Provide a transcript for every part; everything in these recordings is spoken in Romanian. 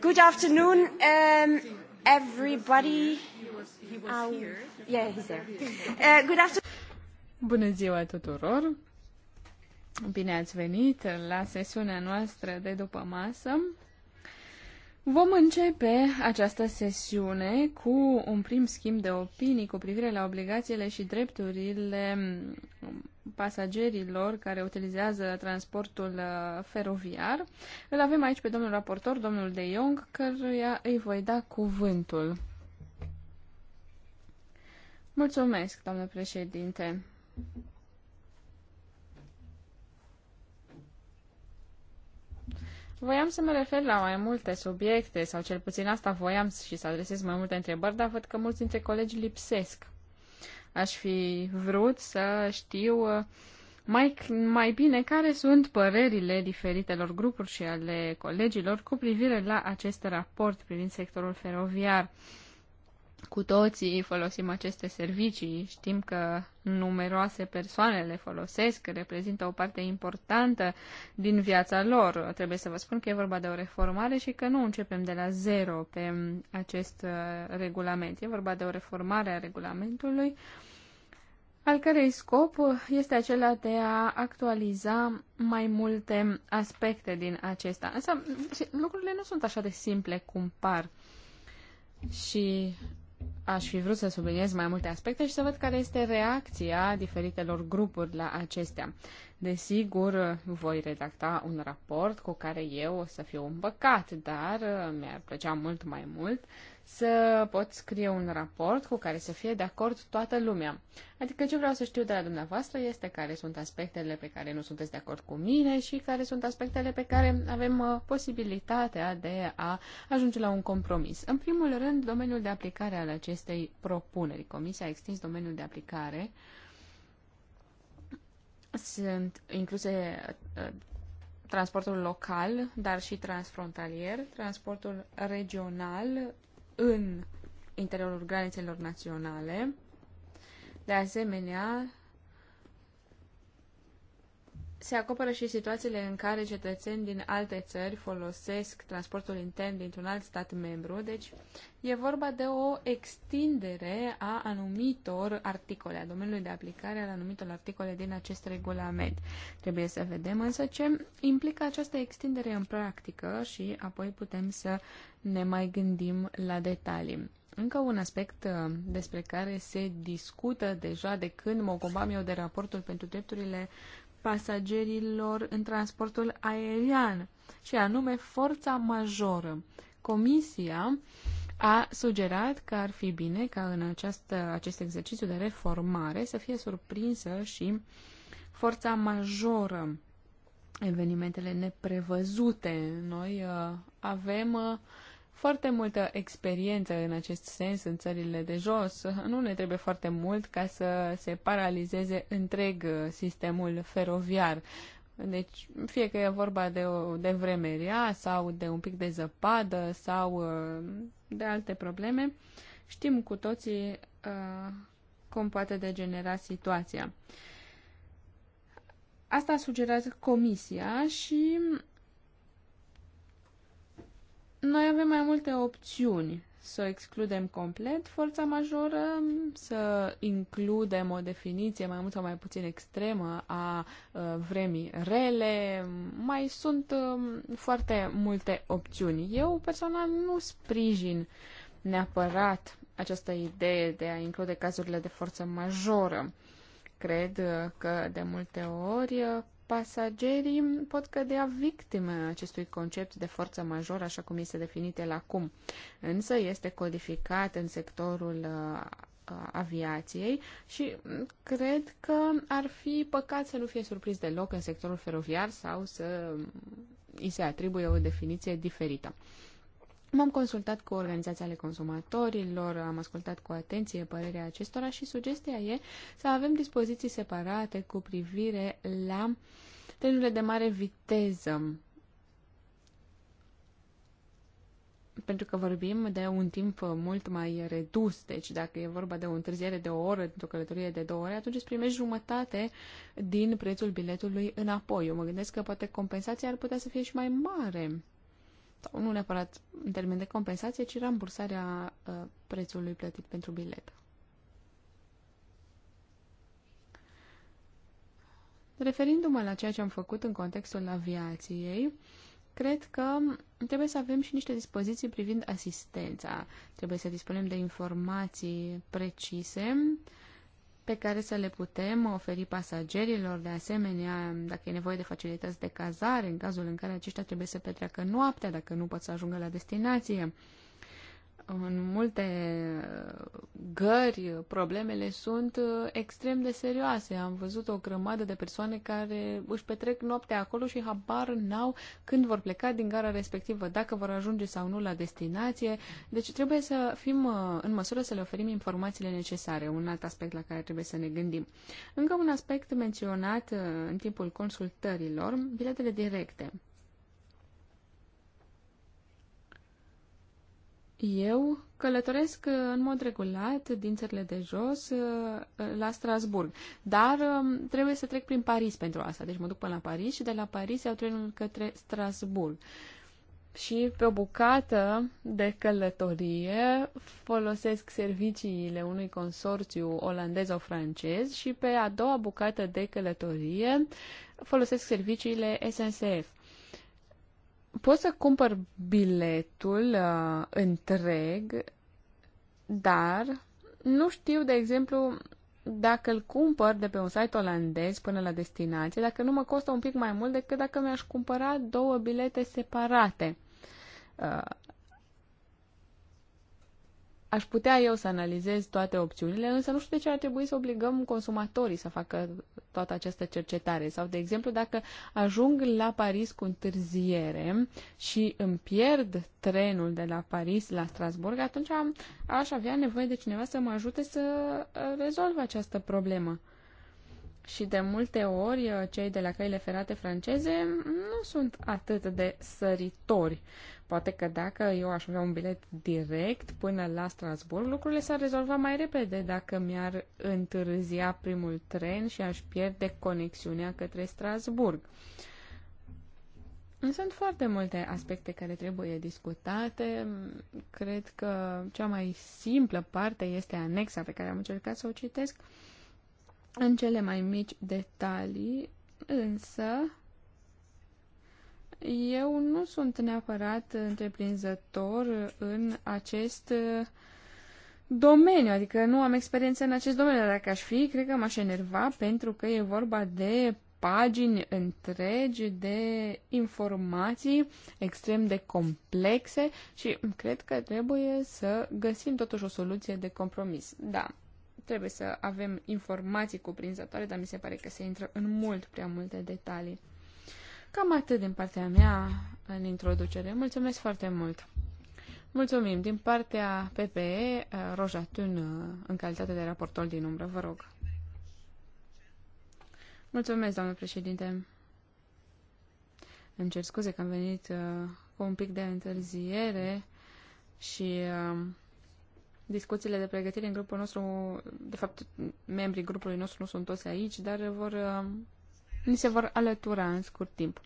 Good afternoon, um, everybody. Au... Yeah, he's there. Uh, good afternoon. Bună ziua tuturor! Bine ați venit la sesiunea noastră de după masă. Vom începe această sesiune cu un prim schimb de opinii cu privire la obligațiile și drepturile pasagerilor care utilizează transportul uh, feroviar. Îl avem aici pe domnul raportor, domnul De Jong, căruia îi voi da cuvântul. Mulțumesc, doamnă președinte. Voiam să mă refer la mai multe subiecte, sau cel puțin asta voiam și să adresez mai multe întrebări, dar văd că mulți dintre colegi lipsesc. Aș fi vrut să știu uh, mai, mai bine care sunt părerile diferitelor grupuri și ale colegilor cu privire la acest raport privind sectorul feroviar. Uh, cu toții folosim aceste servicii, știm că numeroase persoane le folosesc, reprezintă o parte importantă din viața lor. Trebuie să vă spun că e vorba de o reformare și că nu începem de la zero pe acest uh, regulament. E vorba de o reformare a regulamentului al cărei scop este acela de a actualiza mai multe aspecte din acesta. Însă lucrurile nu sunt așa de simple cum par. Și Aș fi vrut să subliniez mai multe aspecte și să văd care este reacția diferitelor grupuri la acestea. Desigur, voi redacta un raport cu care eu o să fiu împăcat, dar uh, mi-ar plăcea mult mai mult să pot scrie un raport cu care să fie de acord toată lumea. Adică ce vreau să știu de la dumneavoastră este care sunt aspectele pe care nu sunteți de acord cu mine și care sunt aspectele pe care avem uh, posibilitatea de a ajunge la un compromis. În primul rând, domeniul de aplicare al acestei propuneri. Comisia a extins domeniul de aplicare. Sunt incluse uh, transportul local, dar și transfrontalier, transportul regional, în interiorul granițelor naționale. De asemenea, se acoperă și situațiile în care cetățeni din alte țări folosesc transportul intern dintr-un alt stat membru, deci e vorba de o extindere a anumitor articole, a domeniului de aplicare al anumitor articole din acest regulament. Trebuie să vedem însă ce implică această extindere în practică și apoi putem să ne mai gândim la detalii. Încă un aspect uh, despre care se discută deja de când mă ocupam eu de raportul pentru drepturile pasagerilor în transportul aerian, și anume forța majoră. Comisia a sugerat că ar fi bine ca în această, acest exercițiu de reformare să fie surprinsă și forța majoră, evenimentele neprevăzute. Noi uh, avem uh, foarte multă experiență în acest sens în țările de jos. Nu ne trebuie foarte mult ca să se paralizeze întreg uh, sistemul feroviar. Deci, fie că e vorba de, o, de vreme rea sau de un pic de zăpadă sau uh, de alte probleme, știm cu toții uh, cum poate degenera situația. Asta a sugerat comisia și noi avem mai multe opțiuni. Să o excludem complet forța majoră, să includem o definiție mai mult sau mai puțin extremă a ă, vremii rele. Mai sunt ă, foarte multe opțiuni. Eu personal nu sprijin neapărat această idee de a include cazurile de forță majoră. Cred ă, că de multe ori pasagerii pot cădea victime acestui concept de forță majoră, așa cum este definit el acum. Însă este codificat în sectorul uh, aviației și cred că ar fi păcat să nu fie surprins deloc în sectorul feroviar sau să îi se atribuie o definiție diferită. M-am consultat cu organizația ale consumatorilor, am ascultat cu atenție părerea acestora și sugestia e să avem dispoziții separate cu privire la trenurile de mare viteză. Pentru că vorbim de un timp mult mai redus, deci dacă e vorba de o întârziere de o oră, de o călătorie de două ore, atunci îți primești jumătate din prețul biletului înapoi. Eu mă gândesc că poate compensația ar putea să fie și mai mare sau nu neapărat în termen de compensație, ci rambursarea uh, prețului plătit pentru bilet. Referindu-mă la ceea ce am făcut în contextul aviației, cred că trebuie să avem și niște dispoziții privind asistența. Trebuie să dispunem de informații precise uh, pe care să le putem oferi pasagerilor, de asemenea, dacă e nevoie de facilități de cazare, în cazul în care aceștia trebuie să petreacă noaptea, dacă nu pot să ajungă la destinație în multe uh, gări problemele sunt uh, extrem de serioase. Am văzut o grămadă de persoane care își petrec noaptea acolo și habar n-au când vor pleca din gara respectivă, dacă vor ajunge sau nu la destinație. Deci trebuie să fim uh, în măsură să le oferim informațiile necesare, un alt aspect la care trebuie să ne gândim. Încă un aspect menționat în timpul consultărilor, biletele directe. Eu călătoresc uh, în mod regulat din țările de jos uh, la Strasburg, dar um, trebuie să trec prin Paris pentru asta. Deci mă duc până la Paris și de la Paris iau trenul către Strasburg. Și pe o bucată de călătorie folosesc serviciile unui consorțiu olandez sau francez și pe a doua bucată de călătorie folosesc serviciile SNCF. Poți să cumpăr biletul uh, întreg, dar nu știu, de exemplu, dacă îl cumpăr de pe un site olandez până la destinație, dacă nu mă costă un pic mai mult decât dacă mi-aș cumpăra două bilete separate. Uh, Aș putea eu să analizez toate opțiunile, însă nu știu de ce ar trebui să obligăm consumatorii să facă toată această cercetare. Sau, de exemplu, dacă ajung la Paris cu întârziere și îmi pierd trenul de la Paris la Strasburg, atunci am, aș avea nevoie de cineva să mă ajute să rezolv această problemă. Și de multe ori uh, cei de la căile ferate franceze nu sunt atât de săritori. Poate că dacă eu aș avea un bilet direct până la Strasburg, lucrurile s-ar rezolva mai repede dacă mi-ar întârzia primul tren și aș pierde conexiunea către Strasburg. Sunt foarte multe aspecte care trebuie discutate. Cred că cea mai simplă parte este anexa pe care am încercat să o citesc. Uh, în cele mai mici detalii, însă eu nu sunt neapărat întreprinzător în acest uh, domeniu, adică nu am experiență în acest domeniu, dar dacă aș fi, cred că m-aș enerva pentru că e vorba de pagini întregi de informații extrem de complexe și cred că trebuie să găsim totuși o soluție de compromis. Da, Trebuie să avem informații cuprinzătoare, dar mi se pare că se intră în mult prea multe detalii. Cam atât din partea mea în introducere. Mulțumesc foarte mult! Mulțumim. Din partea PPE, Roja Tun, în calitate de raportor din umbră, vă rog. Mulțumesc, doamnă președinte. Îmi cer scuze că am venit uh, cu un pic de întârziere și uh, discuțiile de pregătire în grupul nostru, de fapt, membrii grupului nostru nu sunt toți aici, dar vor, ni se vor alătura în scurt timp.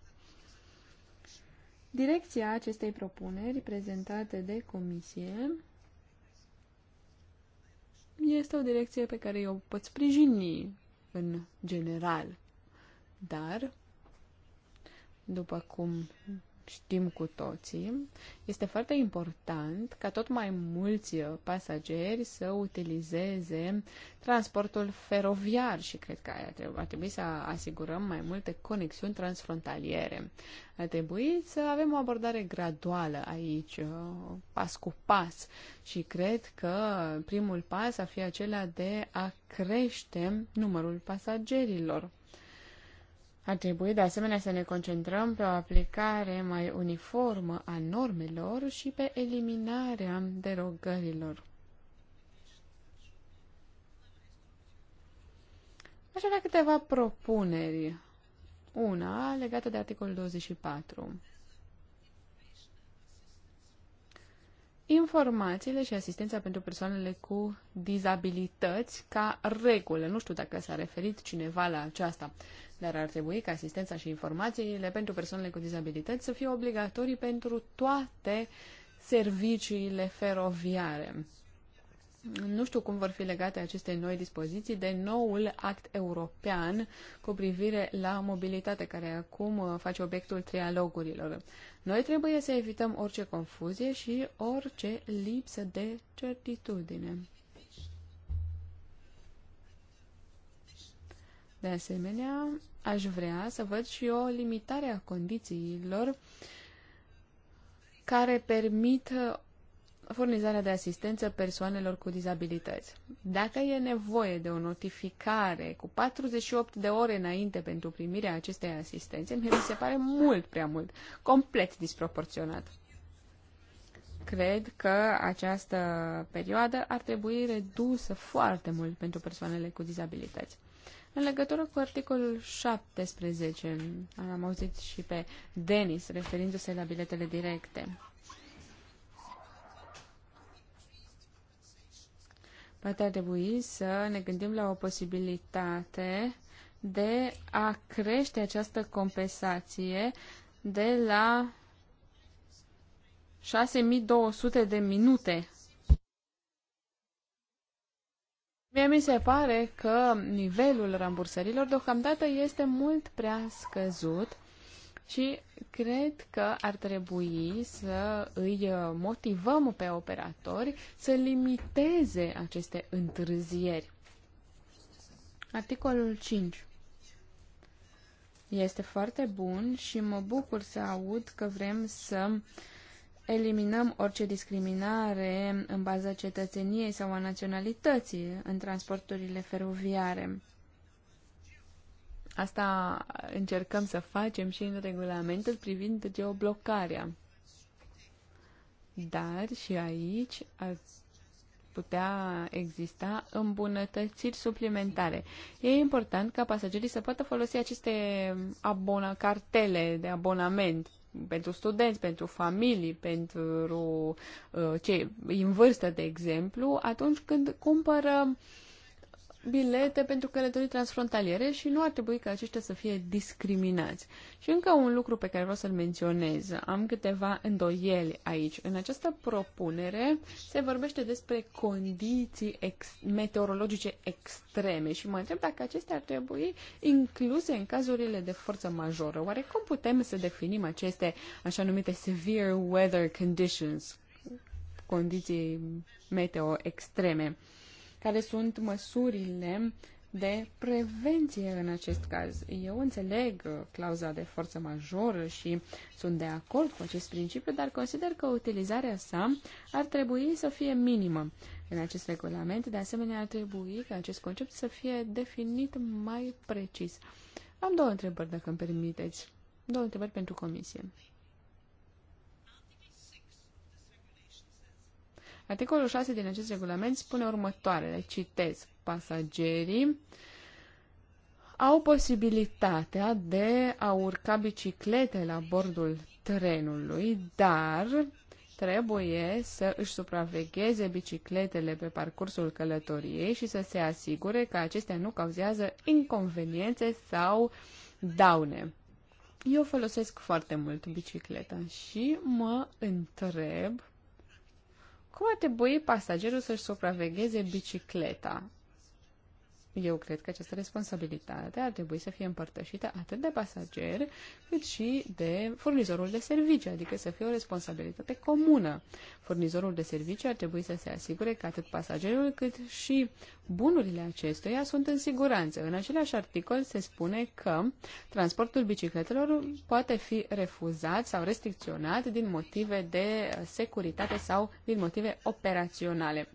Direcția acestei propuneri prezentate de comisie este o direcție pe care eu pot sprijini în general, dar, după cum știm cu toții, este foarte important ca tot mai mulți pasageri să utilizeze transportul feroviar și cred că ar trebui să asigurăm mai multe conexiuni transfrontaliere. Ar trebui să avem o abordare graduală aici, pas cu pas și cred că primul pas ar fi acela de a crește numărul pasagerilor ar trebui de asemenea să ne concentrăm pe o aplicare mai uniformă a normelor și pe eliminarea derogărilor. Aș avea câteva propuneri. Una legată de articolul 24. informațiile și asistența pentru persoanele cu dizabilități ca regulă. Nu știu dacă s-a referit cineva la aceasta, dar ar trebui ca asistența și informațiile pentru persoanele cu dizabilități să fie obligatorii pentru toate serviciile feroviare. Nu știu cum vor fi legate aceste noi dispoziții de noul act european cu privire la mobilitate, care acum uh, face obiectul trialogurilor. Noi trebuie să evităm orice confuzie și orice lipsă de certitudine. De asemenea, aș vrea să văd și o limitare a condițiilor care permit furnizarea de asistență persoanelor cu dizabilități. Dacă e nevoie de o notificare cu 48 de ore înainte pentru primirea acestei asistențe, mi se pare mult prea mult, complet disproporționat. Cred că această perioadă ar trebui redusă foarte mult pentru persoanele cu dizabilități. În legătură cu articolul 17, am auzit și pe Denis referindu-se la biletele directe. Poate ar trebui să ne gândim la o posibilitate de a crește această compensație de la 6200 de minute. Mie mi se pare că nivelul rambursărilor deocamdată este mult prea scăzut și cred că ar trebui să îi uh, motivăm pe operatori să limiteze aceste întârzieri. Articolul 5 este foarte bun și mă bucur să aud că vrem să eliminăm orice discriminare în baza cetățeniei sau a naționalității în transporturile feroviare. Asta încercăm să facem și în regulamentul privind geoblocarea. Dar și aici ar putea exista îmbunătățiri suplimentare. E important ca pasagerii să poată folosi aceste abona, cartele de abonament pentru studenți, pentru familii, pentru uh, cei în vârstă, de exemplu, atunci când cumpără uh, bilete pentru călătorii transfrontaliere și nu ar trebui ca aceștia să fie discriminați. Și încă un lucru pe care vreau să-l menționez. Am câteva îndoieli aici. În această propunere se vorbește despre condiții ex- meteorologice extreme și mă întreb dacă acestea ar trebui incluse în cazurile de forță majoră. Oare cum putem să definim aceste așa numite severe weather conditions, condiții meteo extreme? care sunt măsurile de prevenție în acest caz. Eu înțeleg uh, clauza de forță majoră și sunt de acord cu acest principiu, dar consider că utilizarea sa ar trebui să fie minimă în acest regulament. De asemenea, ar trebui ca acest concept să fie definit mai precis. Am două întrebări, dacă îmi permiteți. Două întrebări pentru comisie. Articolul 6 din acest regulament spune următoarele, citez, pasagerii au posibilitatea de a urca biciclete la bordul trenului, dar trebuie să își supravegheze bicicletele pe parcursul călătoriei și să se asigure că acestea nu cauzează inconveniențe sau daune. Eu folosesc foarte mult bicicleta și mă întreb cum ar trebui pasagerul să-și supravegheze bicicleta? Eu cred că această responsabilitate ar trebui să fie împărtășită atât de pasager cât și de furnizorul de servicii, adică să fie o responsabilitate comună. Furnizorul de servicii ar trebui să se asigure că atât pasagerul cât și bunurile acestuia sunt în siguranță. În același articol se spune că transportul bicicletelor poate fi refuzat sau restricționat din motive de securitate sau din motive operaționale.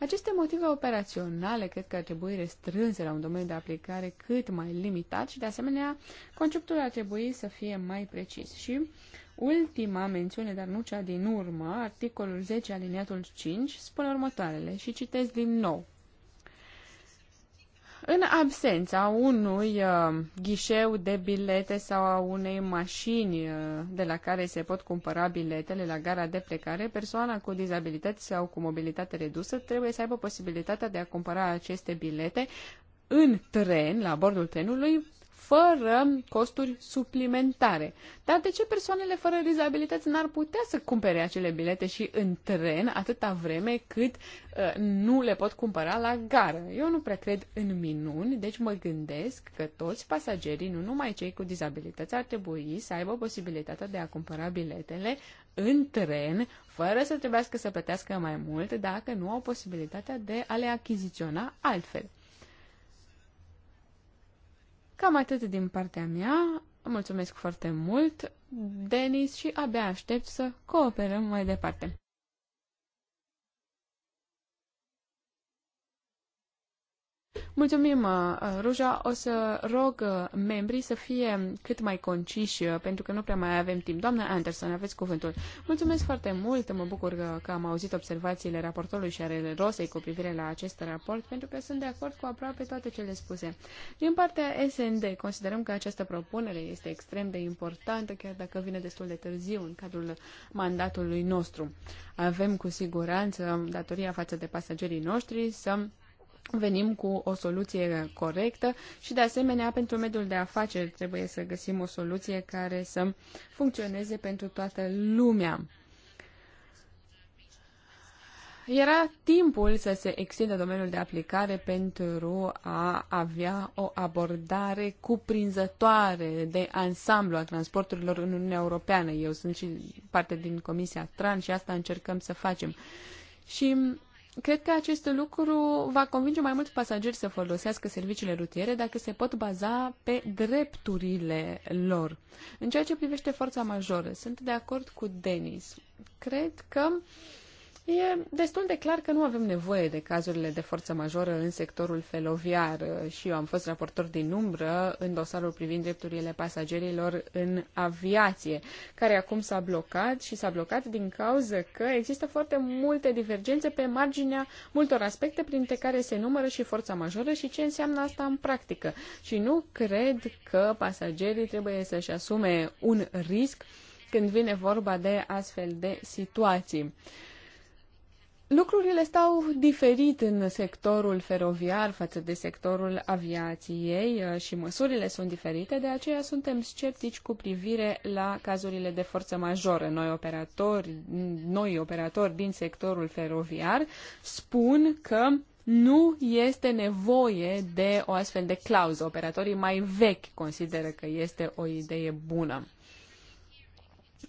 Aceste motive operaționale cred că ar trebui restrânse la un domeniu de aplicare cât mai limitat și, de asemenea, conceptul ar trebui să fie mai precis. Și ultima mențiune, dar nu cea din urmă, articolul 10 aliniatul 5, spune următoarele și citesc din nou în absența unui uh, ghișeu de bilete sau a unei mașini uh, de la care se pot cumpăra biletele la gara de plecare, persoana cu dizabilități sau cu mobilitate redusă trebuie să aibă posibilitatea de a cumpăra aceste bilete în tren, la bordul trenului, fără costuri suplimentare. Dar de ce persoanele fără dizabilități n-ar putea să cumpere acele bilete și în tren atâta vreme cât uh, nu le pot cumpăra la gară? Eu nu prea cred în minuni, deci mă gândesc că toți pasagerii, nu numai cei cu dizabilități, ar trebui să aibă posibilitatea de a cumpăra biletele în tren, fără să trebuiască să plătească mai mult dacă nu au posibilitatea de a le achiziționa altfel. Cam atât din partea mea. Mulțumesc foarte mult, Denis, și abia aștept să cooperăm mai departe. Mulțumim, uh, Ruja. O să rog uh, membrii să fie cât mai conciși, uh, pentru că nu prea mai avem timp. Doamna Anderson, aveți cuvântul. Mulțumesc foarte mult. Mă bucur că am auzit observațiile raportorului și arele Rosei cu privire la acest raport, pentru că sunt de acord cu aproape toate cele spuse. Din partea SND, considerăm că această propunere este extrem de importantă, chiar dacă vine destul de târziu în cadrul mandatului nostru. Avem cu siguranță datoria față de pasagerii noștri să venim cu o soluție corectă și, de asemenea, pentru mediul de afaceri trebuie să găsim o soluție care să funcționeze pentru toată lumea. Era timpul să se extindă domeniul de aplicare pentru a avea o abordare cuprinzătoare de ansamblu a transporturilor în Uniunea Europeană. Eu sunt și parte din Comisia TRAN și asta încercăm să facem. Și Cred că acest lucru va convinge mai mulți pasageri să folosească serviciile rutiere dacă se pot baza pe drepturile lor. În ceea ce privește forța majoră, sunt de acord cu Denis. Cred că uh, E destul de clar că nu avem nevoie de cazurile de forță majoră în sectorul feloviar și eu am fost raportor din umbră în dosarul privind drepturile pasagerilor în aviație, care acum s-a blocat și s-a blocat din cauza că există foarte multe divergențe pe marginea multor aspecte printre care se numără și forța majoră și ce înseamnă asta în practică. Și nu cred că pasagerii trebuie să-și asume un risc când vine vorba de astfel de situații. Lucrurile stau diferit în sectorul feroviar față de sectorul aviației uh, și măsurile sunt diferite, de aceea suntem sceptici cu privire la cazurile de forță majoră. Noi operatori, noi operatori din sectorul feroviar spun că nu este nevoie de o astfel de clauză. Operatorii mai vechi consideră că este o idee bună.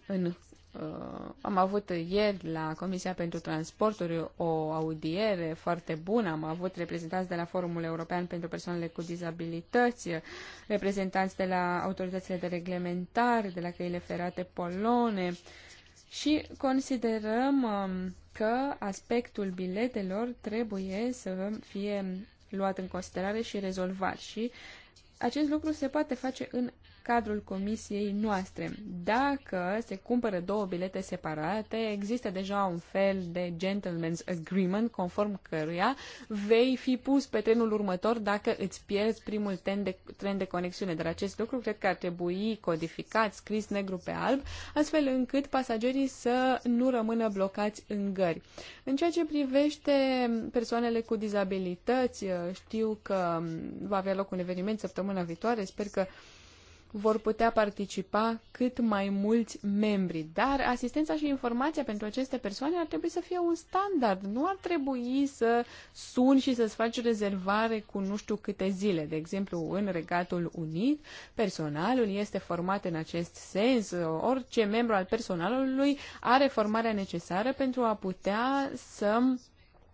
În Uh, am avut ieri la Comisia pentru Transporturi o audiere foarte bună. Am avut reprezentanți de la Forumul European pentru Persoanele cu Dizabilități, reprezentanți de la autoritățile de reglementare, de la căile ferate polone și considerăm um, că aspectul biletelor trebuie să fie luat în considerare și rezolvat și acest lucru se poate face în cadrul comisiei noastre. Dacă se cumpără două bilete separate, există deja un fel de gentleman's agreement conform căruia vei fi pus pe trenul următor dacă îți pierzi primul tren de, tren de conexiune. Dar acest lucru cred că ar trebui codificat, scris negru pe alb, astfel încât pasagerii să nu rămână blocați în gări. În ceea ce privește persoanele cu dizabilități, știu că va avea loc un eveniment săptămâna viitoare, sper că vor putea participa cât mai mulți membri, dar asistența și informația pentru aceste persoane ar trebui să fie un standard. Nu ar trebui să suni și să-ți faci rezervare cu nu știu câte zile. De exemplu, în Regatul Unit, personalul este format în acest sens. Orice membru al personalului are formarea necesară pentru a putea să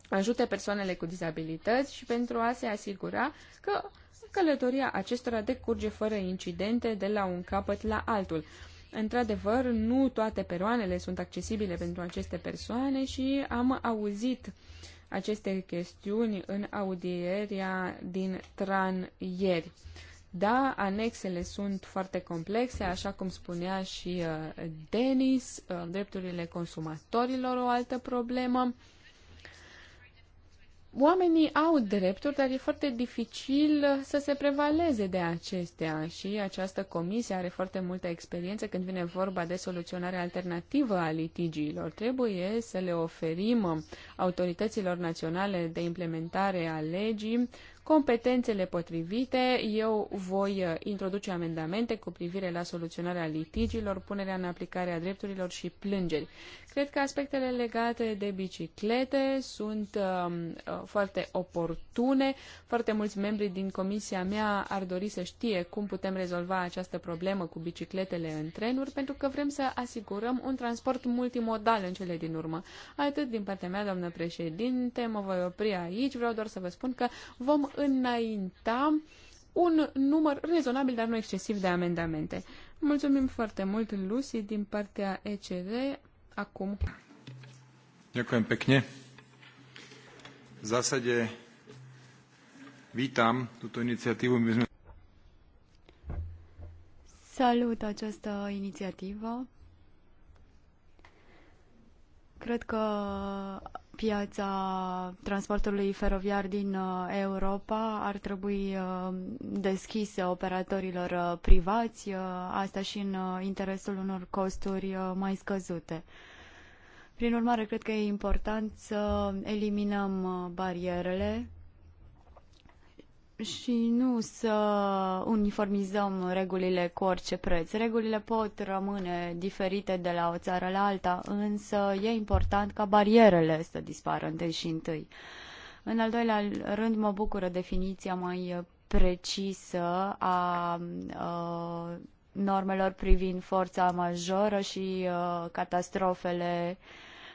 ajute persoanele cu dizabilități și pentru a se asigura că Călătoria acestora decurge fără incidente de la un capăt la altul. Într-adevăr, nu toate peroanele sunt accesibile pentru aceste persoane și am auzit aceste chestiuni în audierea din Tran ieri. Da, anexele sunt foarte complexe, așa cum spunea și uh, Denis, uh, drepturile consumatorilor o altă problemă. Oamenii au drepturi, dar e foarte dificil să se prevaleze de acestea și această comisie are foarte multă experiență când vine vorba de soluționarea alternativă a litigiilor. Trebuie să le oferim autorităților naționale de implementare a legii competențele potrivite. Eu voi introduce amendamente cu privire la soluționarea litigiilor, punerea în aplicare a drepturilor și plângeri. Cred că aspectele legate de biciclete sunt um, uh, foarte oportune. Foarte mulți membri din comisia mea ar dori să știe cum putem rezolva această problemă cu bicicletele în trenuri, pentru că vrem să asigurăm un transport multimodal în cele din urmă. Atât din partea mea, doamnă președinte, mă voi opri aici. Vreau doar să vă spun că vom înainta un număr rezonabil, dar nu excesiv, de amendamente. Mulțumim foarte mult, Lucy, din partea ECR acum. Ďakujem pekne. V zásade vítam túto iniciatívu. My sme... Salut această inițiativă. Cred că piața transportului feroviar din uh, Europa ar trebui uh, deschisă operatorilor uh, privați, asta și în interesul unor costuri mai scăzute. Prin urmare, cred că e important să eliminăm barierele și nu să uniformizăm regulile cu orice preț. Regulile pot rămâne diferite de la o țară la alta, însă e important ca barierele să dispară întâi și întâi. În al doilea rând, mă bucură definiția mai precisă a, a normelor privind forța majoră și a, catastrofele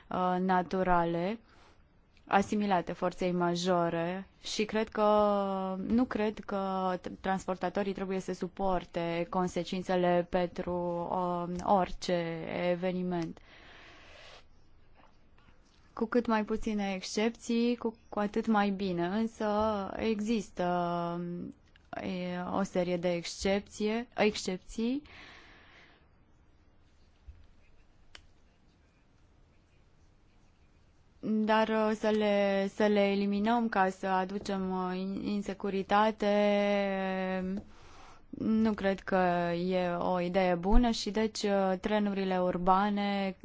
a, naturale asimilate forței majore și cred că nu cred că transportatorii trebuie să suporte consecințele pentru um, orice eveniment. Cu cât mai puține excepții, cu, cu atât mai bine, însă există um, o serie de excepție, excepții dar uh, să le, să le eliminăm ca să aducem uh, insecuritate nu cred că e o idee bună și deci uh, trenurile urbane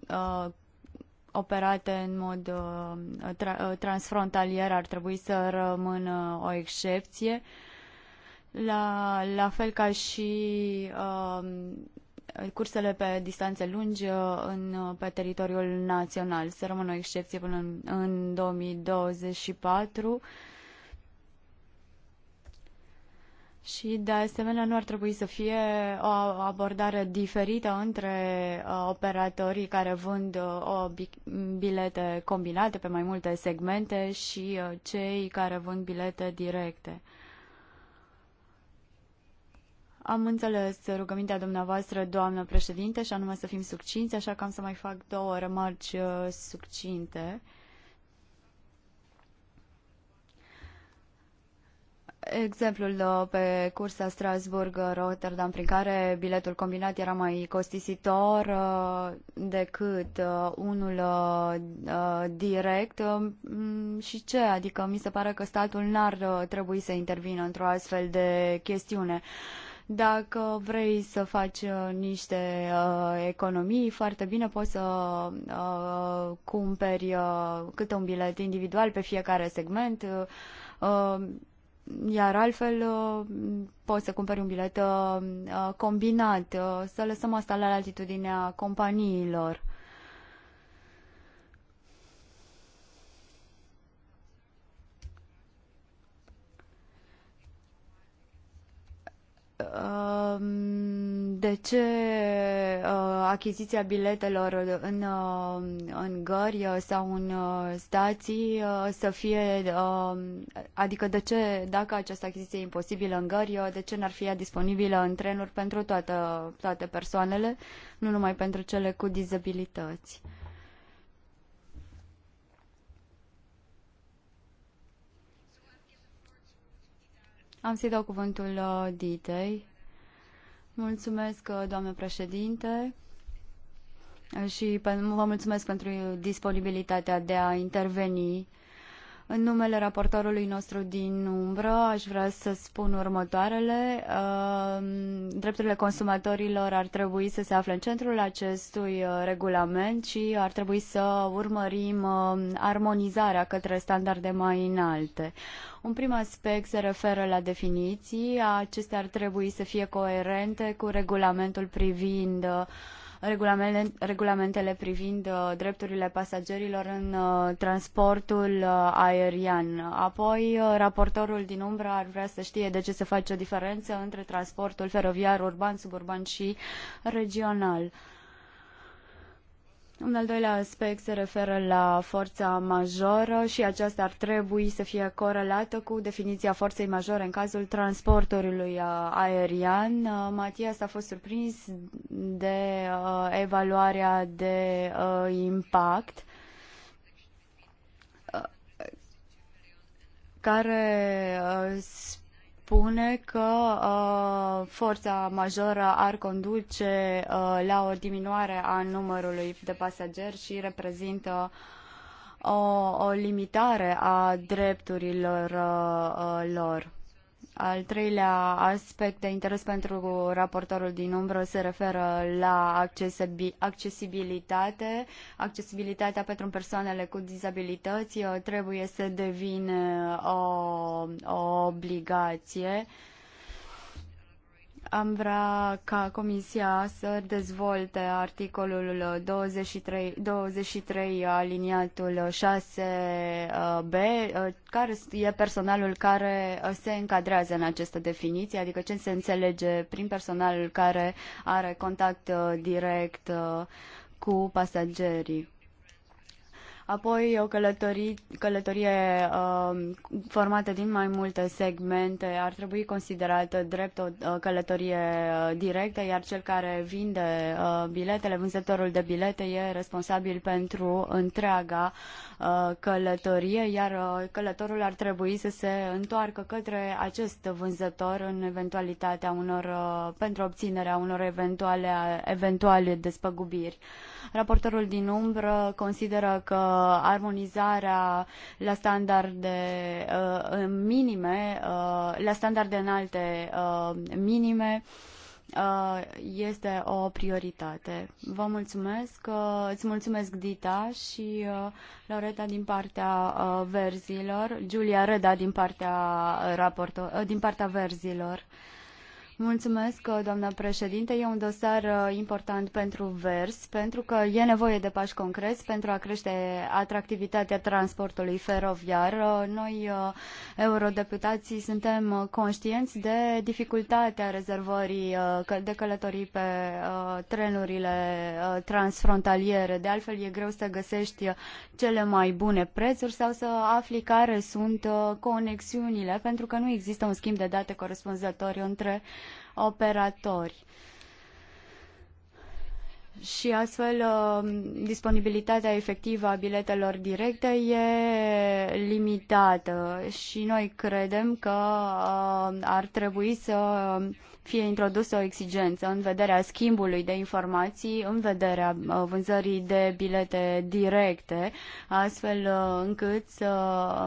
operate în mod tra transfrontalier ar trebui să rămână o excepție. La, la fel ca și cursele pe distanțe lungi uh, în, uh, pe teritoriul național. Să rămână o excepție până în, în 2024. Și, de asemenea, nu ar trebui să fie o abordare diferită între uh, operatorii care vând o bilete combinate pe mai multe segmente și cei care vând bilete directe. Am înțeles rugămintea dumneavoastră, doamnă președinte, și anume să fim succinți, așa că am să mai fac două remarci uh, succinte. Exemplul uh, pe cursa Strasburg-Rotterdam, prin care biletul combinat era mai costisitor uh, decât unul direct și ce? Adică mi se pare că statul n-ar trebui să intervină într-o astfel de chestiune. Dacă vrei să faci uh, niște uh, economii, foarte bine poți să uh, cumperi câte un bilet individual pe fiecare segment, iar altfel poți să cumperi un bilet combinat. Să lăsăm asta la latitudinea companiilor. Ehm, de ce uh, achiziția biletelor în, uh, în gări uh, sau în stații să fie, adică de ce, dacă această achiziție e imposibilă în gări, de ce n-ar fi ea disponibilă în trenuri pentru toată, toate persoanele, nu numai pentru cele cu dizabilități? Am să-i dau cuvântul uh, Ditei. Mulțumesc, uh, doamnă președinte, și vă mulțumesc pentru disponibilitatea de a interveni în numele raportorului nostru din umbră aș vrea să spun următoarele. Uh, drepturile consumatorilor ar trebui să se afle în centrul acestui uh, regulament și ar trebui să urmărim uh, armonizarea către standarde mai înalte. Un prim aspect se referă la definiții. Acestea ar trebui să fie coerente cu regulamentul privind uh, regulamentele privind uh, drepturile pasagerilor în uh, transportul uh, aerian. Apoi, raportorul din umbră ar vrea să știe de ce se face o diferență între transportul feroviar, urban, suburban și regional. Uh, un al doilea aspect se referă la forța majoră și aceasta ar trebui să fie corelată cu definiția forței majore în cazul transportului uh, aerian. Uh, Matias a fost surprins de uh, evaluarea de impact care spune că uh, forța majoră ar conduce uh, la o diminuare a numărului de pasageri și reprezintă uh, o, o limitare a drepturilor uh, lor. Al treilea aspect de interes pentru raportorul din umbră se referă la accesibilitate. Accesibilitatea pentru persoanele cu dizabilități uh, trebuie să devină o, uh, o obligație am vrea ca Comisia să dezvolte articolul 23, 23 aliniatul 6b, uh, care e personalul care uh, se încadrează în această definiție, adică ce se înțelege prin personalul care are contact uh, direct cu pasagerii apoi o călătorie, călătorie uh, formată din mai multe segmente ar trebui considerată drept o uh, călătorie uh, directă, iar cel care vinde uh, biletele, vânzătorul de bilete, e responsabil pentru întreaga uh, călătorie, iar uh, călătorul ar trebui să se întoarcă către acest vânzător în eventualitatea unor, uh, pentru obținerea unor eventuale, eventuale despăgubiri. Uh, Raportorul din umbră consideră că armonizarea la standarde uh, minime, uh, la standarde înalte uh, minime, uh, este o prioritate. Vă mulțumesc, uh, îți mulțumesc Dita și uh, Loreta din partea verzilor, Giulia Reda din partea, raportor, din partea verzilor. Mulțumesc, uh, președinte. E un dosar uh, important pentru vers, pentru că e nevoie de pași concreți pentru a crește atractivitatea transportului feroviar. Uh, noi, eurodeputații, suntem conștienți de dificultatea rezervării de călătorii pe trenurile transfrontaliere. De altfel, e greu să găsești cele mai bune prețuri sau să afli care sunt conexiunile, pentru că nu există un schimb de date corespunzător între operatori. Și astfel uh, disponibilitatea efectivă a biletelor directe e limitată și noi credem că uh, ar trebui să fie introdusă o exigență în vederea schimbului de informații, în vederea uh, vânzării de bilete directe, astfel încât să,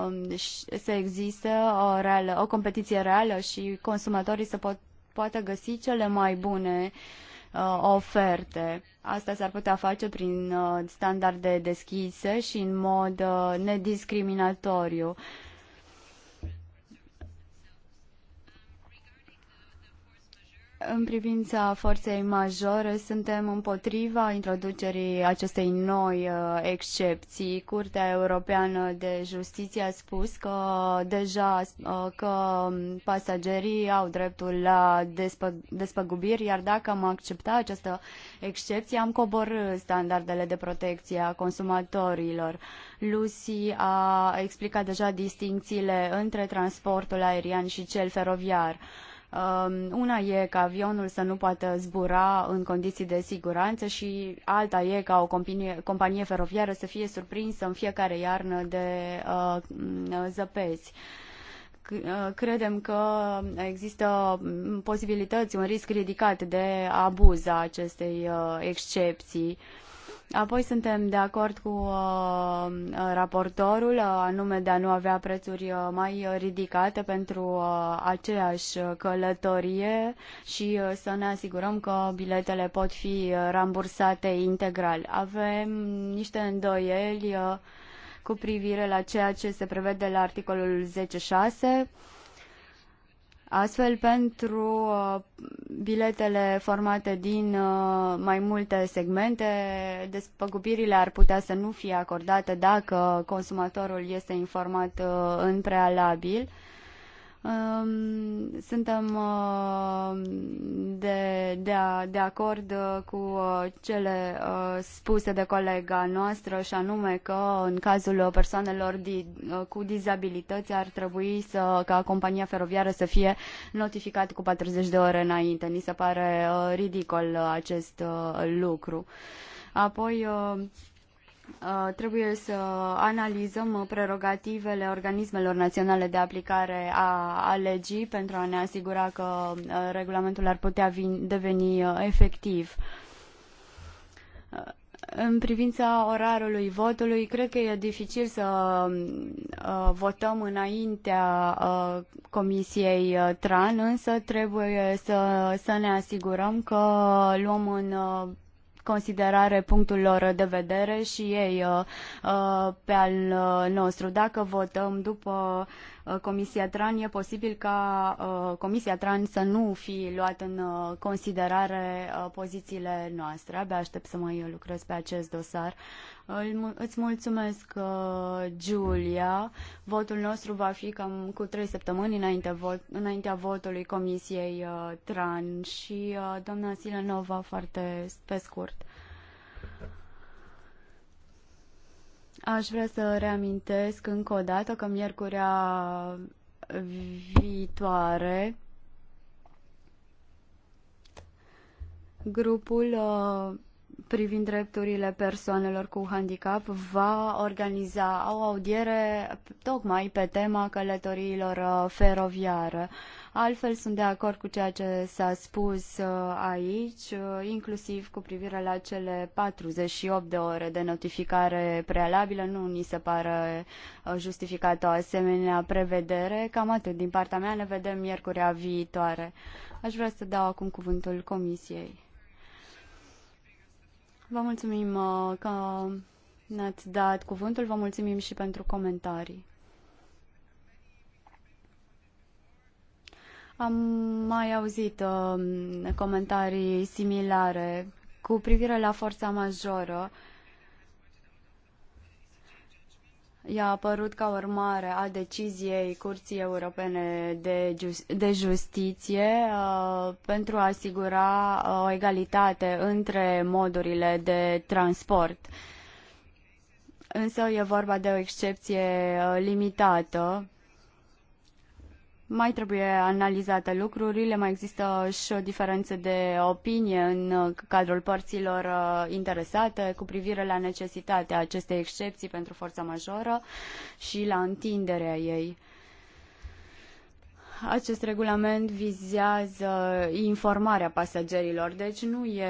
um, să existe o, reală, o competiție reală și consumatorii să pot poată găsi cele mai bune uh, oferte. Asta s-ar putea face prin uh, standarde deschise și în mod uh, nediscriminatoriu. Uh, În privința forței majore, suntem împotriva introducerii acestei noi uh, excepții. Curtea Europeană de Justiție a spus că deja uh, că pasagerii au dreptul la despă, despăgubiri, iar dacă am accepta această excepție, am coborât standardele de protecție a consumatorilor. Lucy a explicat deja distincțiile între transportul aerian și cel feroviar. Um, una e că avionul să nu poată zbura în condiții de siguranță și alta e ca o companie, companie feroviară să fie surprinsă în fiecare iarnă de uh, zăpezi uh, credem că există mm, posibilități, un risc ridicat de abuz a acestei uh, excepții. Uh, Apoi suntem de acord cu uh, uh, raportorul, uh, anume de a nu avea prețuri uh, mai ridicate pentru uh, aceeași călătorie și uh, să ne asigurăm că biletele pot fi uh, rambursate integral. Avem niște îndoieli uh, cu privire la ceea ce se prevede la articolul 10.6 Astfel, pentru uh, biletele formate din uh, mai multe segmente, despăgubirile ar putea să nu fie acordate dacă consumatorul este informat uh, în prealabil. Suntem de, de, de acord uh, cu uh, cele uh, spuse de colega noastră și anume că în cazul persoanelor di, cu dizabilități ar trebui să, ca compania feroviară să fie notificată cu 40 de ore înainte. Ni se pare ridicol acest lucru. Apoi Uh, trebuie să analizăm prerogativele organismelor naționale de aplicare a, a legii pentru a ne asigura că uh, regulamentul ar putea vin, deveni uh, efectiv. În privința orarului votului, cred că e dificil să votăm înaintea Comisiei TRAN, însă trebuie să, să ne asigurăm că luăm în considerare punctul lor de vedere și ei uh, uh, pe al uh, nostru. Dacă votăm după Uh, Comisia TRAN, e posibil ca uh, Comisia TRAN să nu fi luat în uh, considerare pozițiile noastre. Abia aștept să mai lucrez pe acest dosar. Îți mulțumesc, Giulia. Votul nostru va fi cam cu trei săptămâni înainte vot, înaintea votului Comisiei TRAN și doamna Silenova foarte pe scurt. Aș vrea să reamintesc încă o dată că miercurea viitoare grupul uh, privind drepturile persoanelor cu handicap va organiza o audiere tocmai pe tema călătoriilor uh, feroviare. Altfel, sunt de acord cu ceea ce s-a spus uh, aici, uh, inclusiv cu privire la cele 48 de ore de notificare prealabilă. Nu ni se pare uh, justificată o asemenea prevedere. Cam atât din partea mea. Ne vedem miercurea viitoare. Aș vrea să dau acum cuvântul Comisiei. Vă mulțumim că ne-ați dat cuvântul, vă mulțumim și pentru comentarii. Am mai auzit uh, comentarii similare cu privire la forța majoră. I-a apărut ca urmare a deciziei Curții Europene de, Just- de Justiție uh, pentru a asigura uh, o egalitate între modurile de transport. Însă e vorba de o excepție uh, limitată mai trebuie analizate lucrurile, mai există și o diferență de opinie în uh, cadrul părților uh, interesate cu privire la necesitatea acestei excepții pentru forța majoră și la întinderea ei acest regulament vizează informarea pasagerilor, deci nu e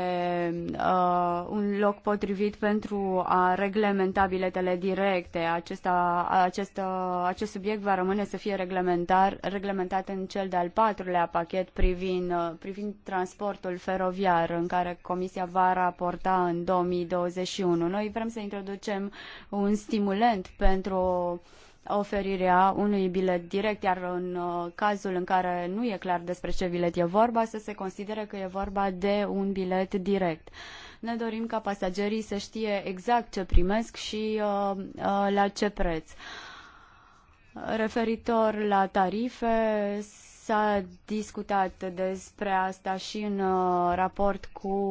uh, un loc potrivit pentru a reglementa biletele directe. Acesta, acest, uh, acest subiect va rămâne să fie reglementar, reglementat în cel de-al patrulea pachet privind, uh, privind transportul feroviar, în care Comisia va raporta în 2021. Noi vrem să introducem un stimulent pentru oferirea unui bilet direct, iar în uh, cazul în care nu e clar despre ce bilet e vorba, să se considere că e vorba de un bilet direct. Ne dorim ca pasagerii să știe exact ce primesc și uh, uh, la ce preț. Referitor la tarife, s-a discutat despre asta și în uh, raport cu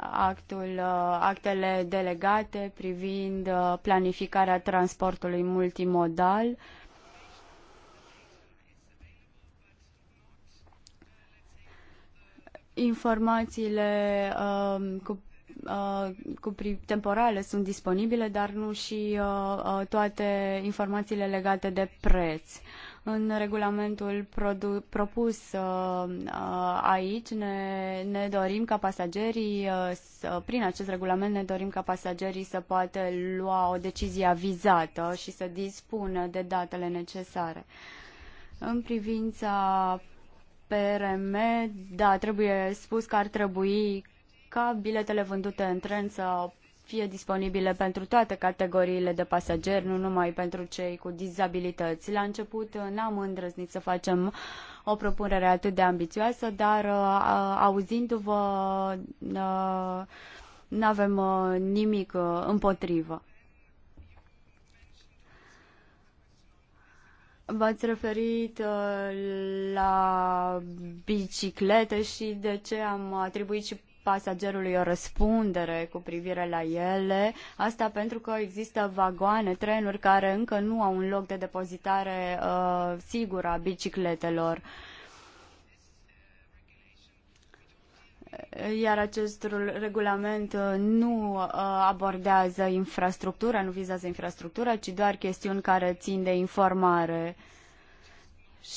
actul, uh, actele delegate privind uh, planificarea transportului multimodal. Informațiile uh, cu, uh, cu temporale sunt disponibile, dar nu și uh, uh toate informațiile legate de preț. Uh, în regulamentul propus uh, uh, aici ne, ne dorim ca pasagerii, uh, să, prin acest regulament ne dorim ca pasagerii să poată lua o decizie avizată și să dispună de datele necesare. În privința PRM, da, trebuie spus că ar trebui ca biletele vândute în tren să fie disponibile pentru toate categoriile de pasageri, nu numai pentru cei cu dizabilități. La început uh, n-am îndrăznit să facem o propunere atât de ambițioasă, dar uh, uh, auzindu-vă nu avem nimic împotrivă. V-ați referit la biciclete și de ce am atribuit și pasagerului o răspundere cu privire la ele. Asta pentru că există vagoane, trenuri care încă nu au un loc de depozitare uh, sigur a bicicletelor. Iar acest regulament uh, nu uh, abordează infrastructura, nu vizează infrastructura, ci doar chestiuni care țin de informare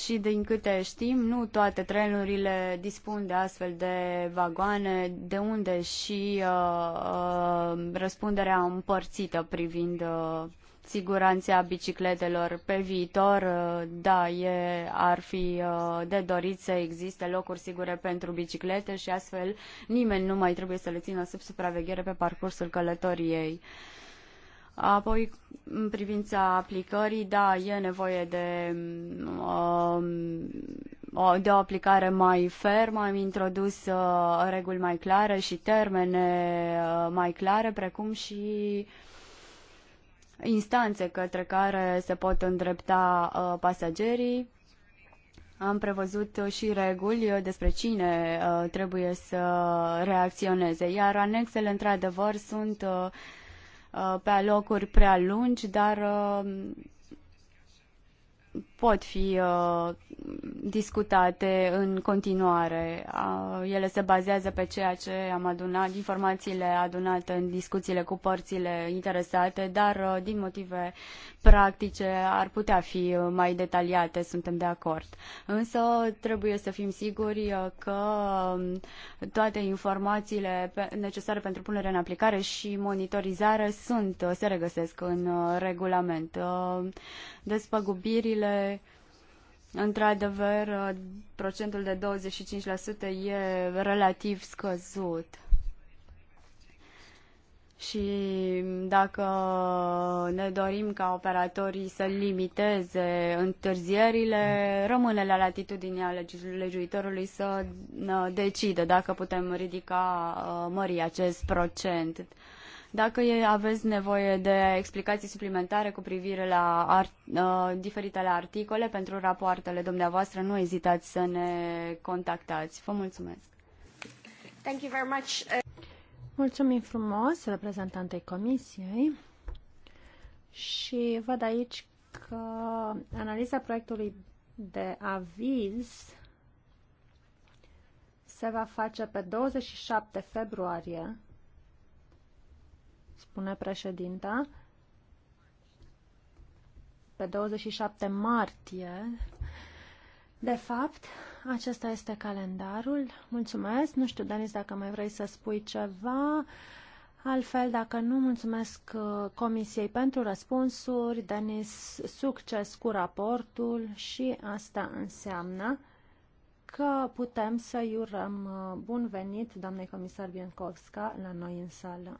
și din câte știm, nu toate trenurile dispun de astfel de vagoane, de unde și uh, uh, răspunderea împărțită privind uh, siguranța bicicletelor pe viitor, uh, da, e, ar fi uh, de dorit să existe locuri sigure pentru biciclete și astfel nimeni nu mai trebuie să le țină sub supraveghere pe parcursul călătoriei. Uh, Apoi, în privința aplicării, da, e nevoie de, um, de o aplicare mai fermă, am introdus uh, reguli mai clare și termene uh, mai clare, precum și instanțe către care se pot îndrepta uh, pasagerii. Am prevăzut și reguli despre cine trebuie să reacționeze, iar anexele, într-adevăr, sunt pe alocuri prea lungi, dar pot fi uh, discutate în continuare. Uh, ele se bazează pe ceea ce am adunat, informațiile adunate în discuțiile cu părțile interesate, dar uh, din motive practice ar putea fi uh, mai detaliate, suntem de acord. Însă trebuie să fim siguri uh, că um, toate informațiile necesare pentru punere în aplicare și monitorizare sunt, uh, se regăsesc în regulament despăgubirile, într-adevăr, procentul de 25% e relativ scăzut. Și dacă ne dorim ca operatorii să limiteze întârzierile, rămâne la latitudinea legiuitorului să uh, decidă dacă putem ridica uh, mări acest procent. Dacă aveți nevoie de explicații suplimentare cu privire la art, uh, diferitele articole pentru rapoartele dumneavoastră, nu ezitați să ne contactați. Vă mulțumesc! Thank you very much. Mulțumim frumos reprezentantei Comisiei și văd aici că analiza proiectului de aviz se va face pe 27 februarie spune președinta. Pe 27 martie, de fapt, acesta este calendarul. Mulțumesc. Nu știu, Denis, dacă mai vrei să spui ceva. Altfel, dacă nu, mulțumesc uh, Comisiei pentru răspunsuri. Denis, succes cu raportul și asta înseamnă că putem să-i urăm uh, bun venit, doamnei comisar Biancovska, la noi în sală.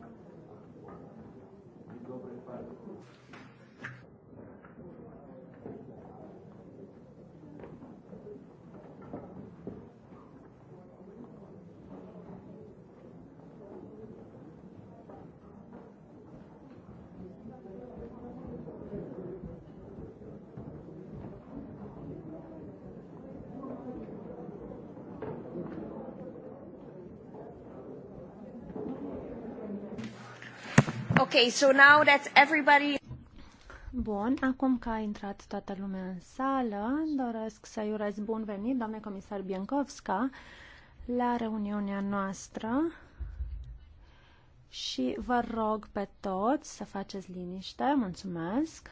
Okay, so now that everybody... Bun, acum că a intrat toată lumea în sală, doresc să-i urez bun venit, doamne comisar Biancovska, la reuniunea noastră și vă rog pe toți să faceți liniște. Mulțumesc!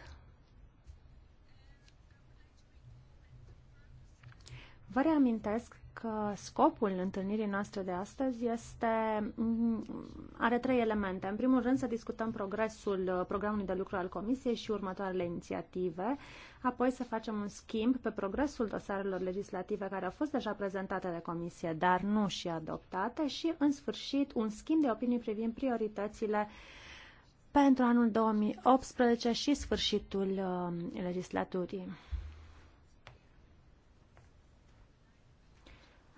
Vă reamintesc că scopul întâlnirii noastre de astăzi este, are trei elemente. În primul rând să discutăm progresul uh, programului de lucru al Comisiei și următoarele inițiative, apoi să facem un schimb pe progresul dosarelor legislative care au fost deja prezentate de Comisie, dar nu și adoptate și, în sfârșit, un schimb de opinii privind prioritățile pentru anul 2018 și sfârșitul uh, legislaturii.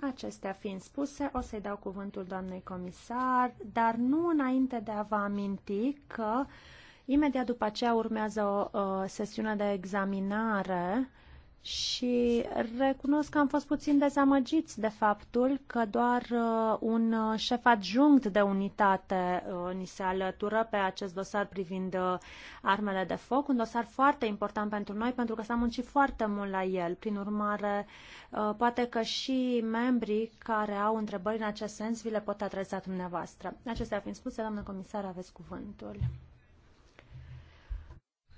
Acestea fiind spuse, o să-i dau cuvântul doamnei comisar, dar nu înainte de a vă aminti că imediat după aceea urmează o, uh, sesiune de examinare și recunosc că am fost puțin dezamăgiți de faptul că doar uh, un uh, șef adjunct de unitate uh, ni se alătură pe acest dosar privind armele de foc, un dosar foarte important pentru noi pentru că s-a muncit foarte mult la el. Prin urmare, poate că și membrii care au întrebări în acest sens vi le pot adresa dumneavoastră. Acestea fiind spuse, doamnă comisar, aveți cuvântul.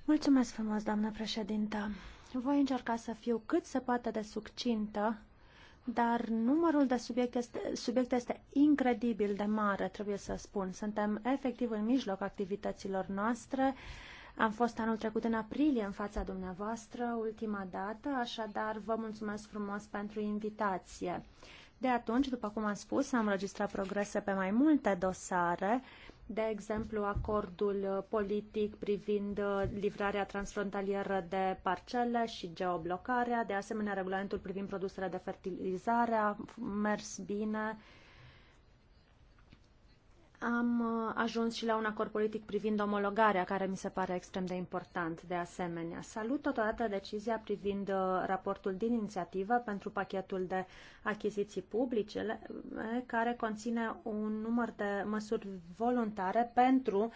Mulțumesc frumos, doamnă președintă. Voi încerca să fiu cât se poate de succintă, dar numărul de subiecte este, subiect este incredibil de mare, trebuie să spun. Suntem efectiv în mijloc activităților noastre. Am fost anul trecut în aprilie în fața dumneavoastră, ultima dată, așadar vă mulțumesc frumos pentru invitație. De atunci, după cum am spus, am înregistrat progrese pe mai multe dosare de exemplu acordul uh, politic privind uh, livrarea transfrontalieră de parcele și geoblocarea, de asemenea regulamentul privind produsele de fertilizare a mers bine, am uh, ajuns și la un acord politic privind omologarea, care mi se pare extrem de important de asemenea. Salut totodată decizia privind uh, raportul din inițiativă pentru pachetul de achiziții publice, uh, care conține un număr de măsuri voluntare pentru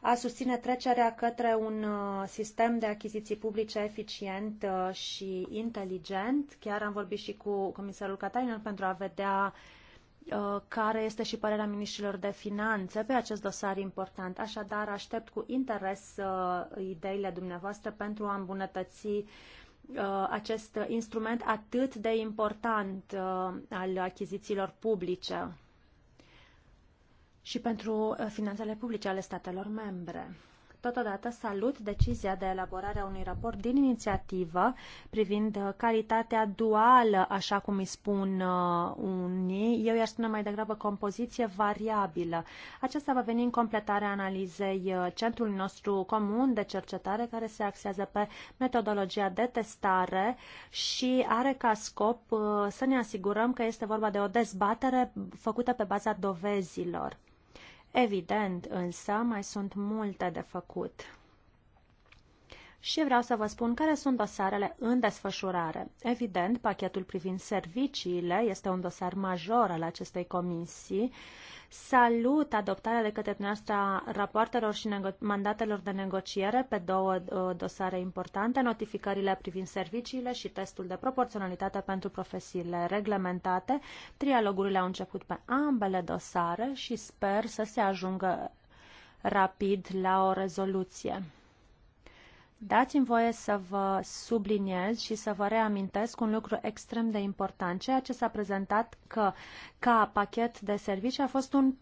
a susține trecerea către un sistem de achiziții publice eficient și inteligent. Chiar am vorbit și cu comisarul Katainen pentru a vedea Uh, care este și părerea ministrilor de finanțe pe acest dosar important. Așadar, aștept cu interes uh, ideile dumneavoastră pentru a îmbunătăți uh, acest instrument atât de important al achizițiilor publice și pentru finanțele publice ale statelor membre. Totodată salut decizia de elaborare a unui raport din inițiativă privind uh, calitatea duală, așa cum îi spun uh, unii. Eu i aș spune mai degrabă compoziție variabilă. Aceasta va veni în completarea analizei uh, centrului nostru comun de cercetare care se axează pe metodologia de testare și are ca scop uh, să ne asigurăm că este vorba de o dezbatere făcută pe baza dovezilor. Evident, însă, mai sunt multe de făcut și vreau să vă spun care sunt dosarele în desfășurare. Evident, pachetul privind serviciile este un dosar major al acestei comisii. Salut adoptarea de către dumneavoastră a rapoartelor și mandatelor de negociere pe două uh, dosare importante, notificările privind serviciile și testul de proporționalitate pentru profesiile reglementate. Trialogurile au început pe ambele dosare și sper să se ajungă rapid la o rezoluție. Dați-mi voie să vă subliniez și să vă reamintesc un lucru extrem de important. Ceea ce s-a prezentat că ca pachet de servicii a fost un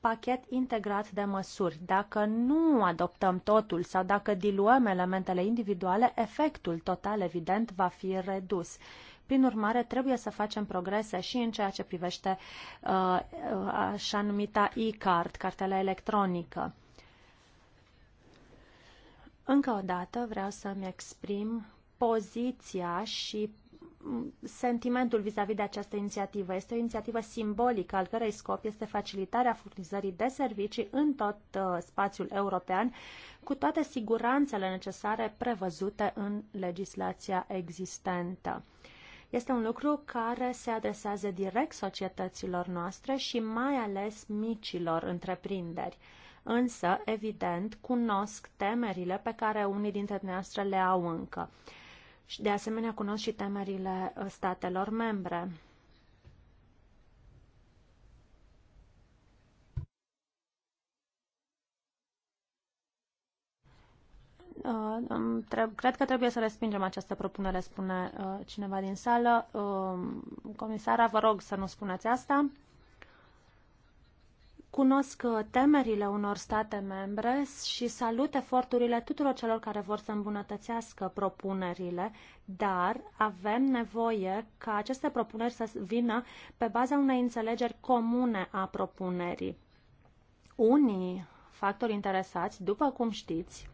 pachet integrat de măsuri. Dacă nu adoptăm totul sau dacă diluăm elementele individuale, efectul total evident va fi redus. Prin urmare, trebuie să facem progrese și în ceea ce privește uh, uh așa numita e-card, cartela electronică. Încă o dată vreau să-mi exprim poziția și mm, sentimentul vis-a-vis -vis de această inițiativă. Este o inițiativă simbolică, al cărei scop este facilitarea furnizării de servicii în tot uh, spațiul european, cu toate siguranțele necesare prevăzute în legislația existentă. Este un lucru care se adresează direct societăților noastre și mai ales micilor întreprinderi. Uh, însă, evident, cunosc temerile pe care unii dintre noastre le au încă. Și, de asemenea, cunosc și temerile uh, statelor membre. Uh, cred că trebuie să respingem această propunere, spune uh, cineva din sală. Comisara, vă rog să nu spuneți asta. Cunosc uh, temerile unor state membre și salut eforturile tuturor celor care vor să îmbunătățească propunerile, dar avem nevoie ca aceste propuneri să vină pe baza unei înțelegeri comune a propunerii. Unii factori interesați, după cum știți,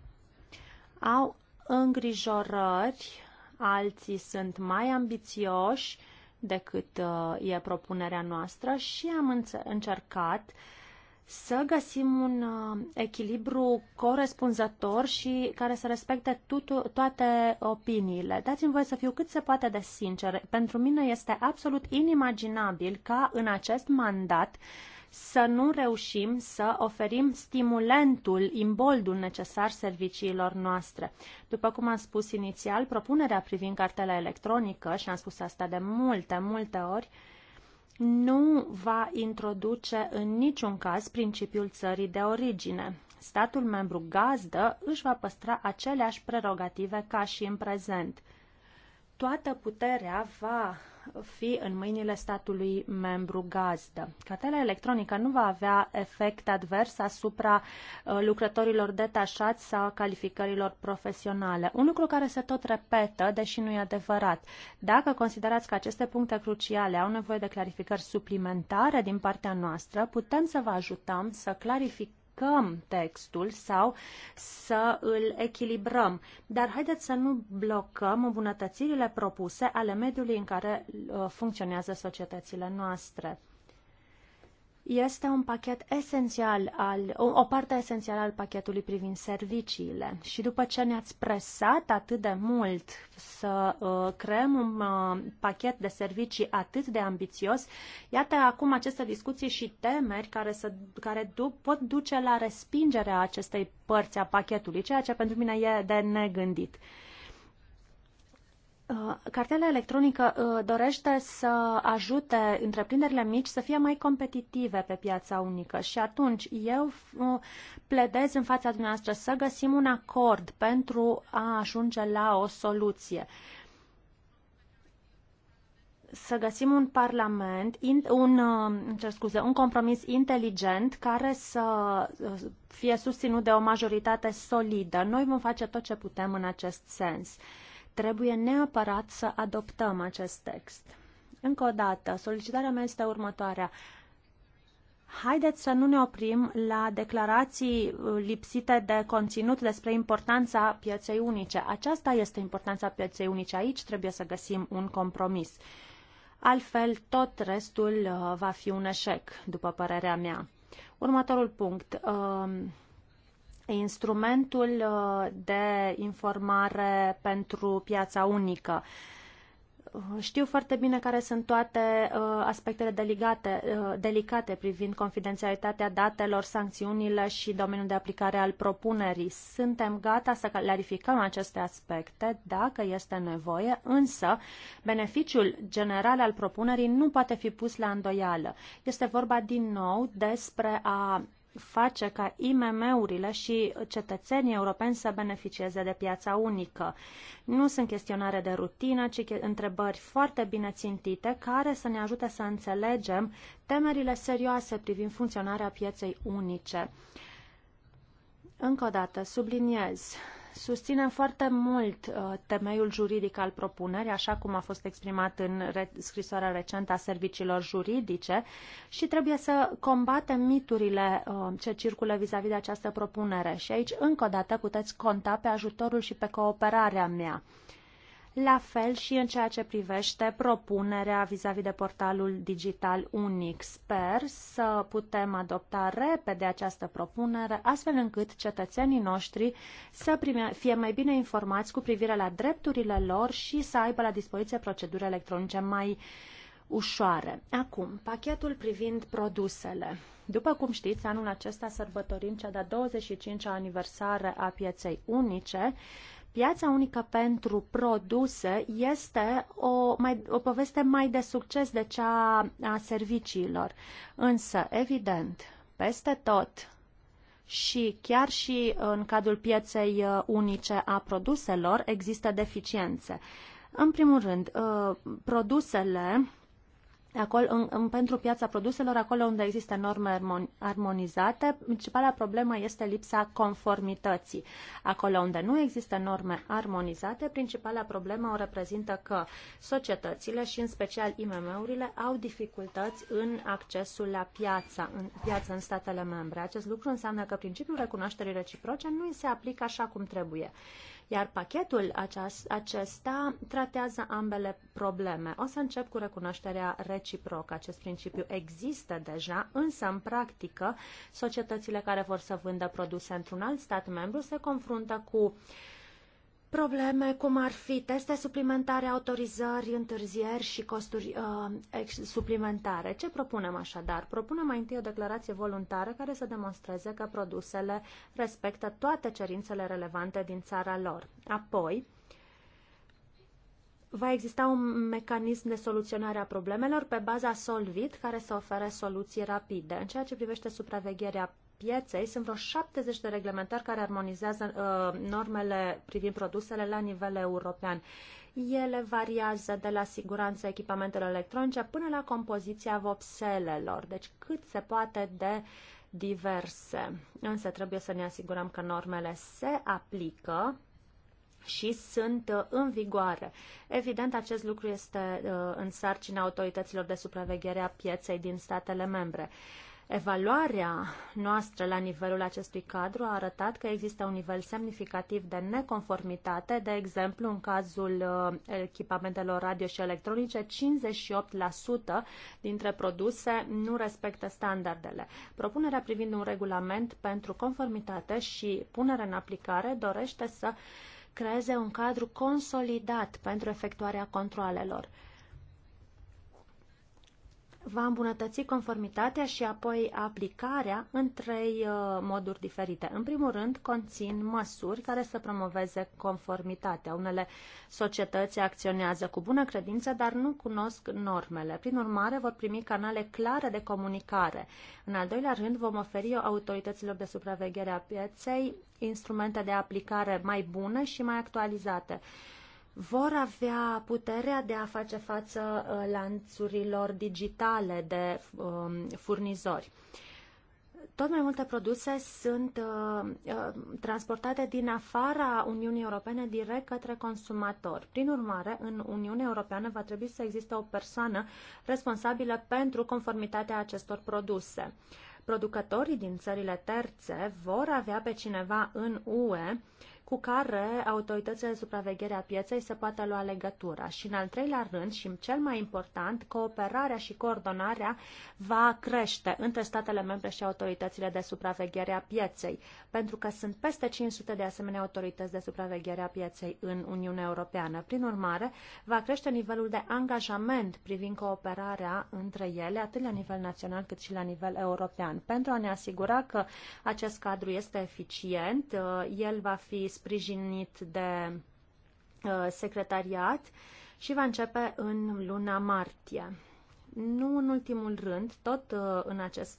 au îngrijorări, alții sunt mai ambițioși decât uh, e propunerea noastră și am încercat uh, să găsim un uh, echilibru corespunzător și care să respecte tutu- toate opiniile. Dați-mi voie să fiu cât se poate de sincer. Pentru mine este absolut inimaginabil ca în acest mandat să nu reușim să oferim stimulentul, imboldul necesar serviciilor noastre. După cum am spus inițial, propunerea privind cartela electronică, și am spus asta de multe, multe ori, uh, nu va introduce în niciun caz principiul țării de origine. Statul membru gazdă își va păstra aceleași prerogative ca și în prezent toată puterea va fi în mâinile statului membru gazdă. Cartela electronică nu va avea efect advers asupra uh, lucrătorilor detașați sau a calificărilor profesionale. Un lucru care se tot repetă, deși nu e adevărat. Dacă considerați că aceste puncte cruciale au nevoie de clarificări suplimentare din partea noastră, putem să vă ajutăm să clarificăm modificăm textul sau să îl echilibrăm. Dar haideți să nu blocăm îmbunătățirile propuse ale mediului în care uh, funcționează societățile noastre este un pachet esențial, al, o, o parte esențială al pachetului privind serviciile. Și după ce ne-ați presat atât de mult să uh, creăm un uh, pachet de servicii atât de ambițios, iată acum aceste discuții și temeri care, să, care du- pot duce la respingerea acestei părți a pachetului, ceea ce pentru mine e de negândit. Uh, Uh, cartela electronică uh, dorește să ajute întreprinderile mici să fie mai competitive pe piața unică și atunci eu uh, pledez în fața dumneavoastră să găsim un acord pentru a ajunge la o soluție să găsim un parlament, un, scuze, un compromis inteligent care să fie susținut de o majoritate solidă. Noi vom face tot ce putem în acest sens. Trebuie neapărat să adoptăm acest text. Încă o dată, solicitarea mea este următoarea. Haideți să nu ne oprim la declarații uh, lipsite de conținut despre importanța pieței unice. Aceasta este importanța pieței unice. Aici trebuie să găsim un compromis. Altfel, tot restul uh, va fi un eșec, după părerea mea. Următorul punct. Uh, instrumentul uh, de informare pentru piața unică. Uh, știu foarte bine care sunt toate uh, aspectele delicate, uh, delicate privind confidențialitatea datelor, sancțiunile și domeniul de aplicare al propunerii. Suntem gata să clarificăm aceste aspecte dacă este nevoie, însă beneficiul general al propunerii nu poate fi pus la îndoială. Este vorba din nou despre a face ca IMM-urile și cetățenii europeni să beneficieze de piața unică. Nu sunt chestionare de rutină, ci întrebări foarte bine țintite care să ne ajute să înțelegem temerile serioase privind funcționarea pieței unice. Încă o dată, subliniez, Susținem foarte mult uh, temeiul juridic al propunerii, așa cum a fost exprimat în re- scrisoarea recentă a serviciilor juridice și trebuie să combatem miturile uh, ce circulă vis-a-vis -vis de această propunere. Și aici, încă o dată, puteți conta pe ajutorul și pe cooperarea mea. Uh, la fel și în ceea ce privește propunerea vis-a-vis -vis de portalul digital unic. Sper să putem adopta repede această propunere, astfel încât cetățenii noștri să prime, fie mai bine informați cu privire la drepturile lor și să aibă la dispoziție proceduri electronice mai ușoare. Acum, pachetul privind produsele. După cum știți, anul acesta sărbătorim cea de-a 25-a aniversare a pieței unice, Piața unică pentru produse este o, mai, o poveste mai de succes de cea a serviciilor. Însă, evident, peste tot și chiar și în cadrul pieței uh, unice a produselor există deficiențe. În primul rând, uh, produsele acolo, în, în, pentru piața produselor, acolo unde există norme armonizate, principala problemă este lipsa conformității. Acolo unde nu există norme armonizate, principala problemă o reprezintă că societățile și în special IMM-urile au dificultăți în accesul la piața în, piața în statele membre. Acest lucru înseamnă că principiul recunoașterii reciproce nu se aplică așa cum trebuie iar pachetul acesta tratează ambele probleme. O să încep cu recunoașterea reciprocă. Acest principiu există deja, însă în practică societățile care vor să vândă produse într-un alt stat membru se confruntă cu uh, probleme cum ar fi teste suplimentare, autorizări, întârzieri și costuri uh, suplimentare. Ce propunem așadar? Propunem mai întâi o declarație voluntară care să demonstreze că produsele respectă toate cerințele relevante din țara lor. Apoi, va exista un mecanism de soluționare a problemelor pe baza Solvit care să ofere soluții rapide. În ceea ce privește supravegherea pieței sunt vreo 70 de reglementări care armonizează uh, normele privind produsele la nivel european. Ele variază de la siguranța echipamentelor electronice până la compoziția vopselelor, deci cât se poate de diverse. Însă trebuie să ne asigurăm că normele se aplică și sunt uh, în vigoare. Evident, acest lucru este uh, în sarcina autorităților de supraveghere a pieței din statele membre. Uh, Evaluarea noastră la nivelul acestui cadru a arătat că există un nivel semnificativ de neconformitate, de exemplu în cazul uh, echipamentelor radio și electronice, 58% dintre produse nu respectă standardele. Propunerea privind un regulament pentru conformitate și punere în aplicare dorește să creeze un cadru consolidat pentru efectuarea controalelor va îmbunătăți conformitatea și apoi aplicarea în trei uh, moduri diferite. În primul rând, conțin măsuri care să promoveze conformitatea. Unele societăți acționează cu bună credință, dar nu cunosc normele. Prin urmare, vor primi canale clare de comunicare. În al doilea rând, vom oferi autorităților de supraveghere a pieței instrumente de aplicare mai bune și mai actualizate vor avea puterea de a face față uh, lanțurilor digitale de um, furnizori. Tot mai multe produse sunt uh, uh, transportate din afara Uniunii Europene direct către consumator. Prin urmare, în Uniunea Europeană va trebui să existe o persoană responsabilă pentru conformitatea acestor produse. Producătorii din țările terțe vor avea pe cineva în UE cu care autoritățile de supraveghere a pieței se poată lua legătura. Și în al treilea rând, și cel mai important, cooperarea și coordonarea va crește între statele membre și autoritățile de supraveghere a pieței, pentru că sunt peste 500 de asemenea autorități de supraveghere a pieței în Uniunea Europeană. Prin urmare, va crește nivelul de angajament privind cooperarea între ele, atât la nivel național cât și la nivel european. Pentru a ne asigura că acest cadru este eficient, el va fi sprijinit de uh, secretariat și va începe în luna martie. Nu în ultimul rând, tot uh, în acest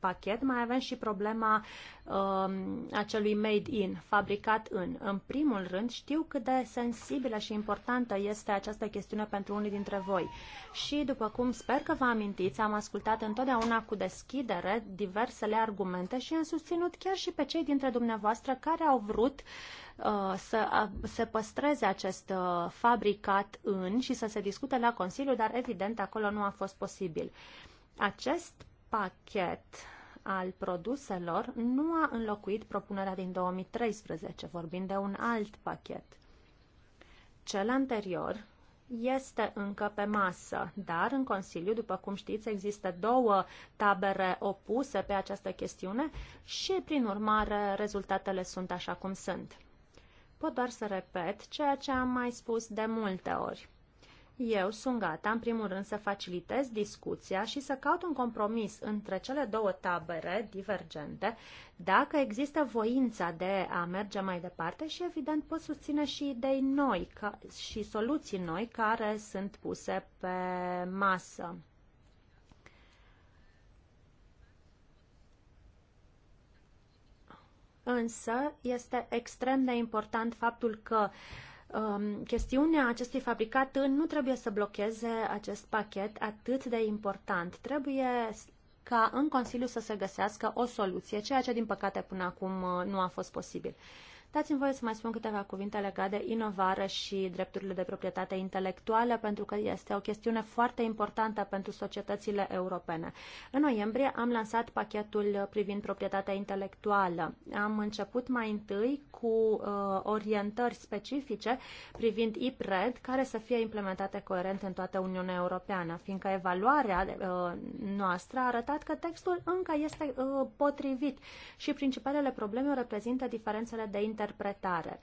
pachet, mai avem și problema um, acelui made in, fabricat în. În primul rând, știu cât de sensibilă și importantă este această chestiune pentru unii dintre voi. Și, după cum sper că vă amintiți, am ascultat întotdeauna cu deschidere diversele argumente și am susținut chiar și pe cei dintre dumneavoastră care au vrut uh, să se păstreze acest uh, fabricat în și să se discute la Consiliu, dar evident acolo nu a fost posibil. Acest pachet al produselor nu a înlocuit propunerea din 2013, vorbind de un alt pachet. Cel anterior este încă pe masă, dar în Consiliu, după cum știți, există două tabere opuse pe această chestiune și, prin urmare, rezultatele sunt așa cum sunt. Pot doar să repet ceea ce am mai spus de multe ori. Eu sunt gata, în primul rând, să facilitez discuția și să caut un compromis între cele două tabere divergente, dacă există voința de a merge mai departe și, evident, pot susține și idei noi ca, și soluții noi care sunt puse pe masă. Însă, este extrem de important faptul că uh, Um, chestiunea acestui fabricat nu trebuie să blocheze acest pachet atât de important. Trebuie ca în Consiliu să se găsească o soluție, ceea ce din păcate până acum uh, nu a fost posibil. Dați-mi voie să mai spun câteva cuvinte legate de inovare și drepturile de proprietate intelectuală, pentru că este o chestiune foarte importantă pentru societățile europene. În noiembrie am lansat pachetul privind proprietatea intelectuală. Am început mai întâi cu uh, orientări specifice privind IPRED, care să fie implementate coerent în toată Uniunea Europeană, fiindcă evaluarea uh, noastră a arătat că textul încă este uh, potrivit și principalele probleme reprezintă diferențele de interpretare.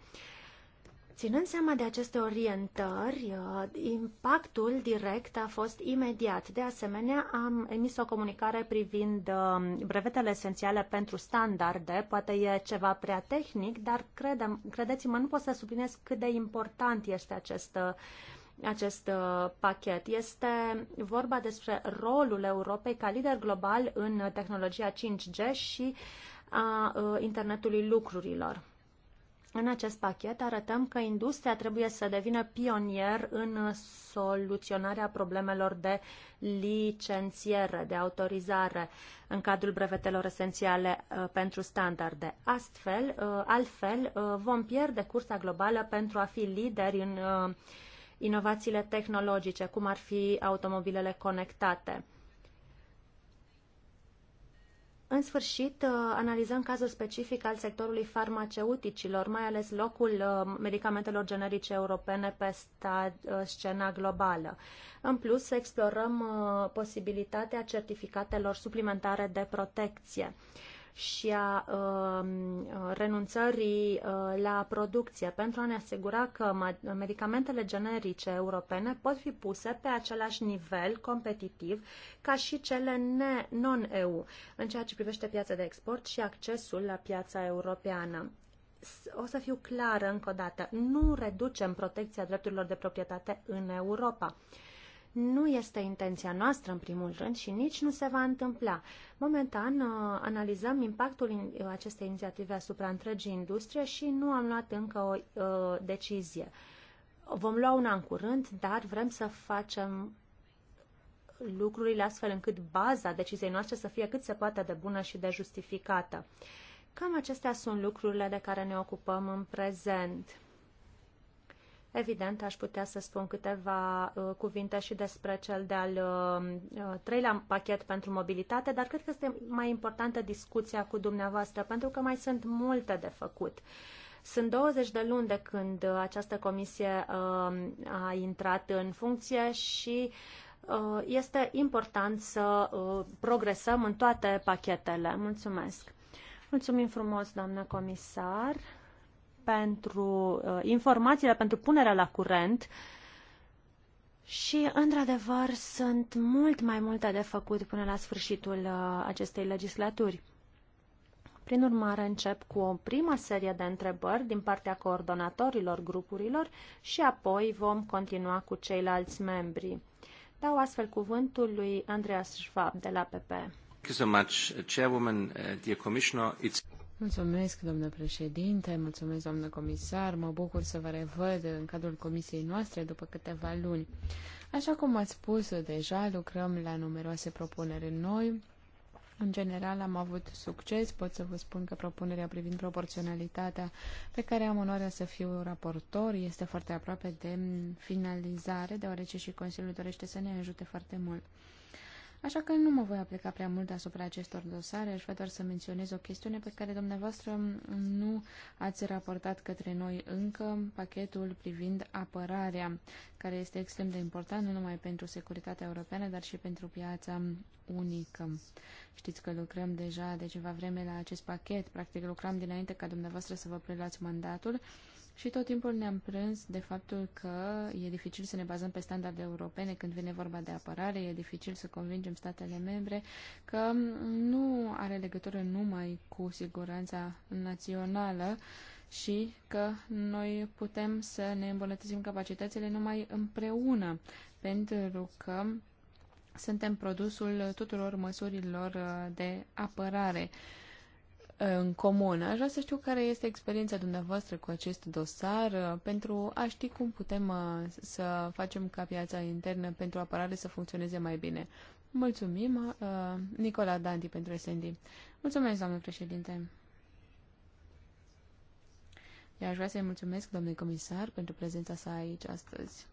Ținând seama de aceste orientări, uh, impactul direct a fost imediat. De asemenea, am emis o comunicare privind uh, brevetele esențiale pentru standarde. Poate e ceva prea tehnic, dar credem, credeți-mă, nu pot să subliniez cât de important este acest uh, acest pachet. Este vorba despre rolul Europei ca lider global în tehnologia 5G și a internetului lucrurilor. În acest pachet arătăm că industria trebuie să devină pionier în soluționarea problemelor de licențiere, de autorizare în cadrul brevetelor esențiale uh, pentru standarde. Astfel, uh, altfel, uh, vom pierde cursa globală pentru a fi lideri în inovațiile tehnologice, cum ar fi automobilele conectate. În sfârșit, uh, analizăm cazul specific al sectorului farmaceuticilor, mai ales locul uh, medicamentelor generice europene pe uh, scena globală. În plus, explorăm posibilitatea certificatelor suplimentare de protecție și a uh, renunțării uh, la producție pentru a ne asigura că medicamentele generice europene pot fi puse pe același nivel competitiv ca și cele non-EU în ceea ce privește piața de export și accesul la piața europeană o să fiu clară încă o dată, nu reducem protecția drepturilor de proprietate în Europa. Nu este intenția noastră, în primul rând, și nici nu se va întâmpla. Momentan uh, analizăm impactul uh, acestei inițiative asupra întregii industrie și nu am luat încă o uh, decizie. Vom lua una în curând, dar vrem să facem lucrurile astfel încât baza deciziei noastre să fie cât se poate de bună și de justificată. Cam acestea sunt lucrurile de care ne ocupăm în prezent. Evident, aș putea să spun câteva uh, cuvinte și despre cel de-al uh, uh, treilea pachet pentru mobilitate, dar cred că este mai importantă discuția cu dumneavoastră, pentru că mai sunt multe de făcut. Sunt 20 de luni de când această comisie a intrat în funcție și este important să progresăm în toate pachetele. Mulțumesc! Mulțumim frumos, doamnă comisar! pentru uh, informațiile, pentru punerea la curent și, într-adevăr, sunt mult mai multe de făcut până la sfârșitul uh, acestei legislaturi. Prin urmare, încep cu o primă serie de întrebări din partea coordonatorilor grupurilor și apoi vom continua cu ceilalți membri. Dau astfel cuvântul lui Andreas Schwab de la PP. Mulțumesc, domnule președinte, mulțumesc, doamnă comisar. Mă bucur să vă revăd în cadrul comisiei noastre după câteva luni. Așa cum ați spus deja, lucrăm la numeroase propuneri noi. În general am avut succes, pot să vă spun că propunerea privind proporționalitatea pe care am onoarea să fiu raportor este foarte aproape de finalizare, deoarece și Consiliul dorește să ne ajute foarte mult. Așa că nu mă voi aplica prea mult asupra acestor dosare, aș vrea doar să menționez o chestiune pe care dumneavoastră nu ați raportat către noi încă, pachetul privind apărarea, care este extrem de important nu numai pentru securitatea europeană, dar și pentru piața unică. Știți că lucrăm deja de ceva vreme la acest pachet, practic lucram dinainte ca dumneavoastră să vă preluați mandatul și tot timpul ne-am prins de faptul că e dificil să ne bazăm pe standarde europene când vine vorba de apărare, e dificil să convingem statele membre că nu are legătură numai cu siguranța națională și că noi putem să ne îmbunătățim capacitățile numai împreună, pentru că suntem produsul tuturor măsurilor de apărare în comun. Aș vrea să știu care este experiența dumneavoastră cu acest dosar uh, pentru a ști cum putem uh, să facem ca piața internă pentru apărare să funcționeze mai bine. Mulțumim, uh, Nicola Danti, pentru SND. Mulțumesc, doamnă președinte. Eu aș vrea să-i mulțumesc, domnului comisar, pentru prezența sa aici astăzi.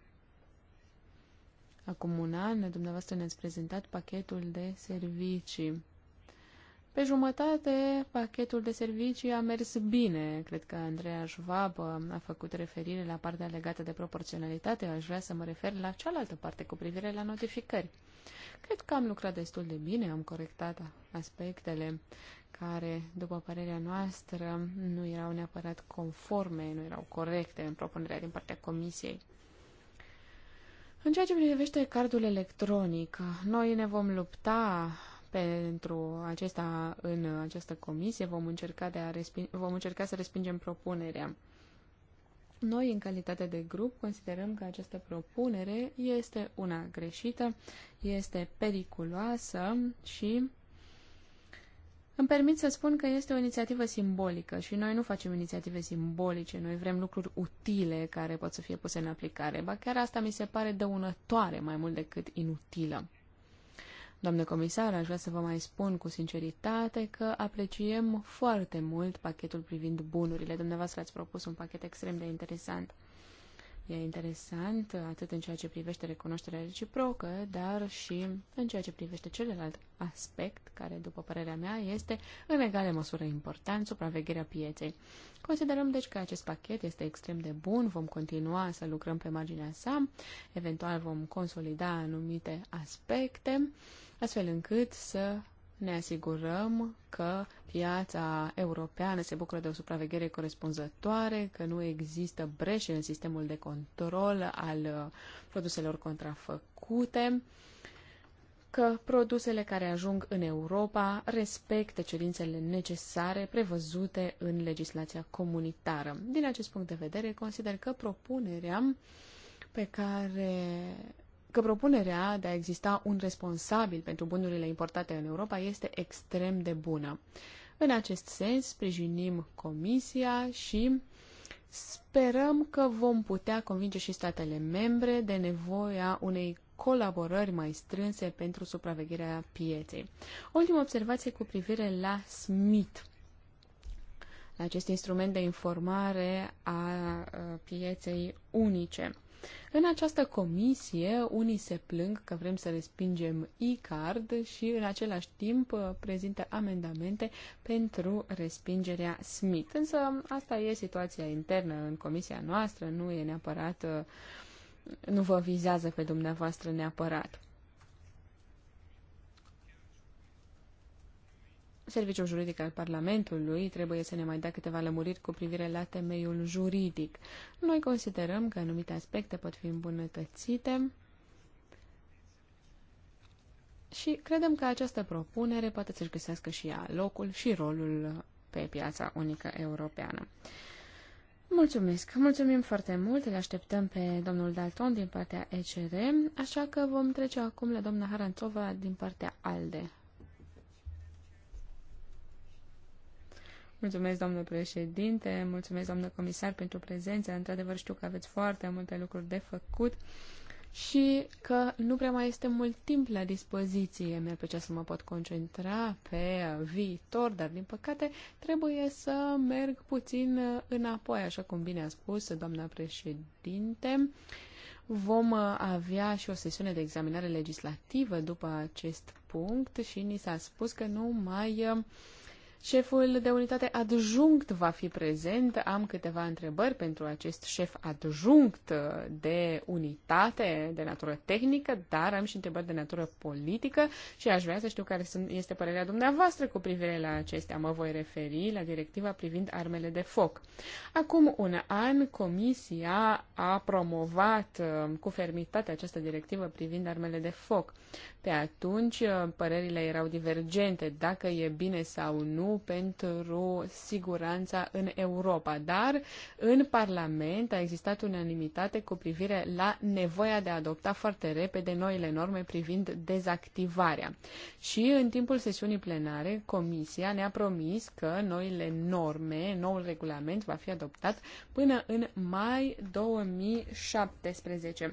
Acum un an, dumneavoastră ne-ați prezentat pachetul de servicii pe jumătate, pachetul de servicii a mers bine. Cred că Andreea Schwab a făcut referire la partea legată de proporționalitate. Aș vrea să mă refer la cealaltă parte cu privire la notificări. Cred că am lucrat destul de bine, am corectat aspectele care, după părerea noastră, nu erau neapărat conforme, nu erau corecte în propunerea din partea Comisiei. În ceea ce privește cardul electronic, noi ne vom lupta pentru acesta în această comisie. Vom încerca, de a resping, vom încerca să respingem propunerea. Noi, în calitate de grup, considerăm că această propunere este una greșită, este periculoasă și îmi permit să spun că este o inițiativă simbolică și noi nu facem inițiative simbolice, noi vrem lucruri utile care pot să fie puse în aplicare. Ba chiar asta mi se pare dăunătoare mai mult decât inutilă. Doamnă comisar, aș vrea să vă mai spun cu sinceritate că apreciem foarte mult pachetul privind bunurile. Dumneavoastră ați propus un pachet extrem de interesant. E interesant atât în ceea ce privește recunoașterea reciprocă, dar și în ceea ce privește celălalt aspect, care, după părerea mea, este în egală măsură important, supravegherea pieței. Considerăm, deci, că acest pachet este extrem de bun, vom continua să lucrăm pe marginea sa, eventual vom consolida anumite aspecte astfel încât să ne asigurăm că piața europeană se bucură de o supraveghere corespunzătoare, că nu există breșe în sistemul de control al uh, produselor contrafăcute, că produsele care ajung în Europa respectă cerințele necesare prevăzute în legislația comunitară. Din acest punct de vedere, consider că propunerea pe care că propunerea de a exista un responsabil pentru bunurile importate în Europa este extrem de bună. În acest sens, sprijinim Comisia și sperăm că vom putea convinge și statele membre de nevoia unei colaborări mai strânse pentru supravegherea pieței. Ultima observație cu privire la SMIT acest instrument de informare a pieței unice. În această comisie, unii se plâng că vrem să respingem e-card și în același timp prezintă amendamente pentru respingerea Smith. Însă asta e situația internă în comisia noastră, nu e neapărat, nu vă vizează pe dumneavoastră neapărat. Serviciul juridic al Parlamentului trebuie să ne mai dea câteva lămuriri cu privire la temeiul juridic. Noi considerăm că anumite aspecte pot fi îmbunătățite și credem că această propunere poate să-și găsească și ea locul și rolul pe piața unică europeană. Mulțumesc! Mulțumim foarte mult! Îl așteptăm pe domnul Dalton din partea ECR, așa că vom trece acum la doamna Haranțova din partea ALDE. Mulțumesc, domnule președinte, mulțumesc, domnule comisar, pentru prezență. Într-adevăr, știu că aveți foarte multe lucruri de făcut și că nu prea mai este mult timp la dispoziție. Mi-ar plăcea să mă pot concentra pe viitor, dar din păcate trebuie să merg puțin înapoi, așa cum bine a spus doamna președinte. Vom avea și o sesiune de examinare legislativă după acest punct și ni s-a spus că nu mai Șeful de unitate adjunct va fi prezent. Am câteva întrebări pentru acest șef adjunct de unitate de natură tehnică, dar am și întrebări de natură politică și aș vrea să știu care este părerea dumneavoastră cu privire la acestea. Mă voi referi la directiva privind armele de foc. Acum un an, Comisia a promovat um, cu fermitate această directivă privind armele de foc. Pe atunci, uh, părerile erau divergente dacă e bine sau nu nou pentru siguranța în Europa, dar în Parlament a existat unanimitate cu privire la nevoia de a adopta foarte repede noile norme privind dezactivarea. Și în timpul sesiunii plenare, Comisia ne-a promis că noile norme, noul regulament va fi adoptat până în mai 2017.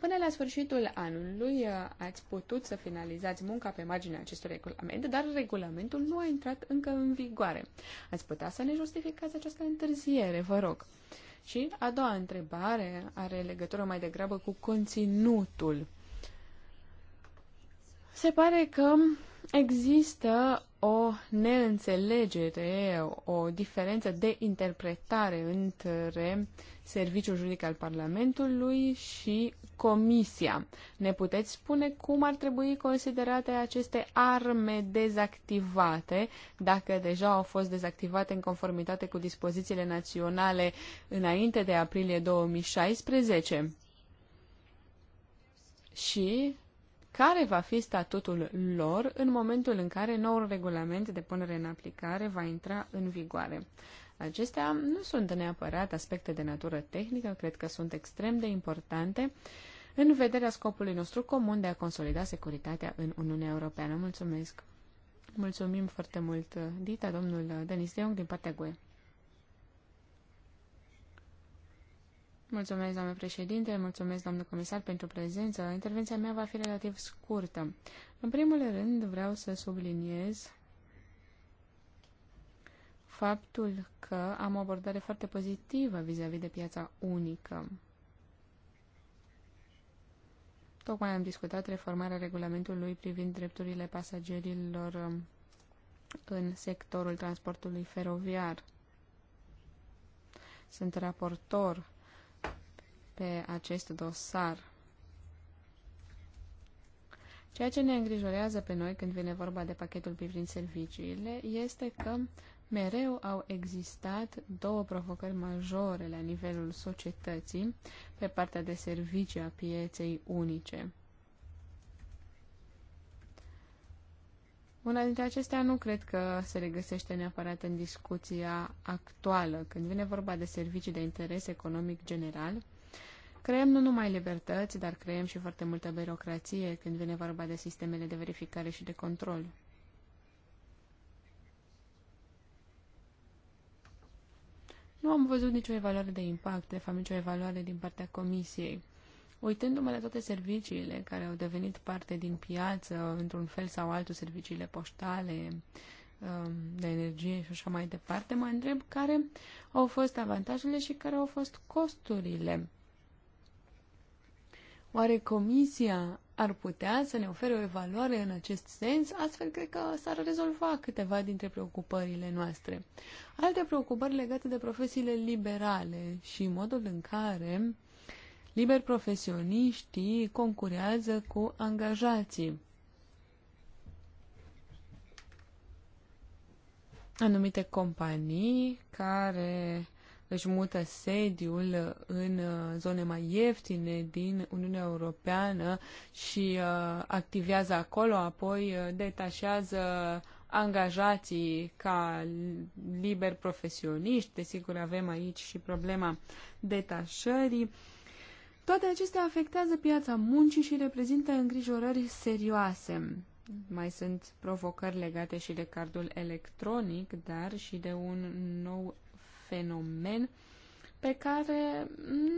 Până la sfârșitul anului uh, ați putut să finalizați munca pe marginea acestui regulament, dar regulamentul nu a intrat încă în vigoare. Ați putea să ne justificați această întârziere, vă rog. Și a doua întrebare are legătură mai degrabă cu conținutul. Se pare că Există o neînțelegere, o diferență de interpretare între Serviciul Juridic al Parlamentului și Comisia. Ne puteți spune cum ar trebui considerate aceste arme dezactivate, dacă deja au fost dezactivate în conformitate cu dispozițiile naționale înainte de aprilie 2016? Și care va fi statutul lor în momentul în care noul regulament de punere în aplicare va intra în vigoare. Acestea nu sunt neapărat aspecte de natură tehnică, cred că sunt extrem de importante în vederea scopului nostru comun de a consolida securitatea în Uniunea Europeană. Mulțumesc! Mulțumim foarte mult, Dita, domnul Denis Deong, din partea GUE. Mulțumesc, doamnă președinte, mulțumesc, doamnă comisar, pentru prezență. Intervenția mea va fi relativ scurtă. În primul rând, vreau să subliniez faptul că am o abordare foarte pozitivă vis-a-vis -vis de piața unică. Tocmai am discutat reformarea regulamentului privind drepturile pasagerilor um, în sectorul transportului feroviar. Sunt raportor pe acest dosar. Ceea ce ne îngrijorează pe noi când vine vorba de pachetul privind serviciile este că mereu au existat două provocări majore la nivelul societății pe partea de servicii a pieței unice. Una dintre acestea nu cred că se regăsește neapărat în discuția actuală, când vine vorba de servicii de interes economic general, creăm nu numai libertăți, dar creăm și foarte multă birocrație când vine vorba de sistemele de verificare și de control. Nu am văzut nicio evaluare de impact, de fapt nicio evaluare din partea comisiei. Uitându-mă la toate serviciile care au devenit parte din piață, într-un fel sau altul, serviciile poștale, um, de energie și așa mai departe, mă întreb care au fost avantajele și care au fost costurile Oare Comisia ar putea să ne ofere o evaluare în acest sens? Astfel, cred că s-ar rezolva câteva dintre preocupările noastre. Alte preocupări legate de profesiile liberale și modul în care liber profesioniștii concurează cu angajații. Anumite companii care își mută sediul în uh, zone mai ieftine din Uniunea Europeană și uh, activează acolo, apoi uh, detașează angajații ca liber profesioniști. Desigur, avem aici și problema detașării. Toate acestea afectează piața muncii și reprezintă îngrijorări serioase. Mai sunt provocări legate și de cardul electronic, dar și de un nou fenomen pe care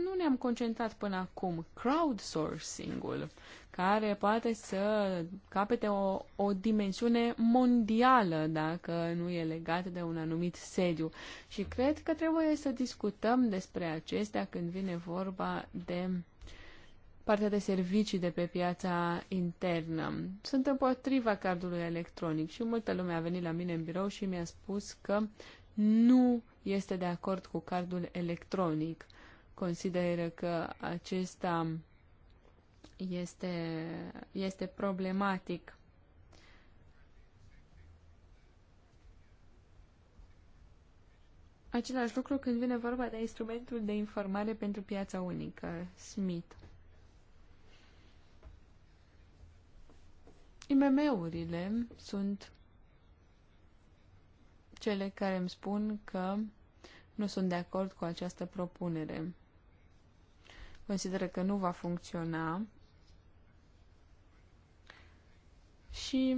nu ne-am concentrat până acum, crowdsourcing-ul, care poate să capete o, o dimensiune mondială dacă nu e legat de un anumit sediu. Și cred că trebuie să discutăm despre acestea când vine vorba de partea de servicii de pe piața internă. Sunt împotriva cardului electronic și multă lume a venit la mine în birou și mi-a spus că nu este de acord cu cardul electronic. Consideră că acesta este, este problematic. Același lucru când vine vorba de instrumentul de informare pentru piața unică, SMIT. IMM-urile sunt cele care îmi spun că nu sunt de acord cu această propunere. Consideră că nu va funcționa și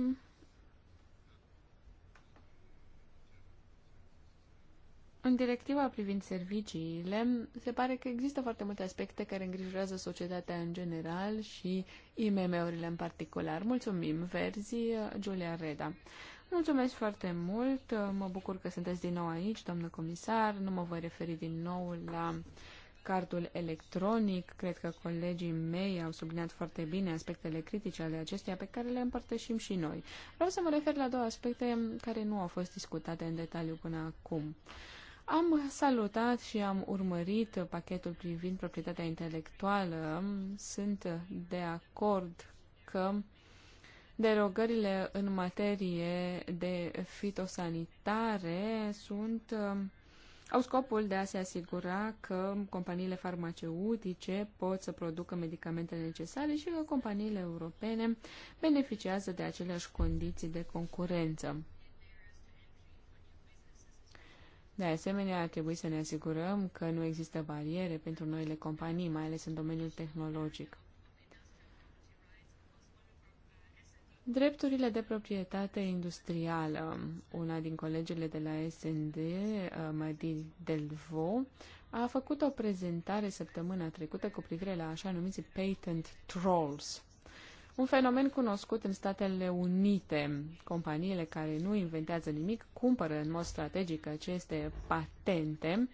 În directiva privind serviciile, se pare că există foarte multe aspecte care îngrijorează societatea în general și IMM-urile în particular. Mulțumim, Verzi, Giulia Reda. Mulțumesc foarte mult, mă bucur că sunteți din nou aici, doamnă comisar. Nu mă voi referi din nou la cardul electronic. Cred că colegii mei au subliniat foarte bine aspectele critice ale acesteia pe care le împărtășim și noi. Vreau să mă refer la două aspecte care nu au fost discutate în detaliu până acum. Am salutat și am urmărit pachetul privind proprietatea intelectuală. Sunt de acord că derogările în materie de fitosanitare sunt um, au scopul de a se asigura că companiile farmaceutice pot să producă medicamentele necesare și că companiile europene beneficiază de aceleași condiții de concurență. De asemenea, ar trebui să ne asigurăm că nu există bariere pentru noile companii, mai ales în domeniul tehnologic. Drepturile de proprietate industrială. Una din colegele de la SND, uh, Madin Delvo, a făcut o prezentare săptămâna trecută cu privire la așa numiți patent trolls. Un fenomen cunoscut în Statele Unite. Companiile care nu inventează nimic cumpără în mod strategic aceste patente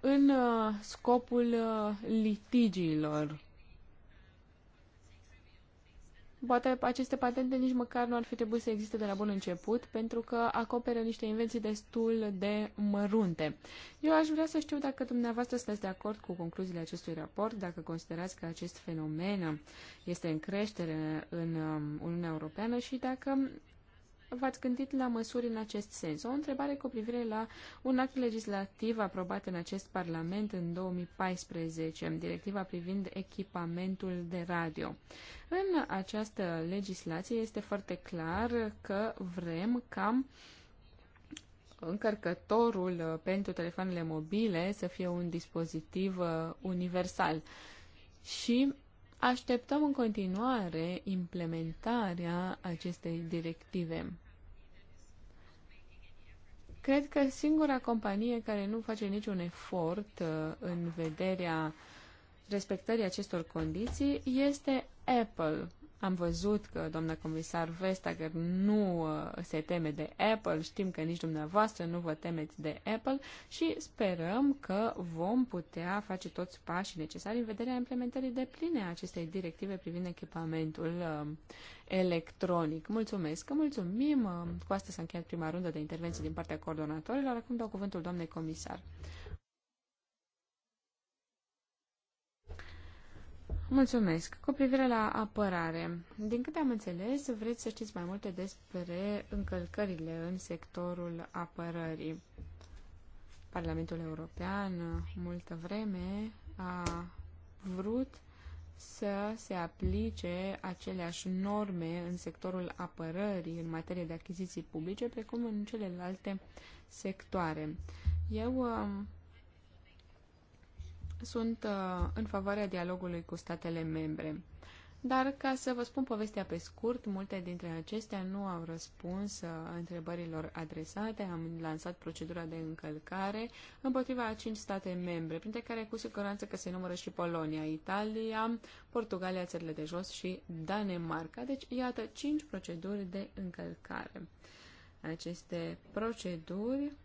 în uh, scopul uh, litigiilor Poate aceste patente nici măcar nu ar fi trebuit să existe de la bun început, pentru că acoperă niște invenții destul de mărunte. Eu aș vrea să știu dacă dumneavoastră sunteți de acord cu concluziile acestui raport, dacă considerați că acest fenomen este în creștere în um, Uniunea Europeană și dacă v-ați gândit la măsuri în acest sens? O întrebare cu privire la un act legislativ aprobat în acest Parlament în 2014, directiva privind echipamentul de radio. În această legislație este foarte clar că vrem cam încărcătorul pentru telefoanele mobile să fie un dispozitiv uh, universal. Și Așteptăm în continuare implementarea acestei directive. Cred că singura companie care nu face niciun efort uh, în vederea respectării acestor condiții este Apple. Am văzut că doamna comisar Vestager nu uh, se teme de Apple, știm că nici dumneavoastră nu vă temeți de Apple și sperăm că vom putea face toți pașii necesari în vederea implementării de pline a acestei directive privind echipamentul um, electronic. Mulțumesc, mulțumim! Um, cu asta s-a încheiat prima rundă de intervenții din partea coordonatorilor. Acum dau cuvântul doamnei comisar. Mulțumesc. Cu privire la apărare, din câte am înțeles, vreți să știți mai multe despre încălcările în sectorul apărării. Parlamentul European multă vreme a vrut să se aplice aceleași norme în sectorul apărării în materie de achiziții publice, precum în celelalte sectoare. Eu sunt uh, în favoarea dialogului cu statele membre. Dar, ca să vă spun povestea pe scurt, multe dintre acestea nu au răspuns uh, întrebărilor adresate. Am lansat procedura de încălcare împotriva a cinci state membre, printre care cu siguranță că se numără și Polonia, Italia, Portugalia, țările de jos și Danemarca. Deci, iată, cinci proceduri de încălcare. Aceste proceduri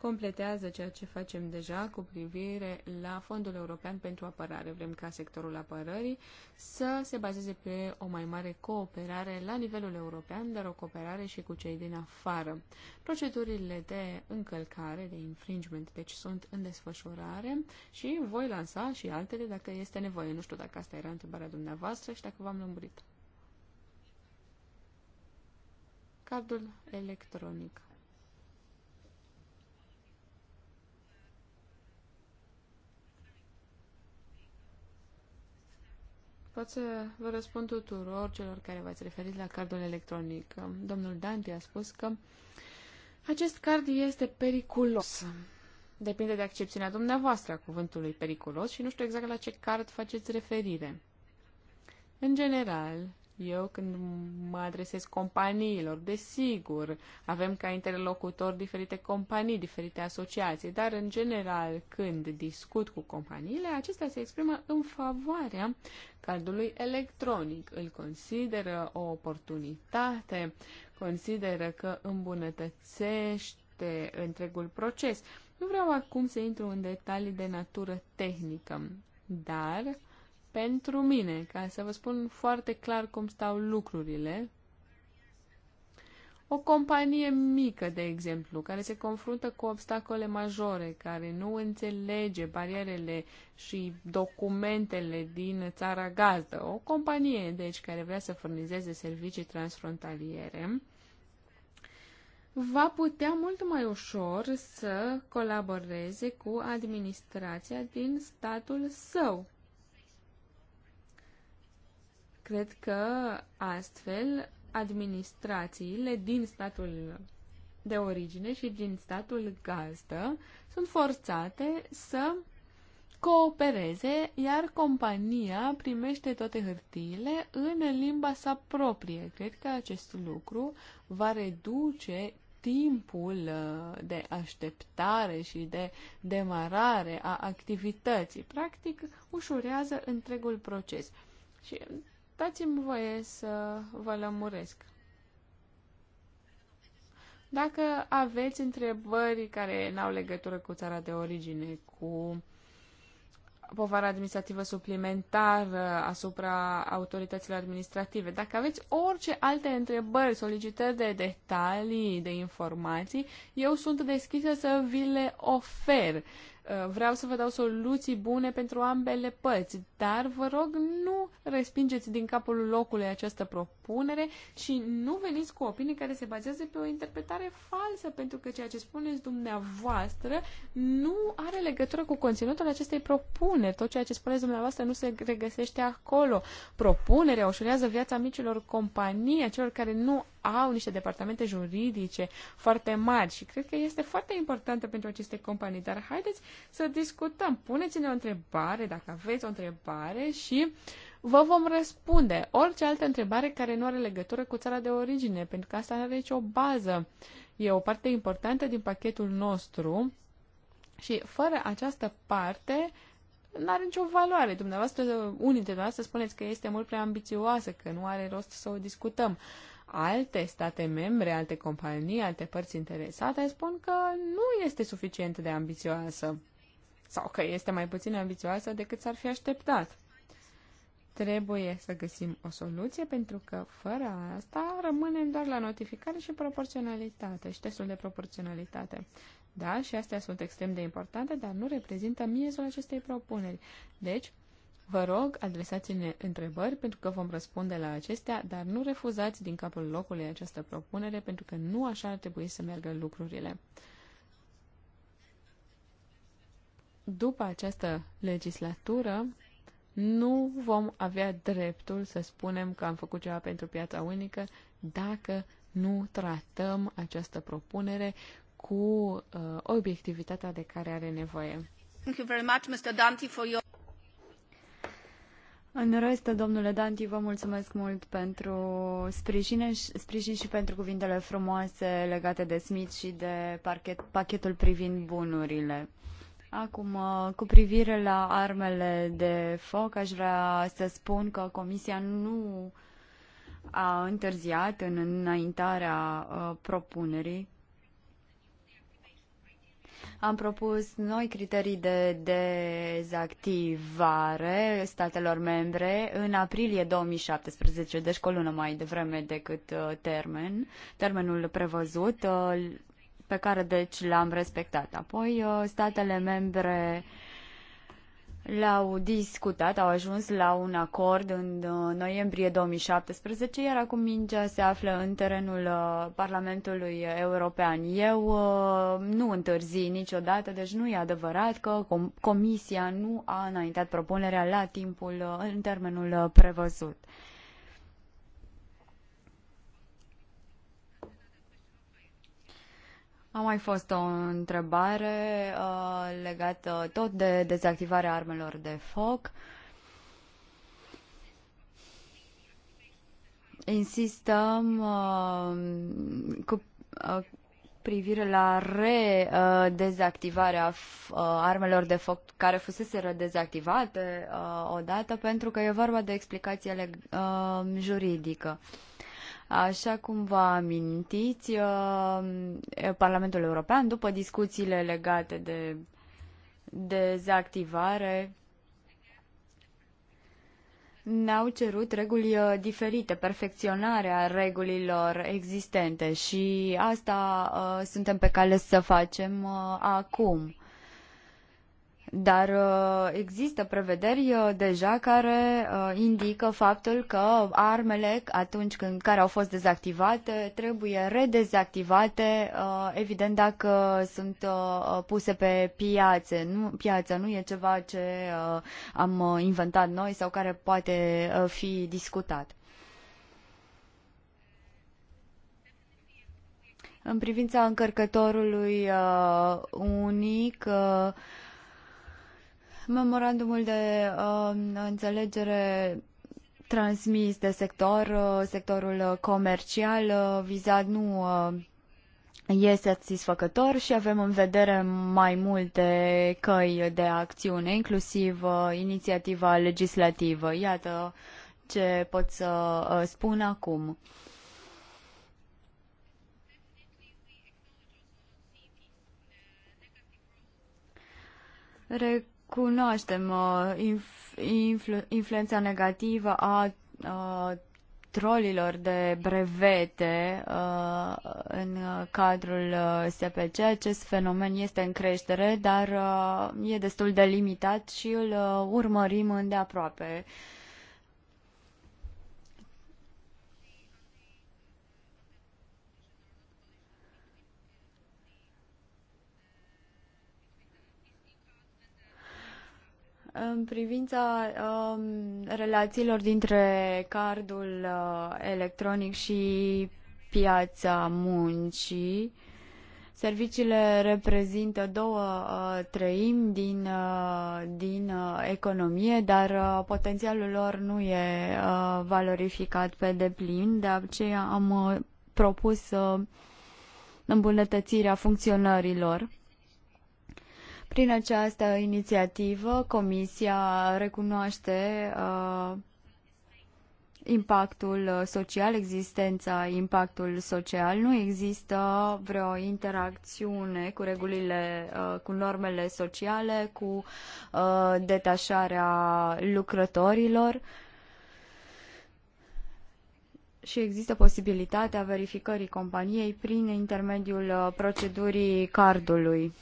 completează ceea ce facem deja cu privire la Fondul European pentru Apărare. Vrem ca sectorul apărării să se bazeze pe o mai mare cooperare la nivelul european, dar o cooperare și cu cei din afară. Procedurile de încălcare, de infringement, deci sunt în desfășurare și voi lansa și altele dacă este nevoie. Nu știu dacă asta era întrebarea dumneavoastră și dacă v-am lămurit. Cardul electronic. Pot să vă răspund tuturor celor care v-ați referit la cardul electronic. Domnul Dante a spus că acest card este periculos. Depinde de accepțiunea dumneavoastră a cuvântului periculos și nu știu exact la ce card faceți referire. În general, eu când mă adresez companiilor, desigur, avem ca interlocutor diferite companii, diferite asociații, dar în general când discut cu companiile, acestea se exprimă în favoarea cardului electronic. Îl consideră o oportunitate, consideră că îmbunătățește întregul proces. Nu vreau acum să intru în detalii de natură tehnică, dar pentru mine, ca să vă spun foarte clar cum stau lucrurile. O companie mică, de exemplu, care se confruntă cu obstacole majore, care nu înțelege barierele și documentele din țara gazdă, o companie, deci, care vrea să furnizeze servicii transfrontaliere, va putea mult mai ușor să colaboreze cu administrația din statul său, Cred că astfel administrațiile din statul de origine și din statul gazdă sunt forțate să coopereze, iar compania primește toate hârtiile în limba sa proprie. Cred că acest lucru va reduce timpul uh, de așteptare și de demarare a activității. Practic, ușurează întregul proces. Și Dați-mi voie să vă lămuresc. Dacă aveți întrebări care n-au legătură cu țara de origine, cu povara administrativă suplimentară asupra autorităților administrative. Dacă aveți orice alte întrebări, solicitări de detalii, de informații, eu sunt deschisă să vi le ofer Eh, vreau să vă dau soluții bune pentru ambele părți, dar vă rog nu respingeți din capul locului această propunere și nu veniți cu opinii care se bazează pe o interpretare falsă, pentru că ceea ce spuneți dumneavoastră nu are legătură cu conținutul acestei propuneri. Tot ceea ce spuneți dumneavoastră nu se regăsește acolo. Propunerea ușurează viața micilor companii, celor care nu au niște departamente juridice foarte mari și cred că este foarte importantă pentru aceste companii. Dar haideți să discutăm. Puneți-ne o întrebare, dacă aveți o întrebare și vă vom răspunde orice altă întrebare care nu are legătură cu țara de origine, pentru că asta nu are nicio bază. E o parte importantă din pachetul nostru și fără această parte, nu are nicio valoare. Dumneavoastră, unii dintre dumneavoastră spuneți că este mult prea ambițioasă, că nu are rost să o discutăm alte state membre, alte companii, alte părți interesate spun că nu este suficient de ambițioasă sau că este mai puțin ambițioasă decât s-ar fi așteptat. Trebuie să găsim o soluție pentru că fără asta rămânem doar la notificare și proporționalitate și testul de proporționalitate. Da, și astea sunt extrem de importante, dar nu reprezintă miezul acestei propuneri. Deci, Vă rog, adresați-ne întrebări pentru că vom răspunde la acestea, dar nu refuzați din capul locului această propunere pentru că nu așa ar trebui să meargă lucrurile. După această legislatură, nu vom avea dreptul să spunem că am făcut ceva pentru piața unică dacă nu tratăm această propunere cu uh, obiectivitatea de care are nevoie. Thank you very much, Mr. Dante, for your... În rest, domnule Danti, vă mulțumesc mult pentru sprijin, sprijin și pentru cuvintele frumoase legate de Smith și de parchet, pachetul privind bunurile. Acum, uh, cu privire la armele de foc, aș vrea să spun că Comisia nu a întârziat în înaintarea uh, propunerii am propus noi criterii de dezactivare statelor membre în aprilie 2017, deci cu o lună mai devreme decât uh, termen, termenul prevăzut, uh, pe care deci l-am respectat. Apoi uh, statele membre l-au discutat, au ajuns la un acord în uh, noiembrie 2017, iar acum mingea se află în terenul uh, Parlamentului European. Eu uh, nu întârzi niciodată, deci nu e adevărat că Comisia nu a înaintat propunerea la timpul, în termenul prevăzut. A mai fost o întrebare uh, legată tot de dezactivarea armelor de foc. Insistăm uh, cu uh, privire la redezactivarea uh, armelor de foc care fusese dezactivate uh, odată, pentru că e vorba de explicație uh, juridică. Așa cum vă amintiți, uh, Parlamentul European, după discuțiile legate de dezactivare, ne-au cerut reguli uh, diferite, perfecționarea regulilor existente și asta uh, suntem pe cale să facem uh, acum. Dar uh, există prevederi uh, deja care uh, indică faptul că armele, atunci când care au fost dezactivate, trebuie redezactivate, evident dacă sunt puse pe piață. Nu, piața nu e ceva ce am inventat noi sau care poate fi discutat. În privința încărcătorului unic, Memorandumul de uh, înțelegere transmis de sector, uh, sectorul comercial uh, vizat nu uh, e satisfăcător și avem în vedere mai multe căi de acțiune, inclusiv uh, inițiativa legislativă. Iată ce pot să uh, spun acum. Re- Cunoaștem uh, influ- influența negativă a uh, trolilor de brevete uh, în cadrul uh, SPC. Acest fenomen este în creștere, dar uh, e destul de limitat și îl uh, urmărim îndeaproape. Uh, În privința um, relațiilor dintre cardul uh, electronic și piața muncii, serviciile reprezintă două uh, treimi din, uh, din uh, economie, dar uh, potențialul lor nu e uh, valorificat pe deplin, de aceea am uh, propus uh, îmbunătățirea funcționărilor prin această inițiativă, Comisia recunoaște uh, impactul social, existența impactul social. Nu există vreo interacțiune cu regulile, uh, cu normele sociale, cu uh, detașarea lucrătorilor. Și există posibilitatea verificării companiei prin intermediul uh, procedurii cardului.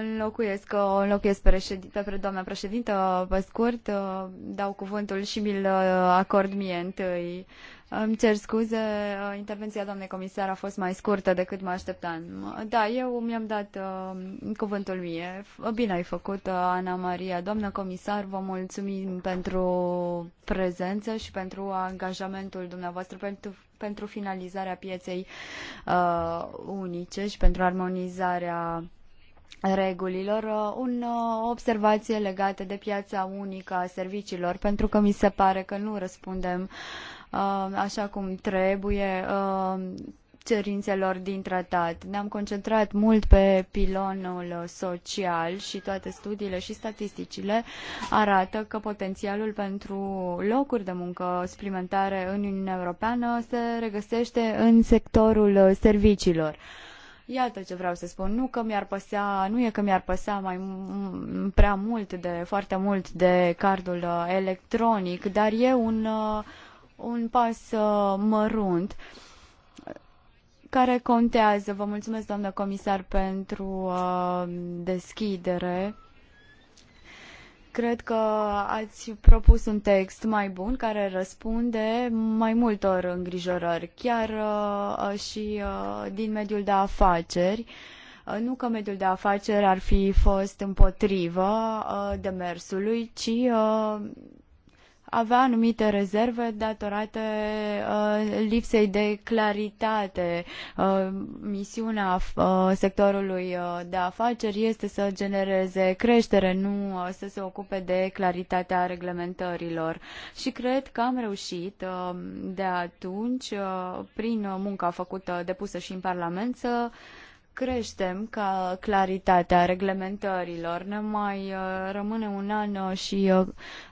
Înlocuiesc, înlocuiesc pe, pe doamna președintă, pe scurt, dau cuvântul și mi-l uh, acord mie întâi. Îmi cer scuze, uh, intervenția doamnei comisar a fost mai scurtă decât mă așteptam. Da, eu mi-am dat uh, cuvântul mie. Bine ai făcut, uh, Ana Maria. Doamnă comisar, vă mulțumim pentru prezență și pentru angajamentul dumneavoastră pentru, pentru finalizarea pieței uh, unice și pentru armonizarea regulilor, uh, un, uh, o observație legată de piața unică a serviciilor, pentru că mi se pare că nu răspundem uh, așa cum trebuie cerințelor din tratat. Ne-am concentrat mult pe pilonul social și toate studiile și statisticile arată că potențialul pentru locuri de muncă suplimentare în Uniunea Europeană se regăsește în sectorul serviciilor. Iată ce vreau să spun. Nu că mi-ar păsea, nu e că mi-ar păsea mai prea mult de, foarte mult de cardul uh, electronic, dar e un, uh, un pas uh, mărunt care contează. Vă mulțumesc, doamnă comisar, pentru deschidere. Cred că ați propus un text mai bun care răspunde mai multor îngrijorări, chiar uh, și uh, din mediul de afaceri. Uh, nu că mediul de afaceri ar fi fost împotrivă demersului, ci avea anumite rezerve datorate uh, lipsei de claritate. Uh, misiunea uh, sectorului uh, de afaceri este să genereze creștere, nu uh, să se ocupe de claritatea reglementărilor. Și cred că am reușit uh, de atunci, prin munca făcută, depusă și în Parlament, să uh, creștem ca claritatea reglementărilor. Ne mai uh, rămâne un an uh, și uh,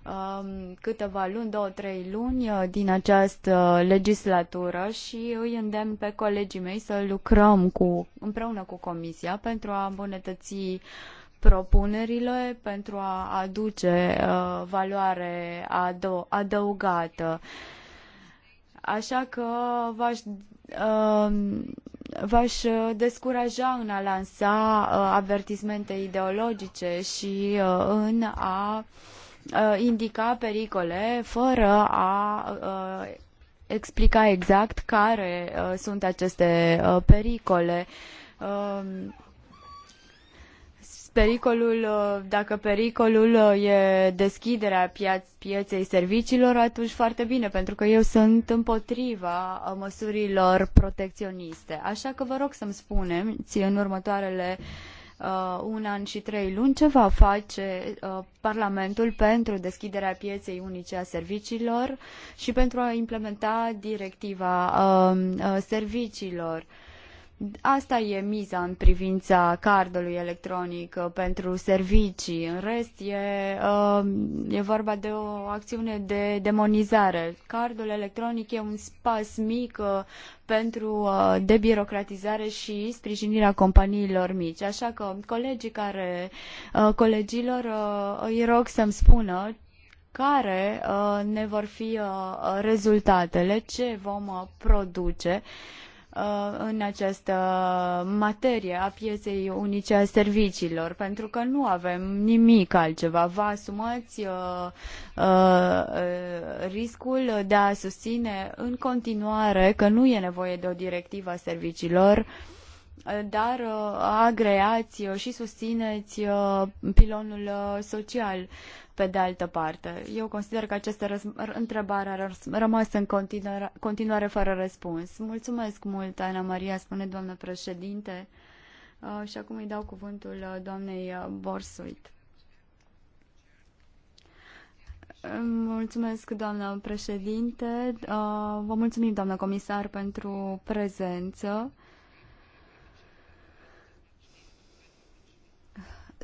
um, câteva luni, două, trei luni din această legislatură și îi îndemn pe colegii mei să lucrăm cu, împreună cu Comisia pentru a îmbunătăți propunerile pentru a aduce valoare adăugată. Uh, Așa că v-aș, uh, v-aș descuraja în a lansa uh, avertismente ideologice și uh, în a indica pericole fără a explica exact care sunt aceste pericole. Uh, pericolul, uh, dacă pericolul uh, e deschiderea piaț- pieței serviciilor, atunci foarte bine, pentru că eu sunt împotriva uh, măsurilor protecționiste. Așa că vă rog să-mi spuneți în următoarele uh, un an și trei luni ce va face uh, Parlamentul pentru deschiderea pieței unice a serviciilor și pentru a implementa directiva uh, serviciilor. Uh, Asta e miza în privința cardului electronic uh, pentru servicii. În rest, e, uh, e vorba de o acțiune de demonizare. Cardul electronic e un spas mic uh, pentru debirocratizare și sprijinirea companiilor mici. Așa că colegii care, colegilor, îi rog să-mi spună care ne vor fi rezultatele, ce vom produce Uh, în această materie a pieței unice a serviciilor, pentru că nu avem nimic altceva. Vă asumați uh, uh, riscul de a susține în continuare că nu e nevoie de o directivă a serviciilor, uh, dar uh, agreați și susțineți uh, pilonul social pe de altă parte. Eu consider că această întrebare a rămas în continuare, continuare fără răspuns. Mulțumesc mult, Ana Maria, spune doamnă președinte. Uh, și acum îi dau cuvântul uh, doamnei uh, Borsuit. Mulțumesc, doamnă președinte. Uh, vă mulțumim, doamnă comisar, pentru prezență.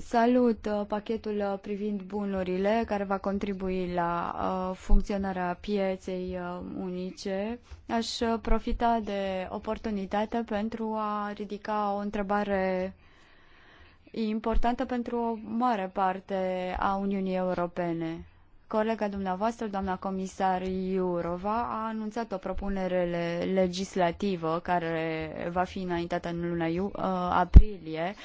Salut uh, pachetul uh, privind bunurile care va contribui la uh, funcționarea pieței unice. Aș profita de oportunitate pentru a ridica o întrebare importantă pentru o mare parte a Uniunii Europene. Colega dumneavoastră, doamna comisar Iurova, a anunțat o propunere legislativă care va fi înaintată în luna iu- aprilie uh,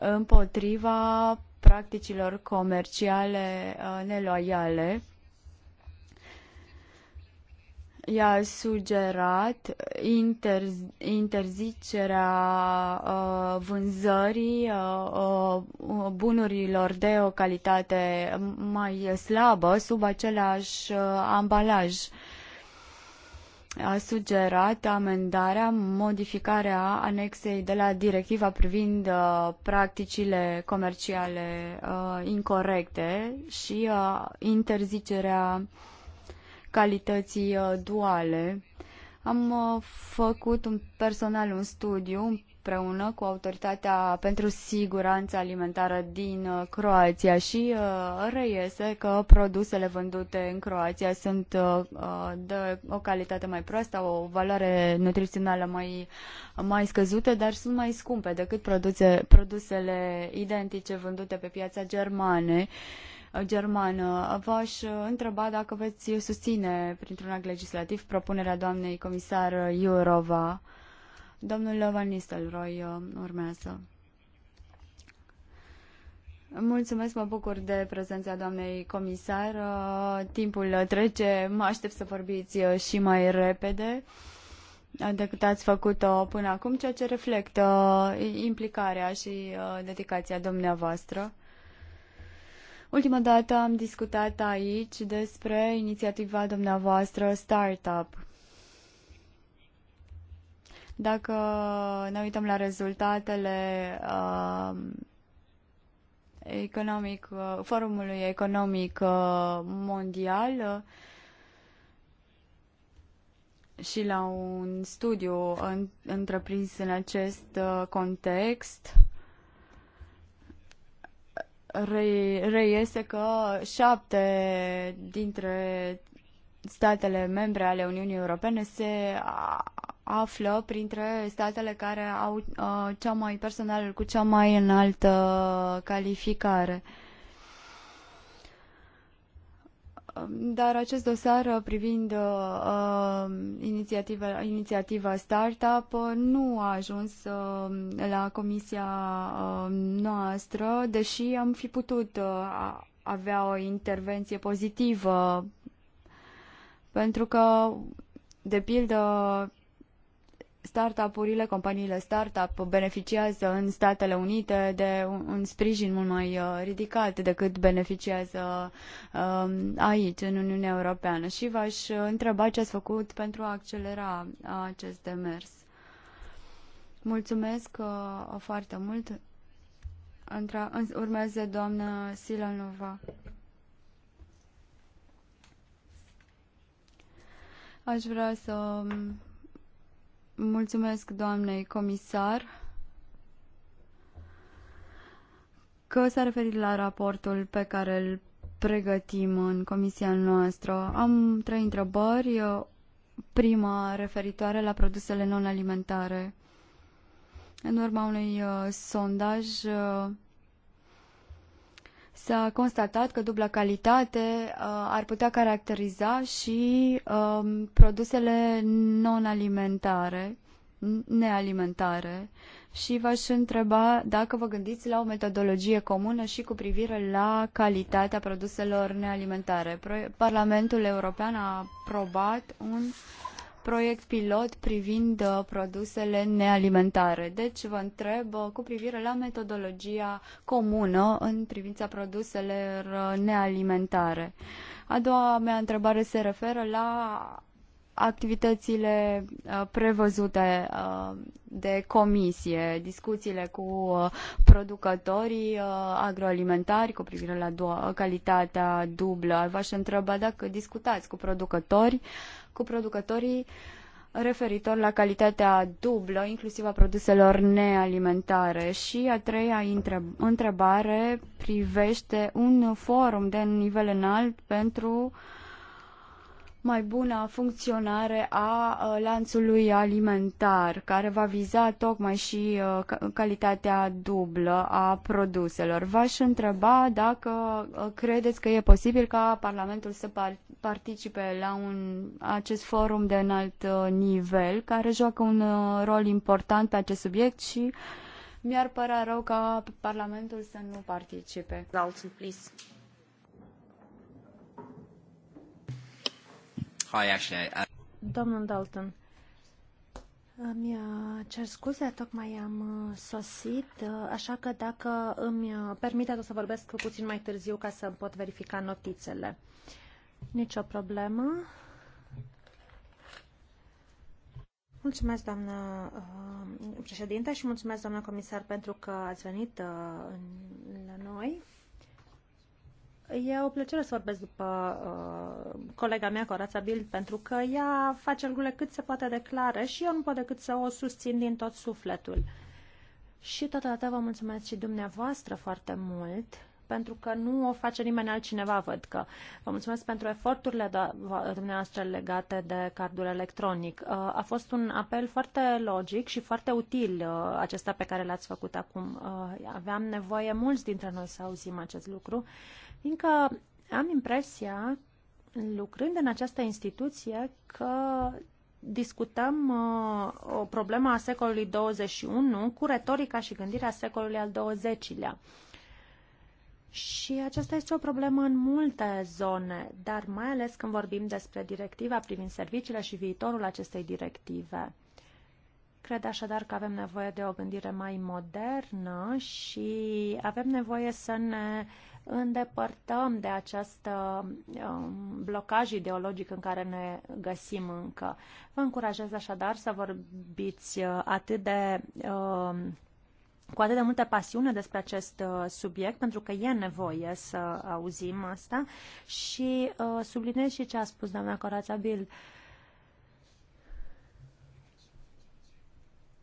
împotriva practicilor comerciale uh, neloiale. I-a sugerat interz- interzicerea uh, vânzării uh, uh, bunurilor de o calitate mai slabă sub același uh, ambalaj. Uh, a sugerat amendarea, modificarea anexei de la directiva privind uh, practicile comerciale uh, incorrecte și uh, interzicerea calității uh, duale. Am uh, făcut un, personal un studiu împreună cu Autoritatea pentru Siguranța Alimentară din uh, Croația și uh, reiese că produsele vândute în Croația sunt uh, de o calitate mai proastă, o valoare nutrițională mai, mai scăzută, dar sunt mai scumpe decât produse, produsele identice vândute pe piața germane germană. V-aș întreba dacă veți susține printr-un act legislativ propunerea doamnei comisar Iurova Domnul Van Nistelrooy uh, urmează. Mulțumesc, mă bucur de prezența doamnei comisar. Uh, timpul trece, mă aștept să vorbiți uh, și mai repede decât ați făcut-o până acum, ceea ce reflectă implicarea și dedicația dumneavoastră. Ultima dată am discutat aici despre inițiativa dumneavoastră Startup dacă ne uităm la rezultatele uh, economic, uh, forumului economic uh, mondial, uh, și la un studiu în, întreprins în acest uh, context, re, reiese că șapte dintre statele membre ale Uniunii Europene se află printre statele care au uh, cea mai personal cu cea mai înaltă calificare. Um, dar acest dosar privind uh, uh inițiativa, inițiativa Startup uh, nu a ajuns uh, la comisia uh, noastră, deși am fi putut uh, avea o intervenție pozitivă, pentru că, de pildă, startup-urile, companiile startup beneficiază în Statele Unite de un, un sprijin mult mai uh, ridicat decât beneficiază uh, aici, în Uniunea Europeană. Și v-aș uh, întreba ce ați făcut pentru a accelera uh, acest demers. Mulțumesc uh, foarte mult. Întra, urmează doamna Silanova. Aș vrea să um, mulțumesc doamnei comisar că s-a referit la raportul pe care îl pregătim în comisia noastră. Am trei întrebări. Prima referitoare la produsele non-alimentare. În urma unui uh, sondaj uh, s-a constatat că dubla calitate uh, ar putea caracteriza și um, produsele non-alimentare, nealimentare și v-aș întreba dacă vă gândiți la o metodologie comună și cu privire la calitatea produselor nealimentare. Parlamentul European a aprobat un proiect pilot privind uh, produsele nealimentare. Deci vă întreb uh, cu privire la metodologia comună în privința produselor uh, nealimentare. A doua mea întrebare se referă la activitățile prevăzute de comisie, discuțiile cu producătorii agroalimentari cu privire la calitatea dublă. V-aș întreba dacă discutați cu producători uh, cu producătorii referitor la calitatea dublă, inclusiv a produselor nealimentare. Și a treia întrebare privește un forum de nivel înalt pentru uh, mai bună funcționare a lanțului alimentar, care va viza tocmai și calitatea dublă a produselor. V-aș întreba dacă credeți că e posibil ca Parlamentul să participe la un, acest forum de înalt nivel, care joacă un rol important pe acest subiect și mi-ar părea rău ca Parlamentul să nu participe. Dalton, please. Hi, Uh... Domnul Dalton, îmi uh, cer scuze, tocmai am uh, sosit, uh, așa că dacă îmi permiteți să vorbesc puțin mai târziu ca să pot verifica notițele. nici o problemă. Mulțumesc, doamnă președinte, și mulțumesc, doamnă comisar, pentru că ați venit la noi. E o plăcere să vorbesc după uh, colega mea, Corața Bild, pentru că ea face lucrurile cât se poate de și eu nu pot decât să o susțin din tot sufletul. Și totodată vă mulțumesc și dumneavoastră foarte mult pentru că nu o face nimeni altcineva, văd că. Vă mulțumesc pentru eforturile dumneavoastră legate de cardul electronic. Uh, a fost un apel foarte logic și foarte util uh, acesta pe care l-ați făcut acum. Uh, aveam nevoie mulți dintre noi să auzim acest lucru, fiindcă am impresia, lucrând în această instituție, că discutăm uh, o problemă a secolului 21 cu retorica și gândirea secolului al 20-lea. Și aceasta este o problemă în multe zone, dar mai ales când vorbim despre directiva privind serviciile și viitorul acestei directive. Cred așadar că avem nevoie de o gândire mai modernă și avem nevoie să ne îndepărtăm de acest um, blocaj ideologic în care ne găsim încă. Vă încurajez așadar să vorbiți uh, atât de um, cu atât de multă pasiune despre acest uh, subiect, pentru că e nevoie să auzim asta și uh, sublinez și ce a spus doamna Corața Bil.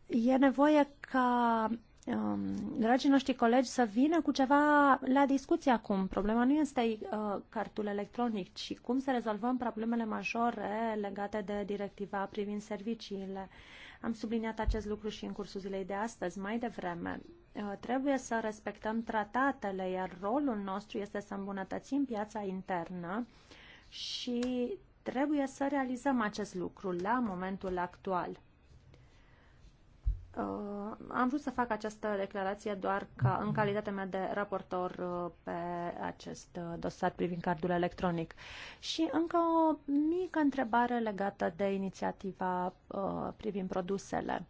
E nevoie ca um, dragii noștri colegi să vină cu ceva la discuție acum. Problema nu este uh, cartul electronic, ci cum să rezolvăm problemele majore legate de directiva privind serviciile. Uh, am subliniat acest lucru și în cursul zilei de astăzi, mai devreme. Uh, trebuie să respectăm tratatele, iar rolul nostru este să îmbunătățim piața internă și trebuie să realizăm acest lucru la momentul actual. Uh, am vrut să fac această declarație doar ca în calitatea mea de raportor uh, pe acest uh, dosar privind cardul electronic. Și încă o mică întrebare legată de inițiativa uh, privind produsele.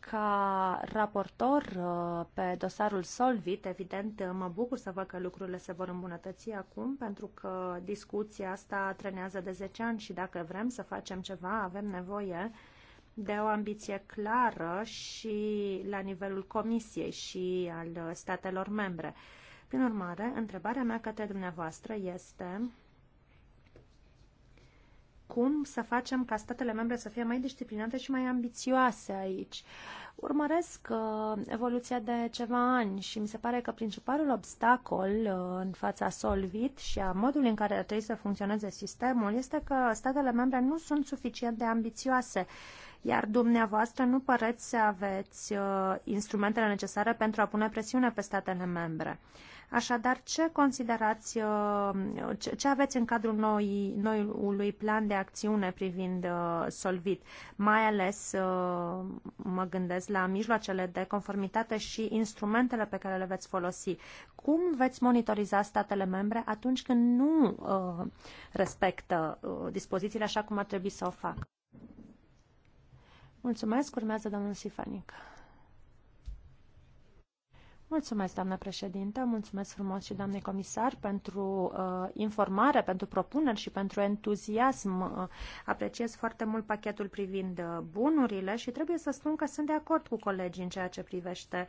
Ca raportor uh, pe dosarul Solvit, evident, uh, mă bucur să văd că lucrurile se vor îmbunătăți acum, pentru că discuția asta trenează de 10 ani și dacă vrem să facem ceva, avem nevoie uh, de o ambiție clară și la nivelul Comisiei și al statelor membre. Prin urmare, întrebarea mea către dumneavoastră este cum să facem ca statele membre să fie mai disciplinate și mai ambițioase aici. Urmăresc uh, evoluția de ceva ani și mi se pare că principalul obstacol uh, în fața Solvit și a modului în care trebuie să funcționeze sistemul este că statele membre nu sunt suficient de ambițioase iar dumneavoastră nu păreți să aveți uh, instrumentele necesare pentru a pune presiune pe statele membre. Așadar, ce considerați, uh, ce, ce aveți în cadrul noi, noiului plan de acțiune privind uh, Solvit? Mai ales uh, mă gândesc la mijloacele de conformitate și instrumentele pe care le veți folosi. Cum veți monitoriza statele membre atunci când nu uh, respectă uh, dispozițiile așa cum ar trebui să o facă? Mulțumesc. Urmează domnul Sifanic. Mulțumesc, doamnă președintă, mulțumesc frumos și doamnei comisar pentru uh, informare, pentru propuneri și pentru entuziasm. Uh, apreciez foarte mult pachetul privind uh, bunurile și trebuie să spun că sunt de acord cu colegii în ceea ce privește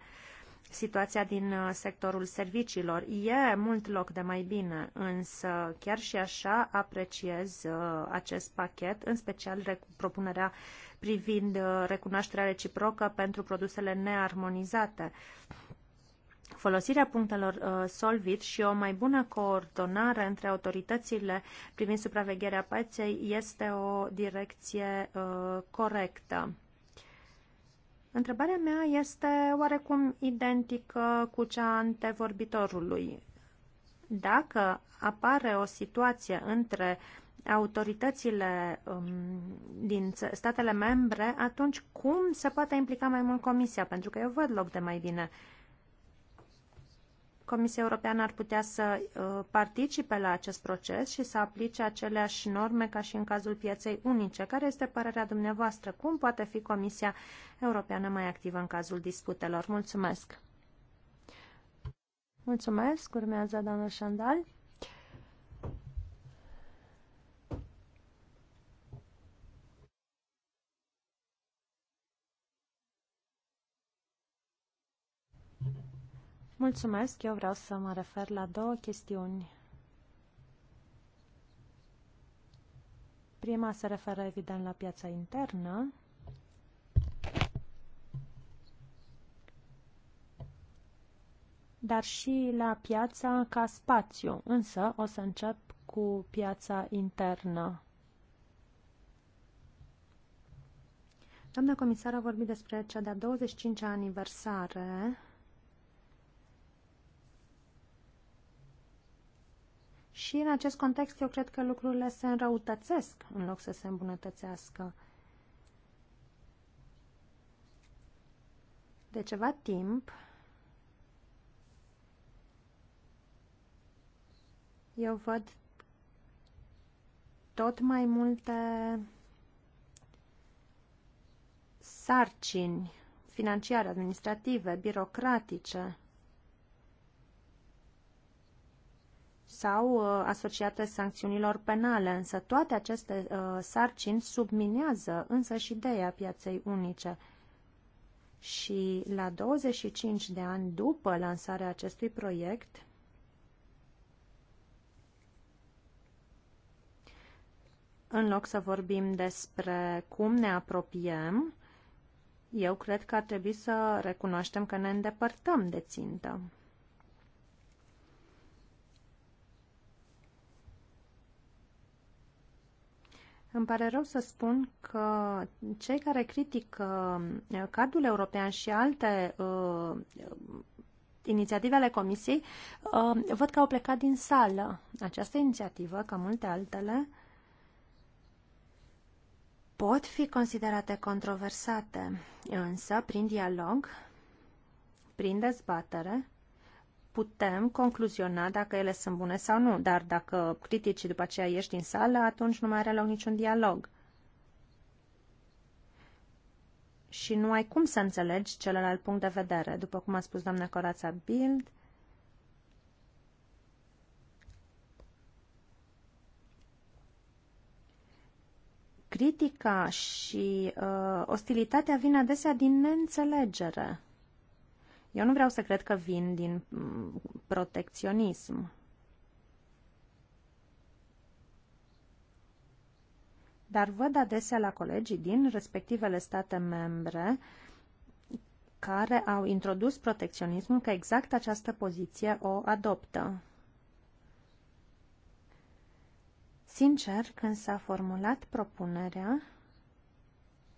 situația din uh, sectorul serviciilor. E mult loc de mai bine, însă chiar și așa apreciez uh, acest pachet, în special propunerea uh, privind uh, recunoașterea reciprocă pentru produsele nearmonizate. Folosirea punctelor uh, Solvit și o mai bună coordonare între autoritățile privind supravegherea pieței este o direcție uh, corectă. Întrebarea mea este oarecum identică cu cea antevorbitorului. Dacă apare o situație între uh, autoritățile um, din statele membre, atunci cum se poate implica mai mult Comisia? Pentru că eu văd loc de mai bine. Comisia Europeană ar putea să uh, participe la acest proces și să aplice aceleași norme ca și în cazul pieței unice. Care este părerea dumneavoastră? Cum poate fi Comisia Europeană mai activă în cazul disputelor? Mulțumesc! Mulțumesc! Urmează doamna Șandal. Mulțumesc. Eu vreau să mă refer la două chestiuni. Prima se referă evident la piața internă. dar și la piața ca spațiu. Însă o să încep cu piața internă. Doamna comisar a vorbit despre cea de-a 25-a aniversare Și în acest context eu cred că lucrurile se înrăutățesc în loc să se îmbunătățească. De ceva timp, eu văd tot mai multe sarcini financiare, administrative, birocratice, sau uh, asociate sancțiunilor penale, însă toate aceste uh, sarcini subminează însă și ideea piaței unice. Și la 25 de ani după lansarea acestui proiect, în loc să vorbim despre cum ne apropiem, eu cred că ar trebui să recunoaștem că ne îndepărtăm de țintă. Îmi pare rău să spun că cei care critică uh, cadrul european și alte uh, inițiative ale Comisiei uh, văd că au plecat din sală. Această inițiativă, ca multe altele, pot fi considerate controversate, însă prin dialog, prin dezbatere, putem concluziona dacă ele sunt bune sau nu, dar dacă critici după aceea ieși din sală, atunci nu mai are loc niciun dialog. Și nu ai cum să înțelegi celălalt punct de vedere, după cum a spus doamna Corața Bild. Critica și uh, ostilitatea vin adesea din neînțelegere. Eu nu vreau să cred că vin din mm, protecționism. Dar văd adesea la colegii din respectivele state membre care au introdus protecționismul că exact această poziție o adoptă. Sincer, când s-a formulat propunerea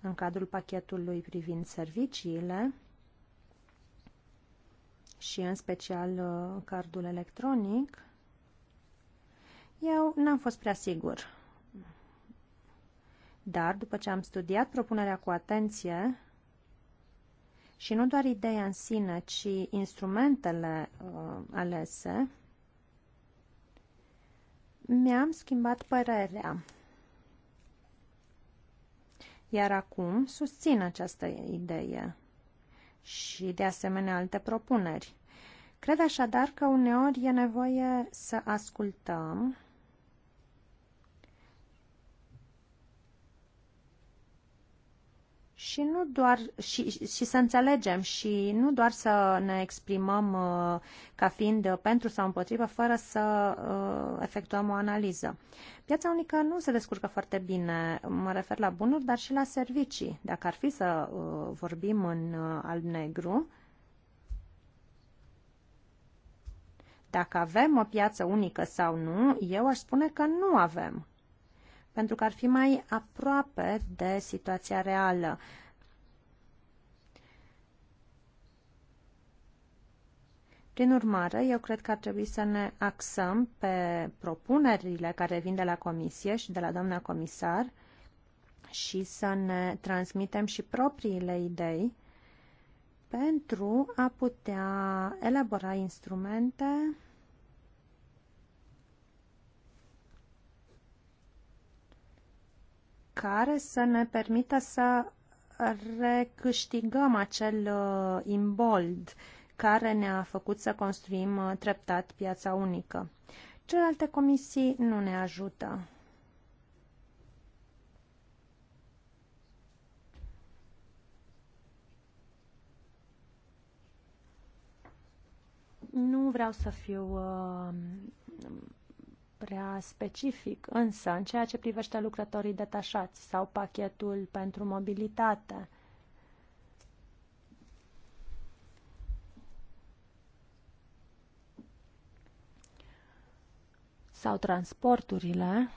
în cadrul pachetului privind serviciile, și în special uh, cardul electronic, eu n-am fost prea sigur. Dar după ce am studiat propunerea cu atenție și nu doar ideea în sine, ci instrumentele uh, alese, mi-am schimbat părerea. Iar acum susțin această idee și, de asemenea, alte propuneri. Cred așadar că uneori e nevoie să ascultăm și nu doar și, și să înțelegem și nu doar să ne exprimăm uh, ca fiind pentru sau împotrivă fără să uh, efectuăm o analiză. Piața unică nu se descurcă foarte bine, mă refer la bunuri, dar și la servicii. Dacă ar fi să uh, vorbim în uh, alb-negru, dacă avem o piață unică sau nu, eu aș spune că nu avem pentru că ar fi mai aproape de situația reală. Prin urmare, eu cred că ar trebui să ne axăm pe propunerile care vin de la Comisie și de la doamna comisar și să ne transmitem și propriile idei pentru a putea elabora instrumente care să ne permită să recâștigăm acel uh, imbold care ne-a făcut să construim uh, treptat piața unică. Celelalte comisii nu ne ajută. Nu vreau să fiu uh, prea specific, însă în ceea ce privește lucrătorii detașați sau pachetul pentru mobilitate, sau transporturile,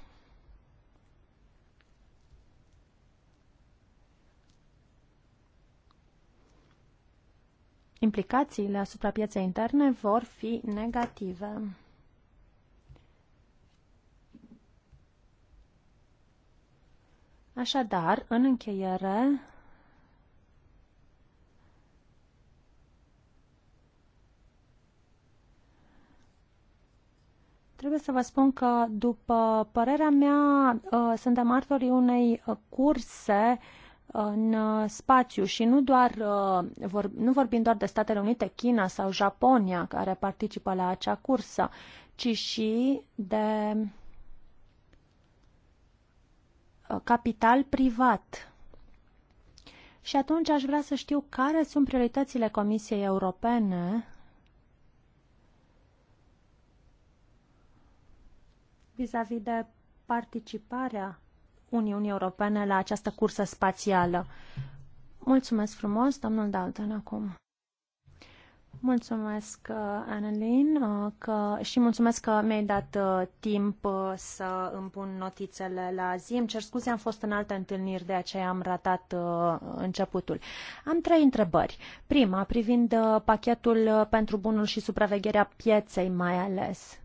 implicațiile asupra pieței interne vor fi negative. Așadar, în încheiere, Trebuie să vă spun că, după părerea mea, ă, suntem martorii unei ă, curse în ă, spațiu și nu, doar, nu vorbim doar de Statele Unite, China sau Japonia care participă la acea cursă, ci și de Uh, capital privat. Și atunci aș vrea să știu care sunt prioritățile Comisiei Europene vis-a-vis -vis de participarea Uniunii Europene la această cursă spațială. Mulțumesc frumos, domnul Dalton, acum. Mulțumesc, uh, Annelin, uh, că, și mulțumesc că mi-ai dat uh, timp să îmi pun notițele la zi. Îmi cer scuze, am fost în alte întâlniri, de aceea am ratat începutul. Am trei întrebări. Prima, privind pachetul pentru bunul și supravegherea pieței mai ales.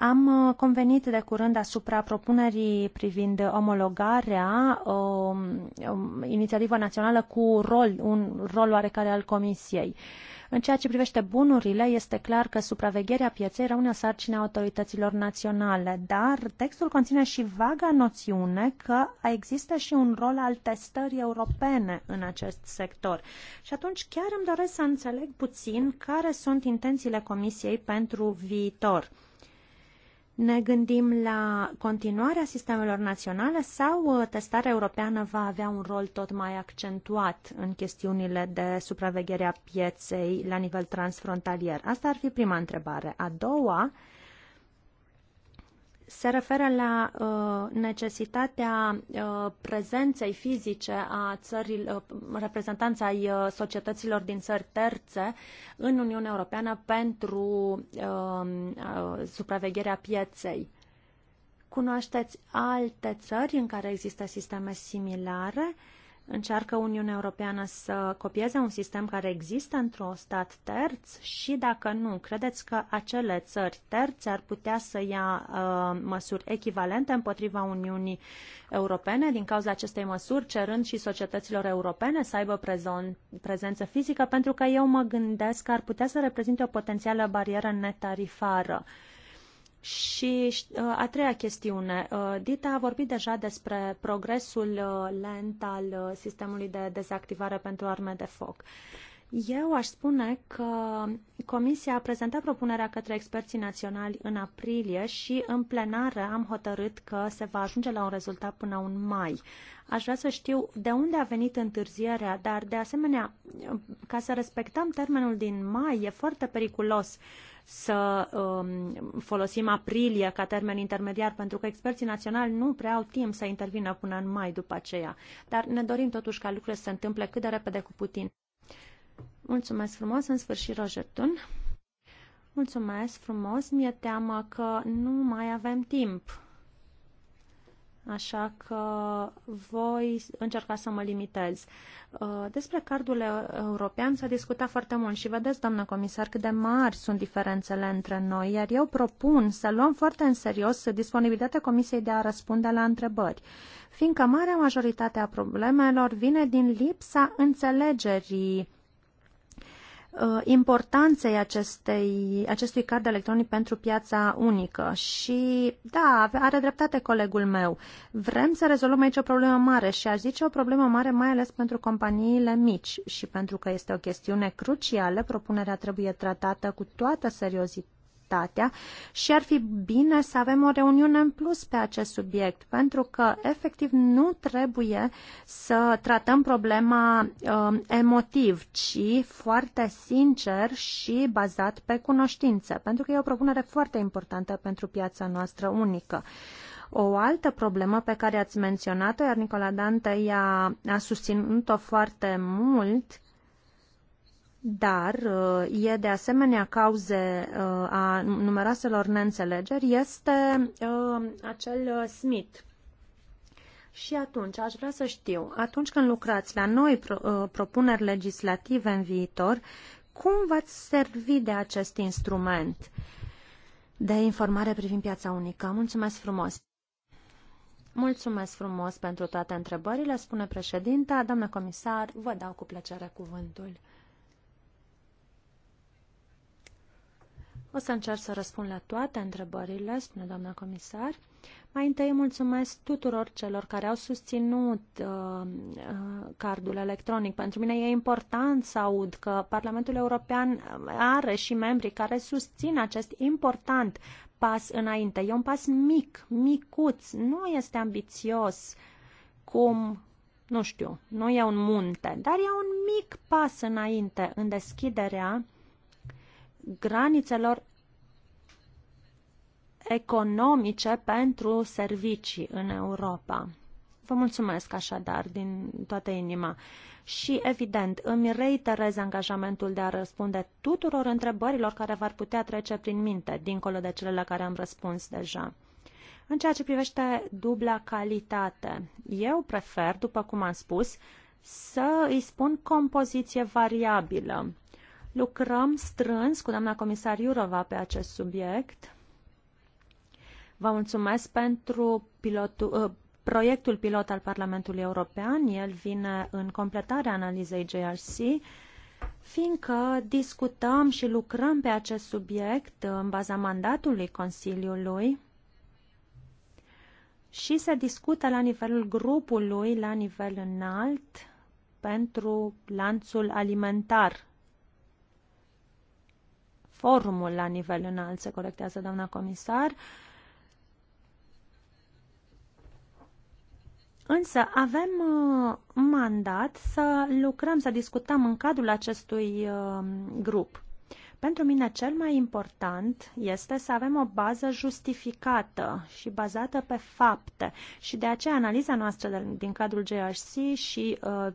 Am convenit de curând asupra propunerii privind omologarea, o, o um, inițiativă națională cu rol, un rol oarecare al Comisiei. Uh, în ceea ce privește bunurile, este clar că supravegherea pieței rămâne o sarcină a autorităților naționale, dar textul conține și vaga noțiune că există și un rol al testării europene în acest sector. Și atunci chiar îmi doresc să înțeleg puțin care sunt intențiile Comisiei pentru viitor. Ne gândim la continuarea sistemelor naționale sau uh, testarea europeană va avea un rol tot mai accentuat în chestiunile de supraveghere a pieței la nivel transfrontalier? Asta ar fi prima întrebare. A doua, se referă la uh, necesitatea uh, prezenței fizice a țării, uh, reprezentanței uh, societăților din țări terțe în Uniunea Europeană pentru uh, uh, supravegherea pieței. Cunoașteți alte țări în care există sisteme similare? Uh, Încearcă Uniunea Europeană să copieze un sistem care există într-un stat terț și dacă nu, credeți că acele țări terțe ar putea să ia uh, măsuri echivalente împotriva Uniunii Europene din cauza acestei măsuri, cerând și societăților europene să aibă prezon, prezență fizică, pentru că eu mă gândesc că ar putea să reprezinte o potențială barieră netarifară. Uh, și uh, a treia chestiune. Uh, Dita a vorbit deja despre progresul uh, lent al sistemului de dezactivare pentru arme de foc. Eu aș spune că Comisia a prezentat propunerea către experții naționali în aprilie și în plenară am hotărât că se va ajunge la un rezultat până în mai. Aș vrea să știu de unde a venit întârzierea, dar de asemenea, ca să respectăm termenul din mai, e foarte periculos uh, să um, folosim aprilie ca termen intermediar, pentru că experții naționali nu prea au timp să intervină până în mai după aceea. Dar ne dorim totuși ca lucrurile să se întâmple cât de repede cu Putin. Mulțumesc frumos, în sfârșit, Rojetun. Mulțumesc frumos, mi-e teamă că nu mai avem timp așa că voi încerca să mă limitez. Uh, despre cardul european s-a discutat foarte mult și vedeți, doamnă comisar, cât de mari sunt diferențele între noi, iar eu propun să luăm foarte în serios disponibilitatea Comisiei de a răspunde la întrebări, fiindcă marea majoritate a problemelor vine din lipsa înțelegerii Uh, importanței acestei, acestui card electronic pentru piața unică. Și da, are dreptate colegul meu. Vrem să rezolvăm aici o problemă mare și aș zice o problemă mare mai ales pentru companiile mici și pentru că este o chestiune crucială, propunerea trebuie tratată cu toată seriozitatea securitatea și ar fi bine să avem o reuniune în plus pe acest subiect, pentru că efectiv nu trebuie să tratăm problema uh, emotiv, ci foarte sincer și bazat pe cunoștință, pentru că e o propunere foarte importantă pentru piața noastră unică. O altă problemă pe care ați menționat-o, iar Nicola Dante i-a susținut-o foarte mult, dar uh, e de asemenea cauze uh, a numeroaselor neînțelegeri este uh, acel SMIT. Și atunci aș vrea să știu, atunci când lucrați la noi propuneri legislative în viitor, cum v-ați servi de acest instrument de informare privind piața unică? Mulțumesc frumos! Mulțumesc frumos pentru toate întrebările, spune președinta. Doamnă comisar, vă dau cu plăcere cuvântul. O să încerc să răspund la toate întrebările, spune doamna comisar. Mai întâi mulțumesc tuturor celor care au susținut uh, uh, cardul electronic. Pentru mine e important să aud că Parlamentul European are și membrii care susțin acest important pas înainte. E un pas mic, micuț, nu este ambițios cum, nu știu, nu e un munte, dar e un mic pas înainte în deschiderea uh, granițelor economice pentru servicii în Europa. Vă mulțumesc așadar din toată inima. Și, evident, îmi reiterez angajamentul de a răspunde tuturor întrebărilor care v-ar putea trece prin minte, dincolo de cele la care am răspuns deja. În ceea ce privește dubla calitate, eu prefer, după cum am spus, să îi spun compoziție variabilă. Lucrăm strâns cu doamna comisar Iurova pe acest subiect. Vă mulțumesc pentru pilotul, uh, proiectul pilot al Parlamentului European. El vine în completarea analizei JRC, fiindcă discutăm și lucrăm pe acest subiect în baza mandatului Consiliului și se discută la nivelul grupului, la nivel înalt, pentru lanțul alimentar forumul la nivel înalt, se corectează doamna comisar. Însă avem uh, mandat să lucrăm, să discutăm în cadrul acestui uh, grup. Pentru mine cel mai important este să avem o bază justificată și bazată pe fapte și de aceea analiza noastră din cadrul GRC și uh,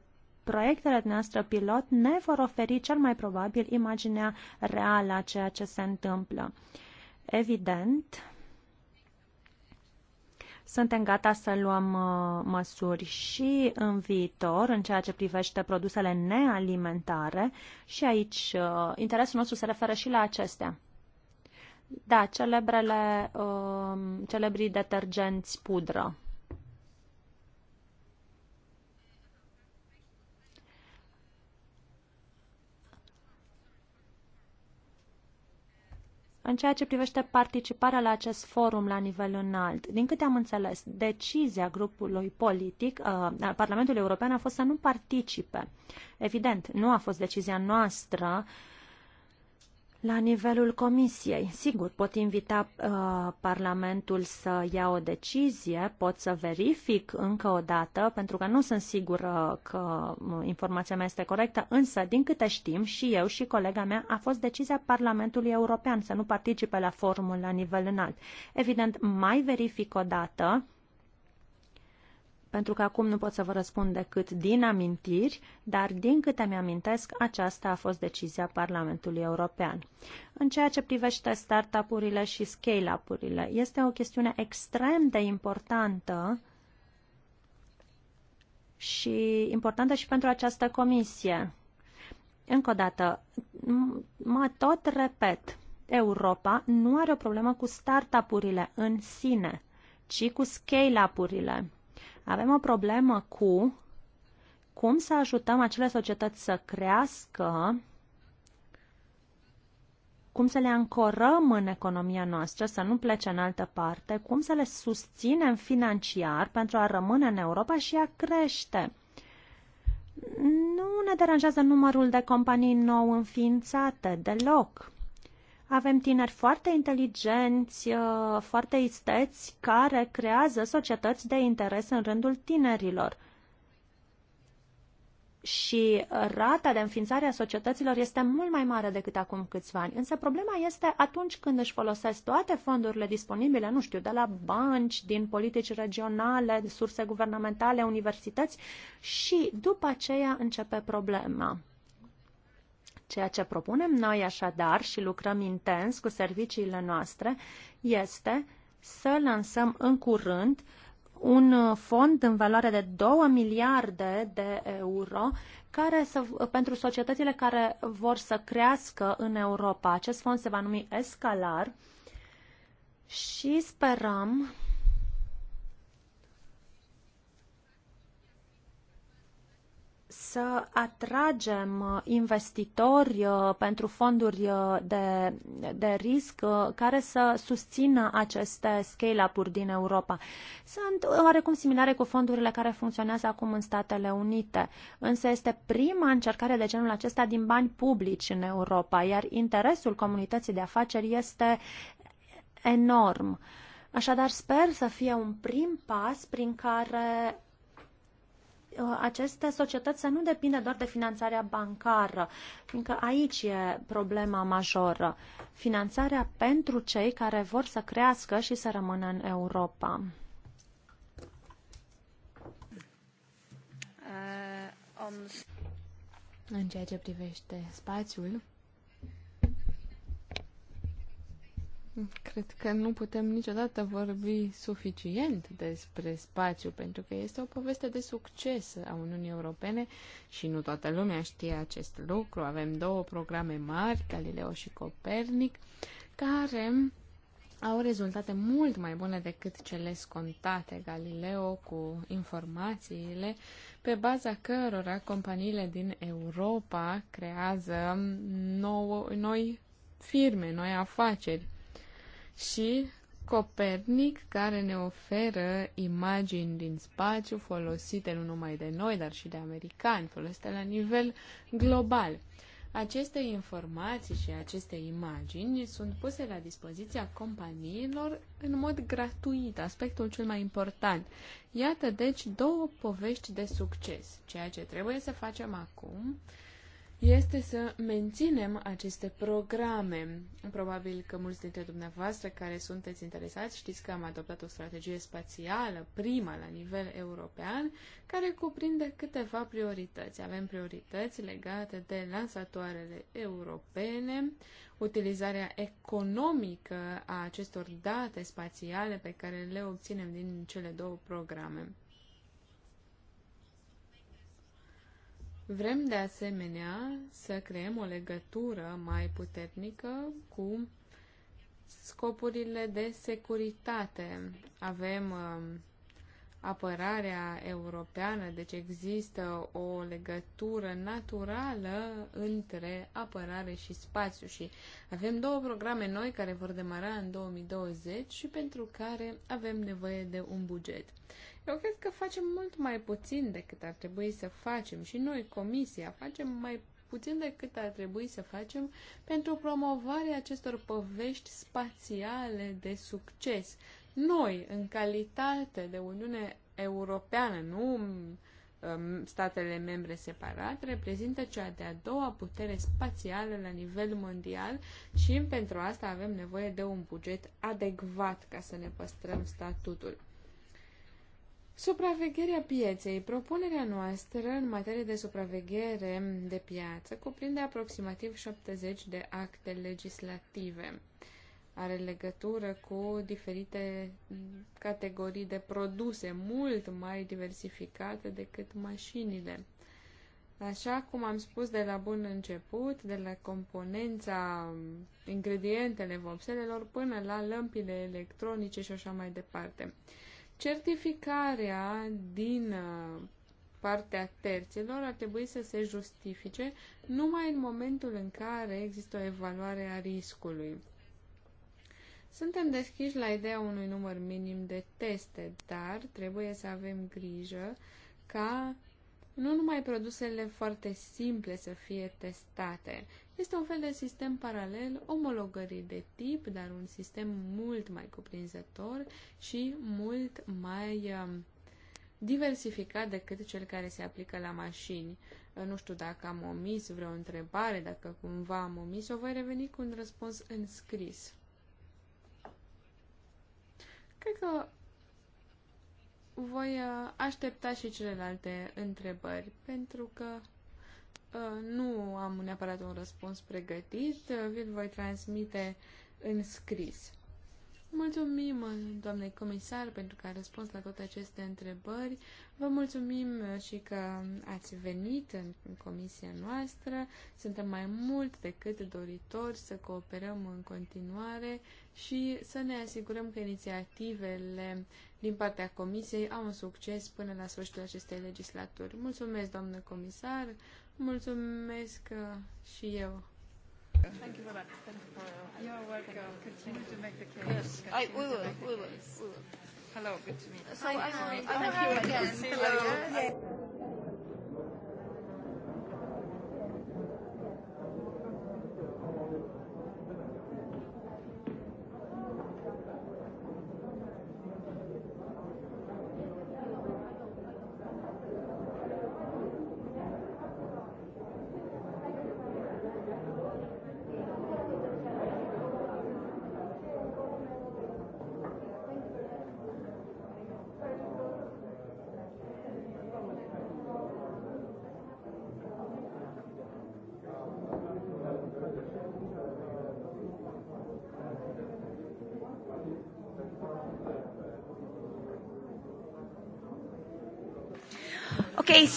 proiectele noastre pilot ne vor oferi cel mai probabil imaginea reală a ceea ce se întâmplă. Evident, suntem gata să luăm uh, măsuri și în viitor în ceea ce privește produsele nealimentare și aici uh, interesul nostru se referă și la acestea. Da, celebrele, uh, celebrii detergenți pudră. În ceea ce privește participarea la acest forum la nivel înalt, din câte am înțeles, decizia grupului politic uh, al Parlamentului European a fost să nu participe. Evident, nu a fost decizia noastră uh, la nivelul Comisiei. Sigur, pot invita uh, Parlamentul să ia o decizie, pot să verific încă o dată, pentru că nu sunt sigură că uh, informația mea este corectă, însă, din câte știm, și eu și colega mea, a fost decizia Parlamentului European să nu participe la forumul la nivel înalt. Evident, mai verific o dată pentru că acum nu pot să vă răspund decât din amintiri, dar din câte mi-amintesc, aceasta a fost decizia Parlamentului European. În ceea ce privește startup-urile și scale-up-urile, este o chestiune extrem de importantă și importantă și pentru această comisie. Încă o dată, mă tot repet, Europa nu are o problemă cu startup-urile în sine, ci cu scale-up-urile. Avem o problemă cu cum să ajutăm acele societăți să crească, cum să le ancorăm în economia noastră, să nu plece în altă parte, cum să le susținem financiar pentru a rămâne în Europa și a crește. Nu ne deranjează numărul de companii nou înființate deloc. Avem tineri foarte inteligenți, uh, foarte isteți, care creează societăți de interes în rândul tinerilor. Și rata de înființare a societăților este mult mai mare decât acum câțiva ani. Însă problema este atunci când își folosesc toate fondurile disponibile, nu știu, de la bănci, din politici regionale, surse guvernamentale, universități și după aceea începe problema Ceea ce propunem noi așadar și lucrăm intens cu serviciile noastre este să lansăm în curând un fond în valoare de 2 miliarde de euro care să, pentru societățile care vor să crească în Europa. Acest fond se va numi Escalar și sperăm să atragem uh, investitori uh, pentru fonduri uh, de, de risc care să susțină aceste scale-up-uri din Europa. Sunt oarecum similare cu fondurile care funcționează acum în Statele Unite, însă este prima încercare de genul acesta din bani publici în Europa, iar interesul comunității de afaceri este enorm. Așadar, sper să fie un prim pas prin care Uh, aceste societăți să nu depindă doar de finanțarea bancară, fiindcă aici e problema majoră. Finanțarea pentru cei care vor să crească și să rămână în Europa. Uh, în ceea ce privește spațiul, Cred că nu putem niciodată vorbi suficient despre spațiu, pentru că este o poveste de succes a Uniunii Europene și nu toată lumea știe acest lucru. Avem două programe mari, Galileo și Copernic, care au rezultate mult mai bune decât cele scontate Galileo cu informațiile pe baza cărora companiile din Europa creează nouă, noi firme, noi afaceri și Copernic, care ne oferă imagini din spațiu folosite nu numai de noi, dar și de americani, folosite la nivel global. Aceste informații și aceste imagini sunt puse la dispoziția companiilor în mod gratuit, aspectul cel mai important. Iată deci două povești de succes. Ceea ce trebuie să facem acum este să menținem aceste programe. Probabil că mulți dintre dumneavoastră care sunteți interesați știți că am adoptat o strategie spațială, prima la nivel european, care cuprinde câteva priorități. Avem priorități legate de lansatoarele europene, utilizarea economică a acestor date spațiale pe care le obținem din cele două programe. Vrem de asemenea să creăm o legătură mai puternică cu scopurile de securitate. Avem um, apărarea europeană, deci există o legătură naturală între apărare și spațiu și avem două programe noi care vor demara în 2020 și pentru care avem nevoie de un buget. Eu cred că facem mult mai puțin decât ar trebui să facem și noi, comisia, facem mai puțin decât ar trebui să facem pentru promovarea acestor povești spațiale de succes. Noi, în calitate de Uniune Europeană, nu um, statele membre separat, reprezintă cea de-a doua putere spațială la nivel mondial și pentru asta avem nevoie de un buget adecvat ca să ne păstrăm statutul. Supravegherea pieței. Propunerea noastră în materie de supraveghere de piață cuprinde aproximativ 70 de acte legislative. Are legătură cu diferite categorii de produse mult mai diversificate decât mașinile. Așa cum am spus de la bun început, de la componența, ingredientele vopselelor până la lămpile electronice și așa mai departe. Certificarea din uh, partea terților ar trebui să se justifice numai în momentul în care există o evaluare a riscului. Suntem deschiși la ideea unui număr minim de teste, dar trebuie să avem grijă ca nu numai produsele foarte simple să fie testate, este un fel de sistem paralel omologării de tip, dar un sistem mult mai cuprinzător și mult mai um, diversificat decât cel care se aplică la mașini. Uh, nu știu dacă am omis vreo întrebare, dacă cumva am omis, o voi reveni cu un răspuns în scris. Cred că voi uh, aștepta și celelalte întrebări, pentru că Uh, nu am neapărat un răspuns pregătit, uh, vi-l voi transmite în scris. Mulțumim, uh, doamnei comisar, pentru că a răspuns la toate aceste întrebări. Vă mulțumim și că ați venit în comisia noastră. Suntem mai mult decât doritori să cooperăm în continuare și să ne asigurăm că inițiativele din partea comisiei au un succes până la sfârșitul acestei legislaturi. Mulțumesc, doamnă comisar! Mulțumesc uh, și eu. Thank you very much. Thank you for your You're uh, welcome. Continue to make the case. Yes, I, we will. We will. We will. Hello, good to meet you. So I, I, I, I, I, I, I, I, I, I,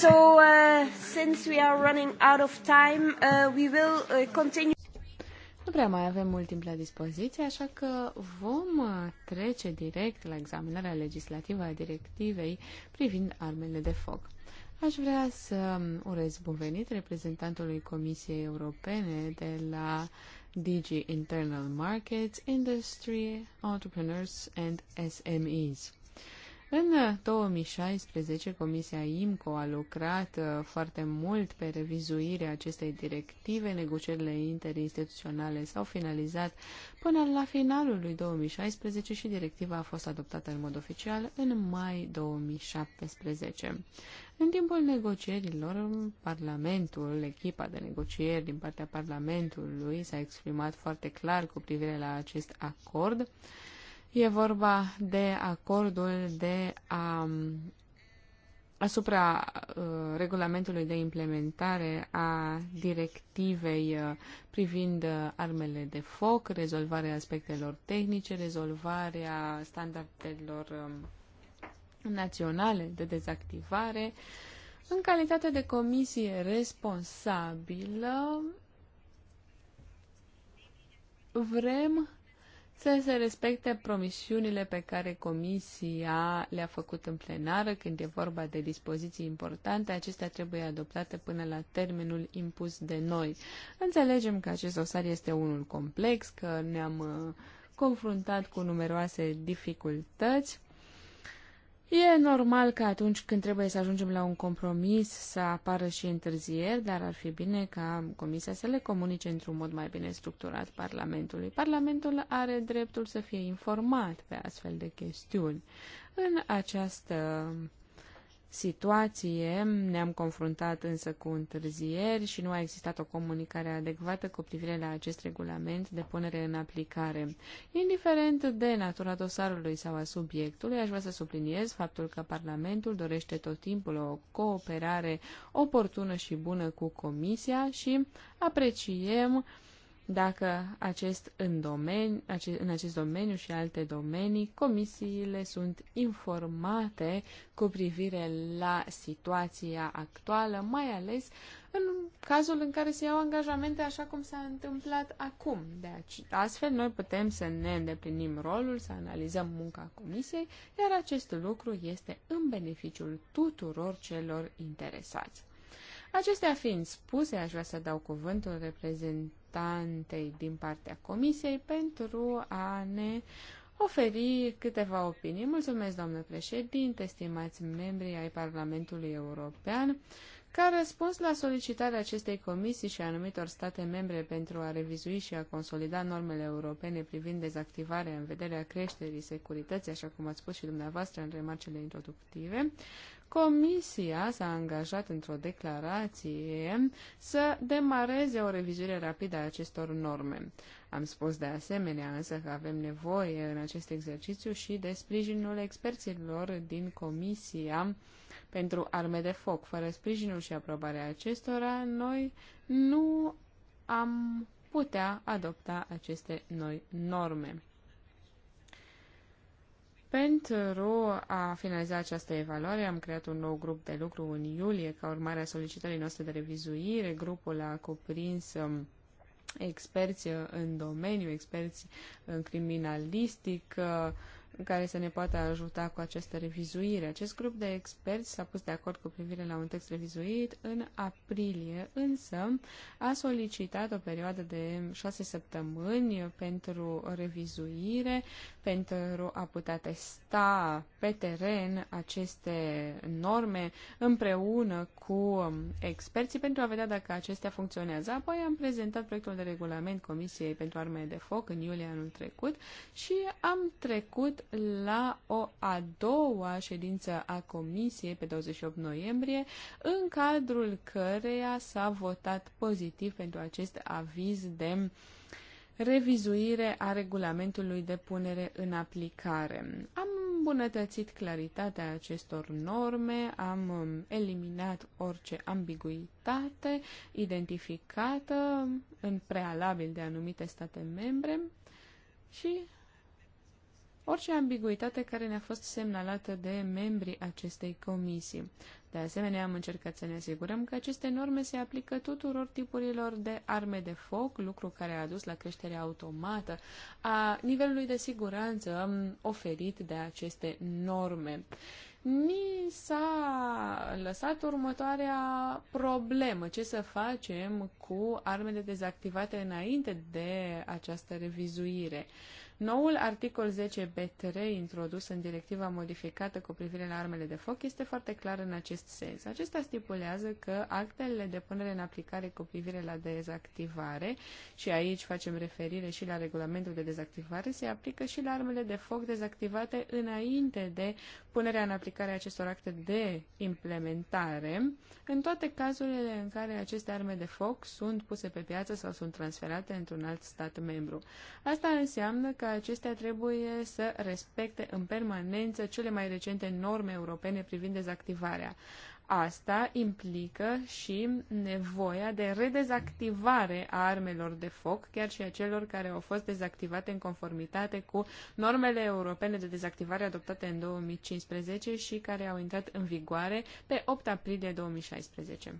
So, uh, since we are running out of time, uh, we will uh, continue. Nu prea mai avem mult timp la dispoziție, așa că vom uh, trece direct la examinarea legislativă a directivei privind armele de foc. Aș vrea să um, urez bun venit reprezentantului Comisiei Europene de la DG Internal Markets, Industry, Entrepreneurs and SMEs. În 2016, Comisia IMCO a lucrat uh, foarte mult pe revizuirea acestei directive. Negocierile interinstituționale s-au finalizat până la finalul lui 2016 și directiva a fost adoptată în mod oficial în mai 2017. În timpul negocierilor, Parlamentul, echipa de negocieri din partea Parlamentului s-a exprimat foarte clar cu privire la acest acord E vorba de acordul de a asupra uh, regulamentului de implementare a directivei uh, privind uh, armele de foc, rezolvarea aspectelor tehnice, rezolvarea standardelor uh, naționale de dezactivare. În calitate de comisie responsabilă, vrem să se respecte promisiunile pe care Comisia le-a făcut în plenară când e vorba de dispoziții importante. Acestea trebuie adoptate până la termenul impus de noi. Înțelegem că acest dosar este unul complex, că ne-am uh, confruntat cu numeroase dificultăți E normal că atunci când trebuie să ajungem la un compromis să apară și întârzieri, dar ar fi bine ca Comisia să le comunice într-un mod mai bine structurat Parlamentului. Parlamentul are dreptul să fie informat pe astfel de chestiuni. În această situație. Ne-am confruntat însă cu întârzieri și nu a existat o comunicare adecvată cu privire la acest regulament de punere în aplicare. Indiferent de natura dosarului sau a subiectului, aș vrea să subliniez faptul că Parlamentul dorește tot timpul o cooperare oportună și bună cu Comisia și apreciem uh, dacă acest în, domeni, acest, în acest domeniu și alte domenii comisiile sunt informate cu privire la situația actuală, mai ales în cazul în care se iau angajamente așa cum s-a întâmplat acum. Deci, astfel, noi putem să ne îndeplinim rolul, să analizăm munca comisiei, iar acest lucru este în beneficiul tuturor celor interesați. Acestea fiind spuse, aș vrea să dau cuvântul reprezentant reprezentantei din partea Comisiei pentru a ne oferi câteva opinii. Mulțumesc, doamnă președinte, estimați membri ai Parlamentului European. Ca răspuns la solicitarea acestei comisii și a anumitor state membre pentru a revizui și a consolida normele europene privind dezactivarea în vederea creșterii securității, așa cum ați spus și dumneavoastră în remarcele introductive, Comisia s-a angajat într-o declarație să demareze o revizuire rapidă a acestor norme. Am spus de asemenea însă că avem nevoie în acest exercițiu și de sprijinul experților din Comisia pentru arme de foc. Fără sprijinul și aprobarea acestora, noi nu am putea adopta aceste noi norme. Pentru a finaliza această evaluare, am creat un nou grup de lucru în iulie, ca urmare a solicitării noastre de revizuire. Grupul a cuprins um, experți uh, în domeniu, experți uh, în criminalistică, uh, care să ne poată ajuta cu această revizuire. Acest grup de experți s-a pus de acord cu privire la un text revizuit în aprilie, însă a solicitat o perioadă de șase săptămâni pentru revizuire, pentru a putea testa pe teren aceste norme împreună cu experții pentru a vedea dacă acestea funcționează. Apoi am prezentat proiectul de regulament Comisiei pentru arme de Foc în iulie anul trecut și am trecut la o a doua ședință a Comisiei pe 28 noiembrie, în cadrul căreia s-a votat pozitiv pentru acest aviz de revizuire a regulamentului de punere în aplicare. Am îmbunătățit claritatea acestor norme, am eliminat orice ambiguitate identificată în prealabil de anumite state membre și orice ambiguitate care ne-a fost semnalată de membrii acestei comisii. De asemenea, am încercat să ne asigurăm că aceste norme se aplică tuturor tipurilor de arme de foc, lucru care a adus la creșterea automată a nivelului de siguranță um, oferit de aceste norme ni s-a lăsat următoarea problemă. Ce să facem cu armele dezactivate înainte de această revizuire? Noul articol 10b3 introdus în directiva modificată cu privire la armele de foc este foarte clar în acest sens. Acesta stipulează că actele de punere în aplicare cu privire la dezactivare, și aici facem referire și la regulamentul de dezactivare, se aplică și la armele de foc dezactivate înainte de punerea în aplicare a acestor acte de implementare, în toate cazurile în care aceste arme de foc sunt puse pe piață sau sunt transferate într-un alt stat membru. Asta înseamnă că că acestea trebuie să respecte în permanență cele mai recente norme europene privind dezactivarea. Asta implică și nevoia de redezactivare a armelor de foc, chiar și a celor care au fost dezactivate în conformitate cu normele europene de dezactivare adoptate în 2015 și care au intrat în vigoare pe 8 aprilie 2016.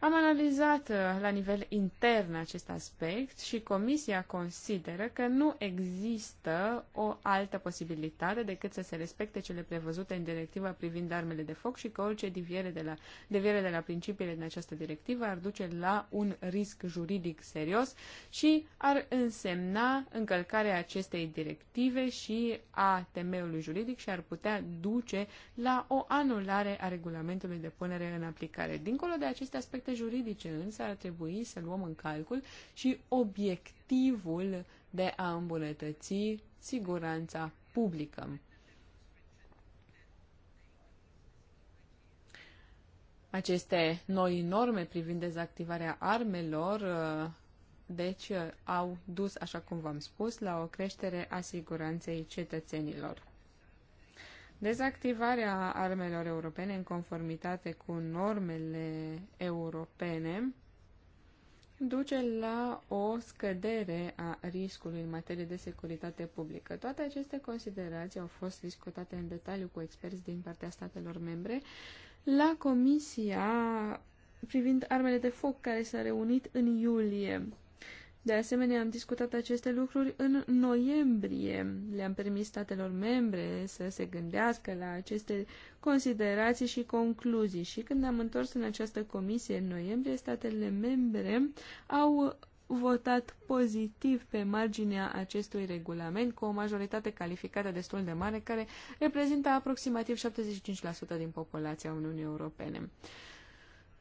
Am analizat uh, la nivel intern acest aspect și Comisia consideră că nu există o altă posibilitate decât să se respecte cele prevăzute în directiva privind armele de foc și că orice deviere de la, deviere de la principiile din această directivă ar duce la un risc juridic serios și ar însemna încălcarea acestei directive și a temeiului juridic și ar putea duce la o anulare a regulamentului de punere în aplicare. Dincolo de aceste aspecte aspecte juridice, însă ar trebui să luăm în calcul și obiectivul de a îmbunătăți siguranța publică. Aceste noi norme privind dezactivarea armelor uh, deci uh, au dus, așa cum v-am spus, la o creștere a siguranței cetățenilor. Dezactivarea armelor europene în conformitate cu normele europene duce la o scădere a riscului în materie de securitate publică. Toate aceste considerații au fost discutate în detaliu cu experți din partea statelor membre la Comisia privind armele de foc care s-a reunit în iulie. De asemenea, am discutat aceste lucruri în noiembrie. Le-am permis statelor membre să se gândească la aceste considerații și concluzii și când am întors în această comisie în noiembrie, statele membre au votat pozitiv pe marginea acestui regulament cu o majoritate calificată destul de mare care reprezintă aproximativ 75% din populația Uniunii Europene.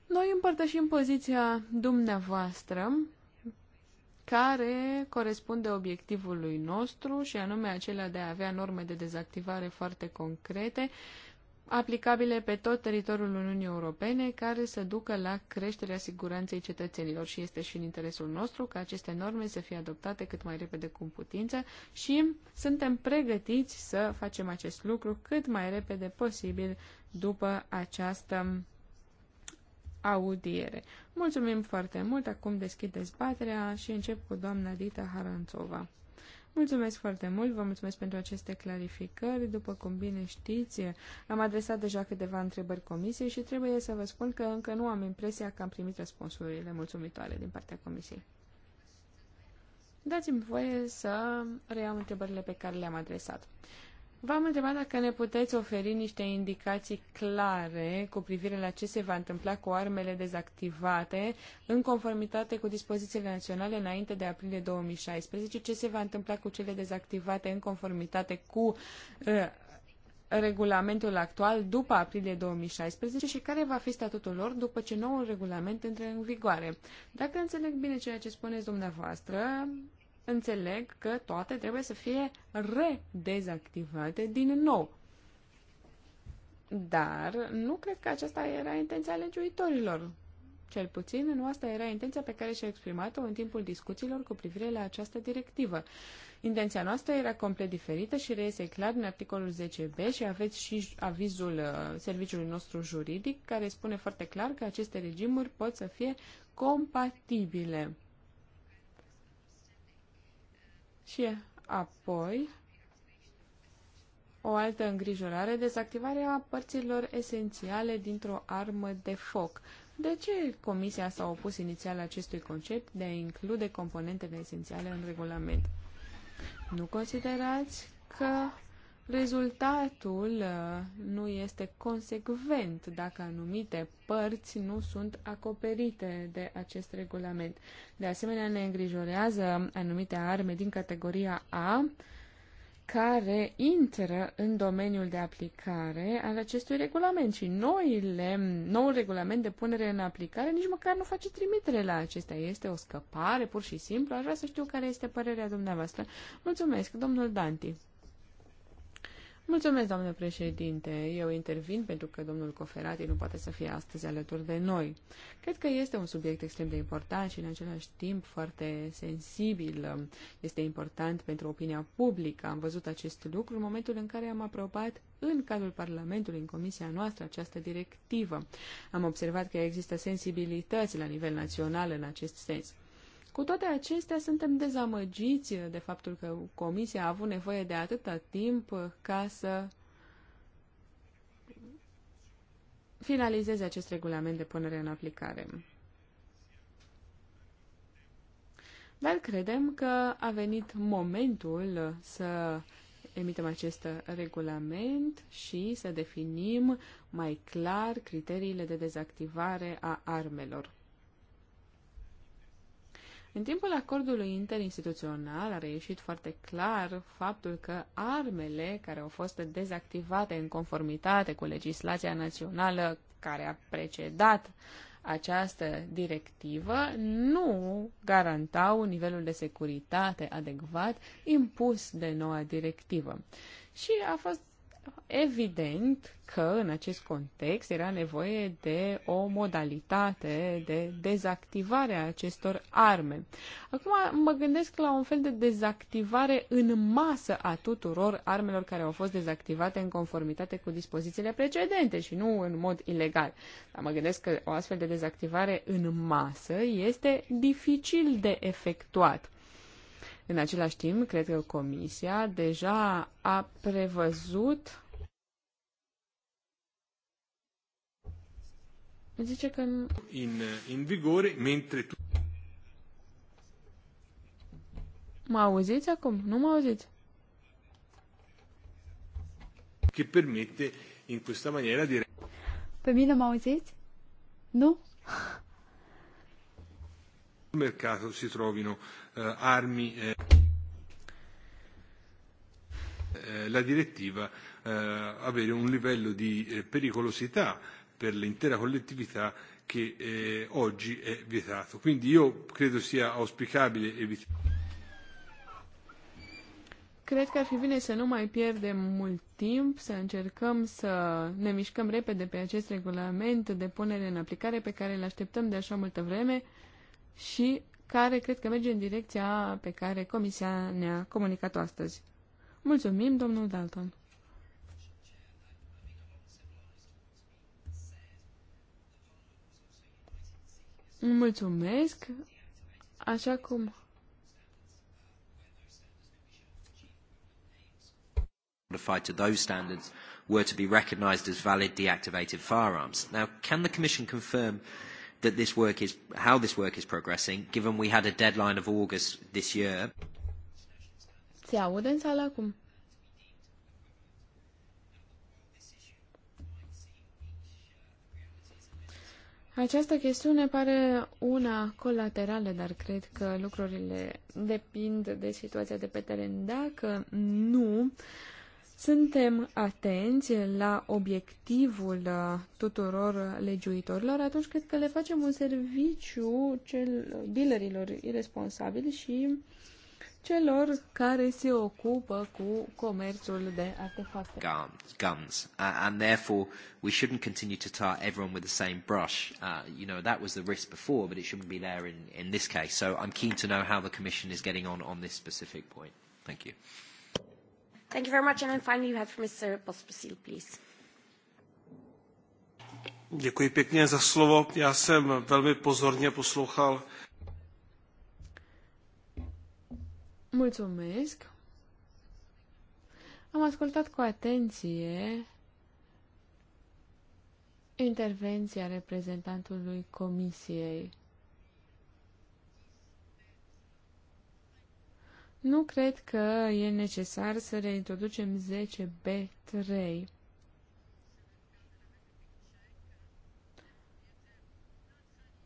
Noi împărtășim poziția dumneavoastră care corespunde obiectivului nostru și anume acela de a avea norme de dezactivare foarte concrete aplicabile pe tot teritoriul Uniunii Europene, care să ducă la creșterea siguranței cetățenilor și este și în interesul nostru ca aceste norme să fie adoptate cât mai repede cu putință și suntem pregătiți să facem acest lucru cât mai repede posibil după această audiere. Mulțumim foarte mult, acum deschid dezbaterea și încep cu doamna Dita Haranțova. Mulțumesc foarte mult, vă mulțumesc pentru aceste clarificări. După cum bine știți, am adresat deja câteva întrebări comisiei și trebuie să vă spun că încă nu am impresia că am primit răspunsurile mulțumitoare din partea comisiei. Dați-mi voie să reiau întrebările pe care le-am adresat. V-am întrebat dacă ne puteți oferi niște indicații clare cu privire la ce se va întâmpla cu armele dezactivate în conformitate cu dispozițiile naționale înainte de aprilie 2016, ce se va întâmpla cu cele dezactivate în conformitate cu uh, regulamentul actual după aprilie 2016 și care va fi statutul lor după ce noul regulament intre în vigoare. Dacă înțeleg bine ceea ce spuneți dumneavoastră, înțeleg că toate trebuie să fie redezactivate din nou. Dar nu cred că aceasta era intenția legiuitorilor. Cel puțin nu asta era intenția pe care și-a exprimat-o în timpul discuțiilor cu privire la această directivă. Intenția noastră era complet diferită și reiese clar în articolul 10b și aveți și avizul uh, serviciului nostru juridic care spune foarte clar că aceste regimuri pot să fie compatibile. Și apoi, o altă îngrijorare, dezactivarea părților esențiale dintr-o armă de foc. De ce Comisia s-a opus inițial acestui concept de a include componentele esențiale în regulament? Nu considerați că rezultatul uh, nu este consecvent dacă anumite părți nu sunt acoperite de acest regulament. De asemenea, ne îngrijorează anumite arme din categoria A care intră în domeniul de aplicare al acestui regulament și noile, noul regulament de punere în aplicare nici măcar nu face trimitere la acestea. Este o scăpare, pur și simplu. Aș vrea să știu care este părerea dumneavoastră. Mulțumesc, domnul Danti. Mulțumesc, doamnă președinte. Eu intervin pentru că domnul Coferati nu poate să fie astăzi alături de noi. Cred că este un subiect extrem de important și în același timp foarte sensibil. Este important pentru opinia publică. Am văzut acest lucru în momentul în care am aprobat în cadrul Parlamentului, în comisia noastră, această directivă. Am observat că există sensibilități la nivel național în acest sens. Cu toate acestea, suntem dezamăgiți de faptul că Comisia a avut nevoie de atâta timp ca să finalizeze acest regulament de punere în aplicare. Dar credem că a venit momentul să emitem acest regulament și să definim mai clar criteriile de dezactivare a armelor. În timpul acordului interinstituțional a reieșit foarte clar faptul că armele care au fost dezactivate în conformitate cu legislația națională care a precedat această directivă nu garantau nivelul de securitate adecvat impus de noua directivă. Și a fost Evident că în acest context era nevoie de o modalitate de dezactivare a acestor arme. Acum mă gândesc la un fel de dezactivare în masă a tuturor armelor care au fost dezactivate în conformitate cu dispozițiile precedente și nu în mod ilegal. Dar mă gândesc că o astfel de dezactivare în masă este dificil de efectuat. În același timp, cred că Comisia deja a prevăzut Zice că... In, in vigore, mentre tu... Mă auziți acum? Nu mă auziți? Che permette in questa maniera di... Pe mine mă auziți? Nu? mercato si trovino eh, armi. Eh, eh, la direttiva eh, avere un livello di eh, pericolosità per l'intera collettività che eh, oggi è vietato. Quindi io credo sia auspicabile evitare. Cred că ar fi bine să nu mai pierdem mult timp, să încercăm să ne mișcăm repede pe acest regulament de punere în aplicare pe care îl așteptăm de așa multă vreme și care cred că merge în direcția pe care Comisia ne-a comunicat-o astăzi. Mulțumim, domnul Dalton. Mulțumesc. Așa cum... modified to those standards were to be recognized as valid deactivated firearms. Now, can the Commission confirm that this work is, how this work is progressing, given we had a deadline of August this year. Se aude în sală acum? Această chestiune pare una colaterală, dar cred că lucrurile depind de situația de pe teren. Dacă nu, uh, suntem atenți la obiectivul uh, tuturor legiuitorilor, atunci cred că le facem un serviciu cel, dealerilor irresponsabili și celor care se ocupă cu comerțul de artefacte. Guns, guns, uh, and therefore we shouldn't continue to tar everyone with the same brush. Uh, you know that was the risk before, but it shouldn't be there in in this case. So I'm keen to know how the Commission is getting on on this specific point. Thank you. Thank you very much. And then finally you have Mr. Pospisil, please. Děkuji pěkně za slovo. Já jsem velmi pozorně poslouchal. Mulțumesc. Am ascultat cu atenție intervenția reprezentantului Comisiei. Nu cred că e necesar să reintroducem 10B3.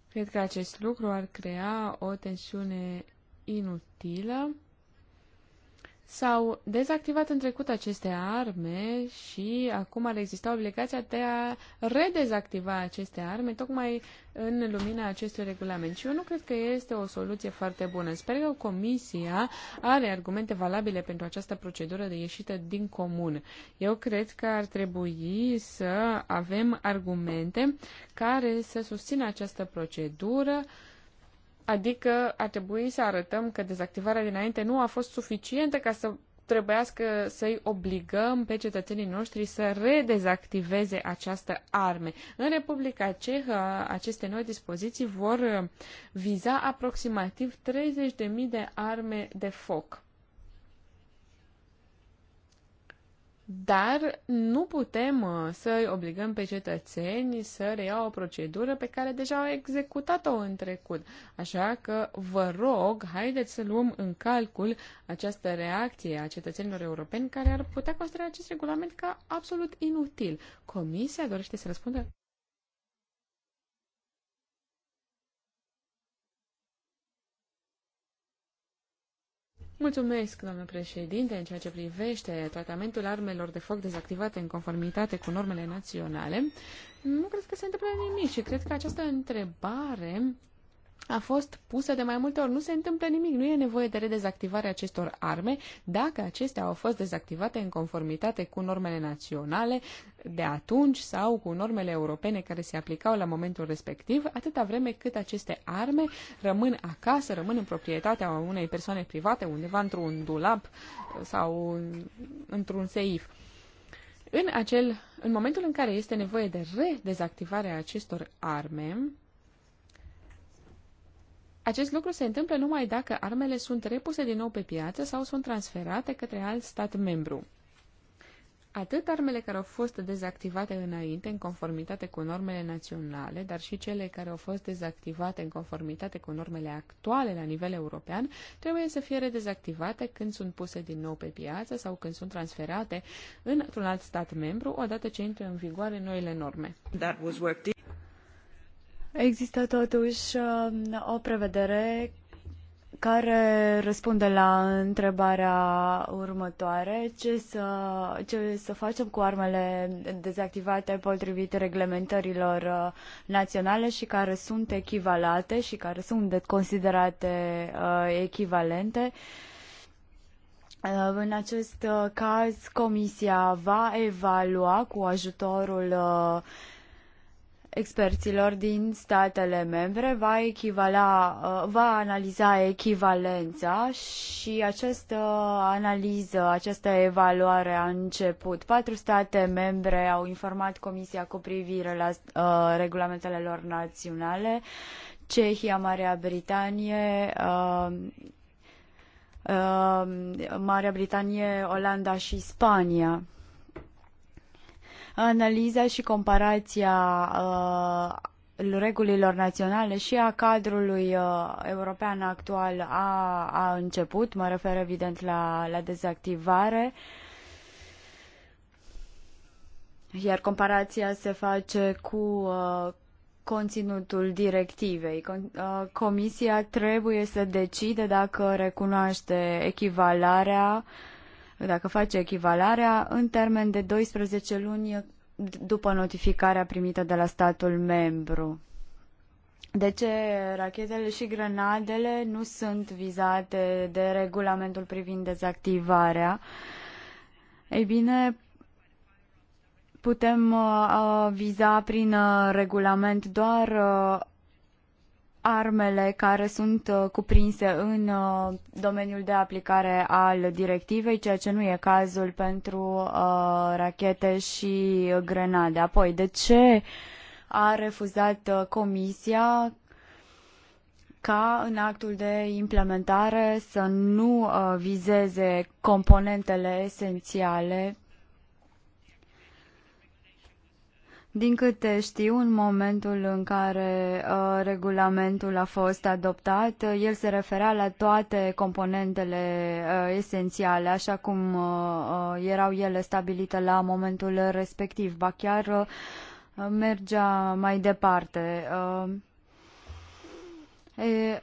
Cred că acest lucru ar crea o tensiune inutilă S-au dezactivat în trecut aceste arme și acum ar exista obligația de a redezactiva aceste arme, tocmai în lumina acestui regulament. Și eu nu cred că este o soluție foarte bună. Sper că Comisia are argumente valabile pentru această procedură de ieșită din comun. Eu cred că ar trebui să avem argumente care să susțină această procedură, uh, Adică ar trebui să arătăm că dezactivarea dinainte nu a fost suficientă ca să trebuiască să-i obligăm pe cetățenii noștri să redezactiveze această arme. În Republica Cehă, aceste noi dispoziții vor viza aproximativ 30.000 de arme de foc. dar nu putem uh, să obligăm pe cetățeni să reia o procedură pe care deja au executat-o în trecut. Așa că vă rog, haideți să luăm în calcul această reacție a cetățenilor europeni care ar putea considera acest regulament ca absolut inutil. Comisia dorește să răspundă? Mulțumesc, doamnă președinte, în ceea ce privește tratamentul armelor de foc dezactivate în conformitate cu normele naționale. Nu cred că se întâmplă nimic și cred că această întrebare a fost pusă de mai multe ori. Nu se întâmplă nimic, nu e nevoie de redezactivare acestor arme dacă acestea au fost dezactivate în conformitate cu normele naționale de atunci sau cu normele europene care se aplicau la momentul respectiv, atâta vreme cât aceste arme rămân acasă, rămân în proprietatea unei persoane private, undeva într-un dulap sau într-un seif. În, acel, în momentul în care este nevoie de redezactivarea acestor arme, acest lucru se întâmplă numai dacă armele sunt repuse din nou pe piață sau sunt transferate către alt stat membru. Atât armele care au fost dezactivate înainte în conformitate cu normele naționale, dar și cele care au fost dezactivate în conformitate cu normele actuale la nivel european, trebuie să fie redezactivate când sunt puse din nou pe piață sau când sunt transferate într-un alt stat membru, odată ce intră în vigoare noile norme. Există totuși um, o prevedere care răspunde la întrebarea următoare, ce să, ce să facem cu armele dezactivate potrivit reglementărilor uh, naționale și care sunt echivalate și care sunt considerate uh, echivalente. Uh, în acest caz, Comisia va evalua cu ajutorul experților din statele membre va echivala, uh, va analiza echivalența și această analiză, această evaluare a început. Patru state membre au informat Comisia cu privire la uh, regulamentele lor naționale, Cehia, Marea Britanie, uh, uh, Marea Britanie, Olanda și Spania analiza și comparația uh, regulilor naționale și a cadrului uh, european actual a, a început, mă refer evident la, la dezactivare, iar comparația se face cu uh, conținutul directivei. Uh, comisia trebuie să decide dacă recunoaște echivalarea uh, dacă face echivalarea, în termen de 12 luni după notificarea primită de la statul membru. De ce rachetele și grenadele nu sunt vizate de regulamentul privind dezactivarea? Ei bine, putem uh, viza prin uh, regulament doar uh, armele care sunt uh, cuprinse în uh, domeniul de aplicare al directivei, ceea ce nu e cazul pentru uh, rachete și grenade. Apoi, de ce a refuzat Comisia ca în actul de implementare să nu vizeze componentele esențiale Din câte știu, în momentul în care uh, regulamentul a fost adoptat, uh, el se referea la toate componentele uh, esențiale, așa cum uh, uh erau ele stabilite la momentul respectiv. Ba chiar uh, mergea mai departe. Uh,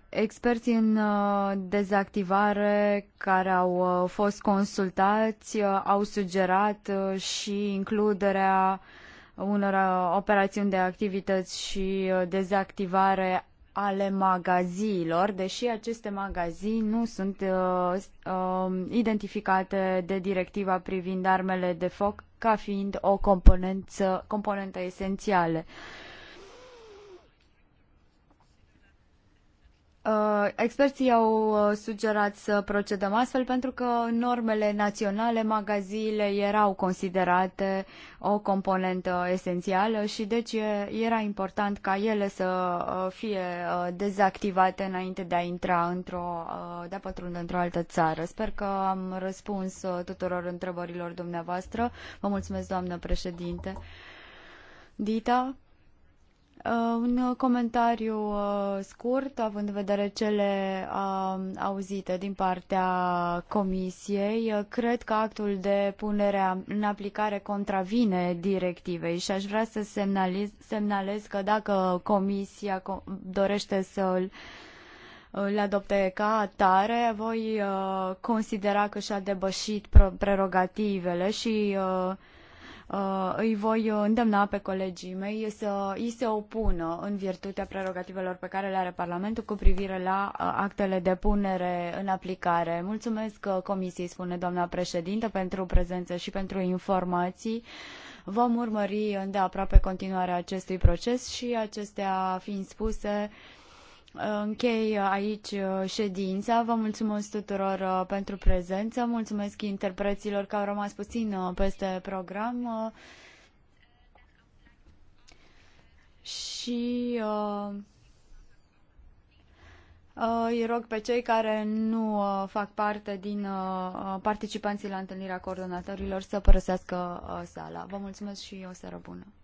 Experții în uh, dezactivare care au uh, fost consultați au sugerat și includerea uh, unor uh, operațiuni de activități și uh, dezactivare ale magaziilor, deși aceste magazii nu sunt uh, uh, identificate de directiva privind armele de foc ca fiind o componență, componentă esențială. Uh, Uh, experții au uh, sugerat să procedăm astfel pentru că normele naționale, magaziile erau considerate o componentă esențială și deci era important ca ele să uh, fie dezactivate înainte de a intra într-o, de a pătrunde într-o altă țară. Sper că am răspuns tuturor întrebărilor dumneavoastră. Vă mulțumesc, doamnă președinte. Dita, Uh, un comentariu uh, scurt, având în vedere cele uh, auzite din partea Comisiei. Cred că actul de punere în aplicare contravine directivei și aș vrea să semnalez, semnalez că dacă Comisia dorește să îl le adopte ca atare, voi considera că și-a debășit prerogativele și Uh, îi voi îndemna pe colegii mei să îi se opună în virtutea prerogativelor pe care le are Parlamentul cu privire la uh, actele de punere în aplicare. Mulțumesc uh, Comisiei, spune doamna președintă, pentru prezență și pentru informații. Vom urmări îndeaproape continuarea acestui proces și acestea fiind spuse, Închei uh, aici uh, ședința. Vă mulțumesc tuturor uh, pentru prezență. Mulțumesc interpreților că au rămas puțin peste program. Și îi rog pe cei care nu fac parte din participanții la întâlnirea coordonatorilor să părăsească sala. Vă mulțumesc și o seară bună!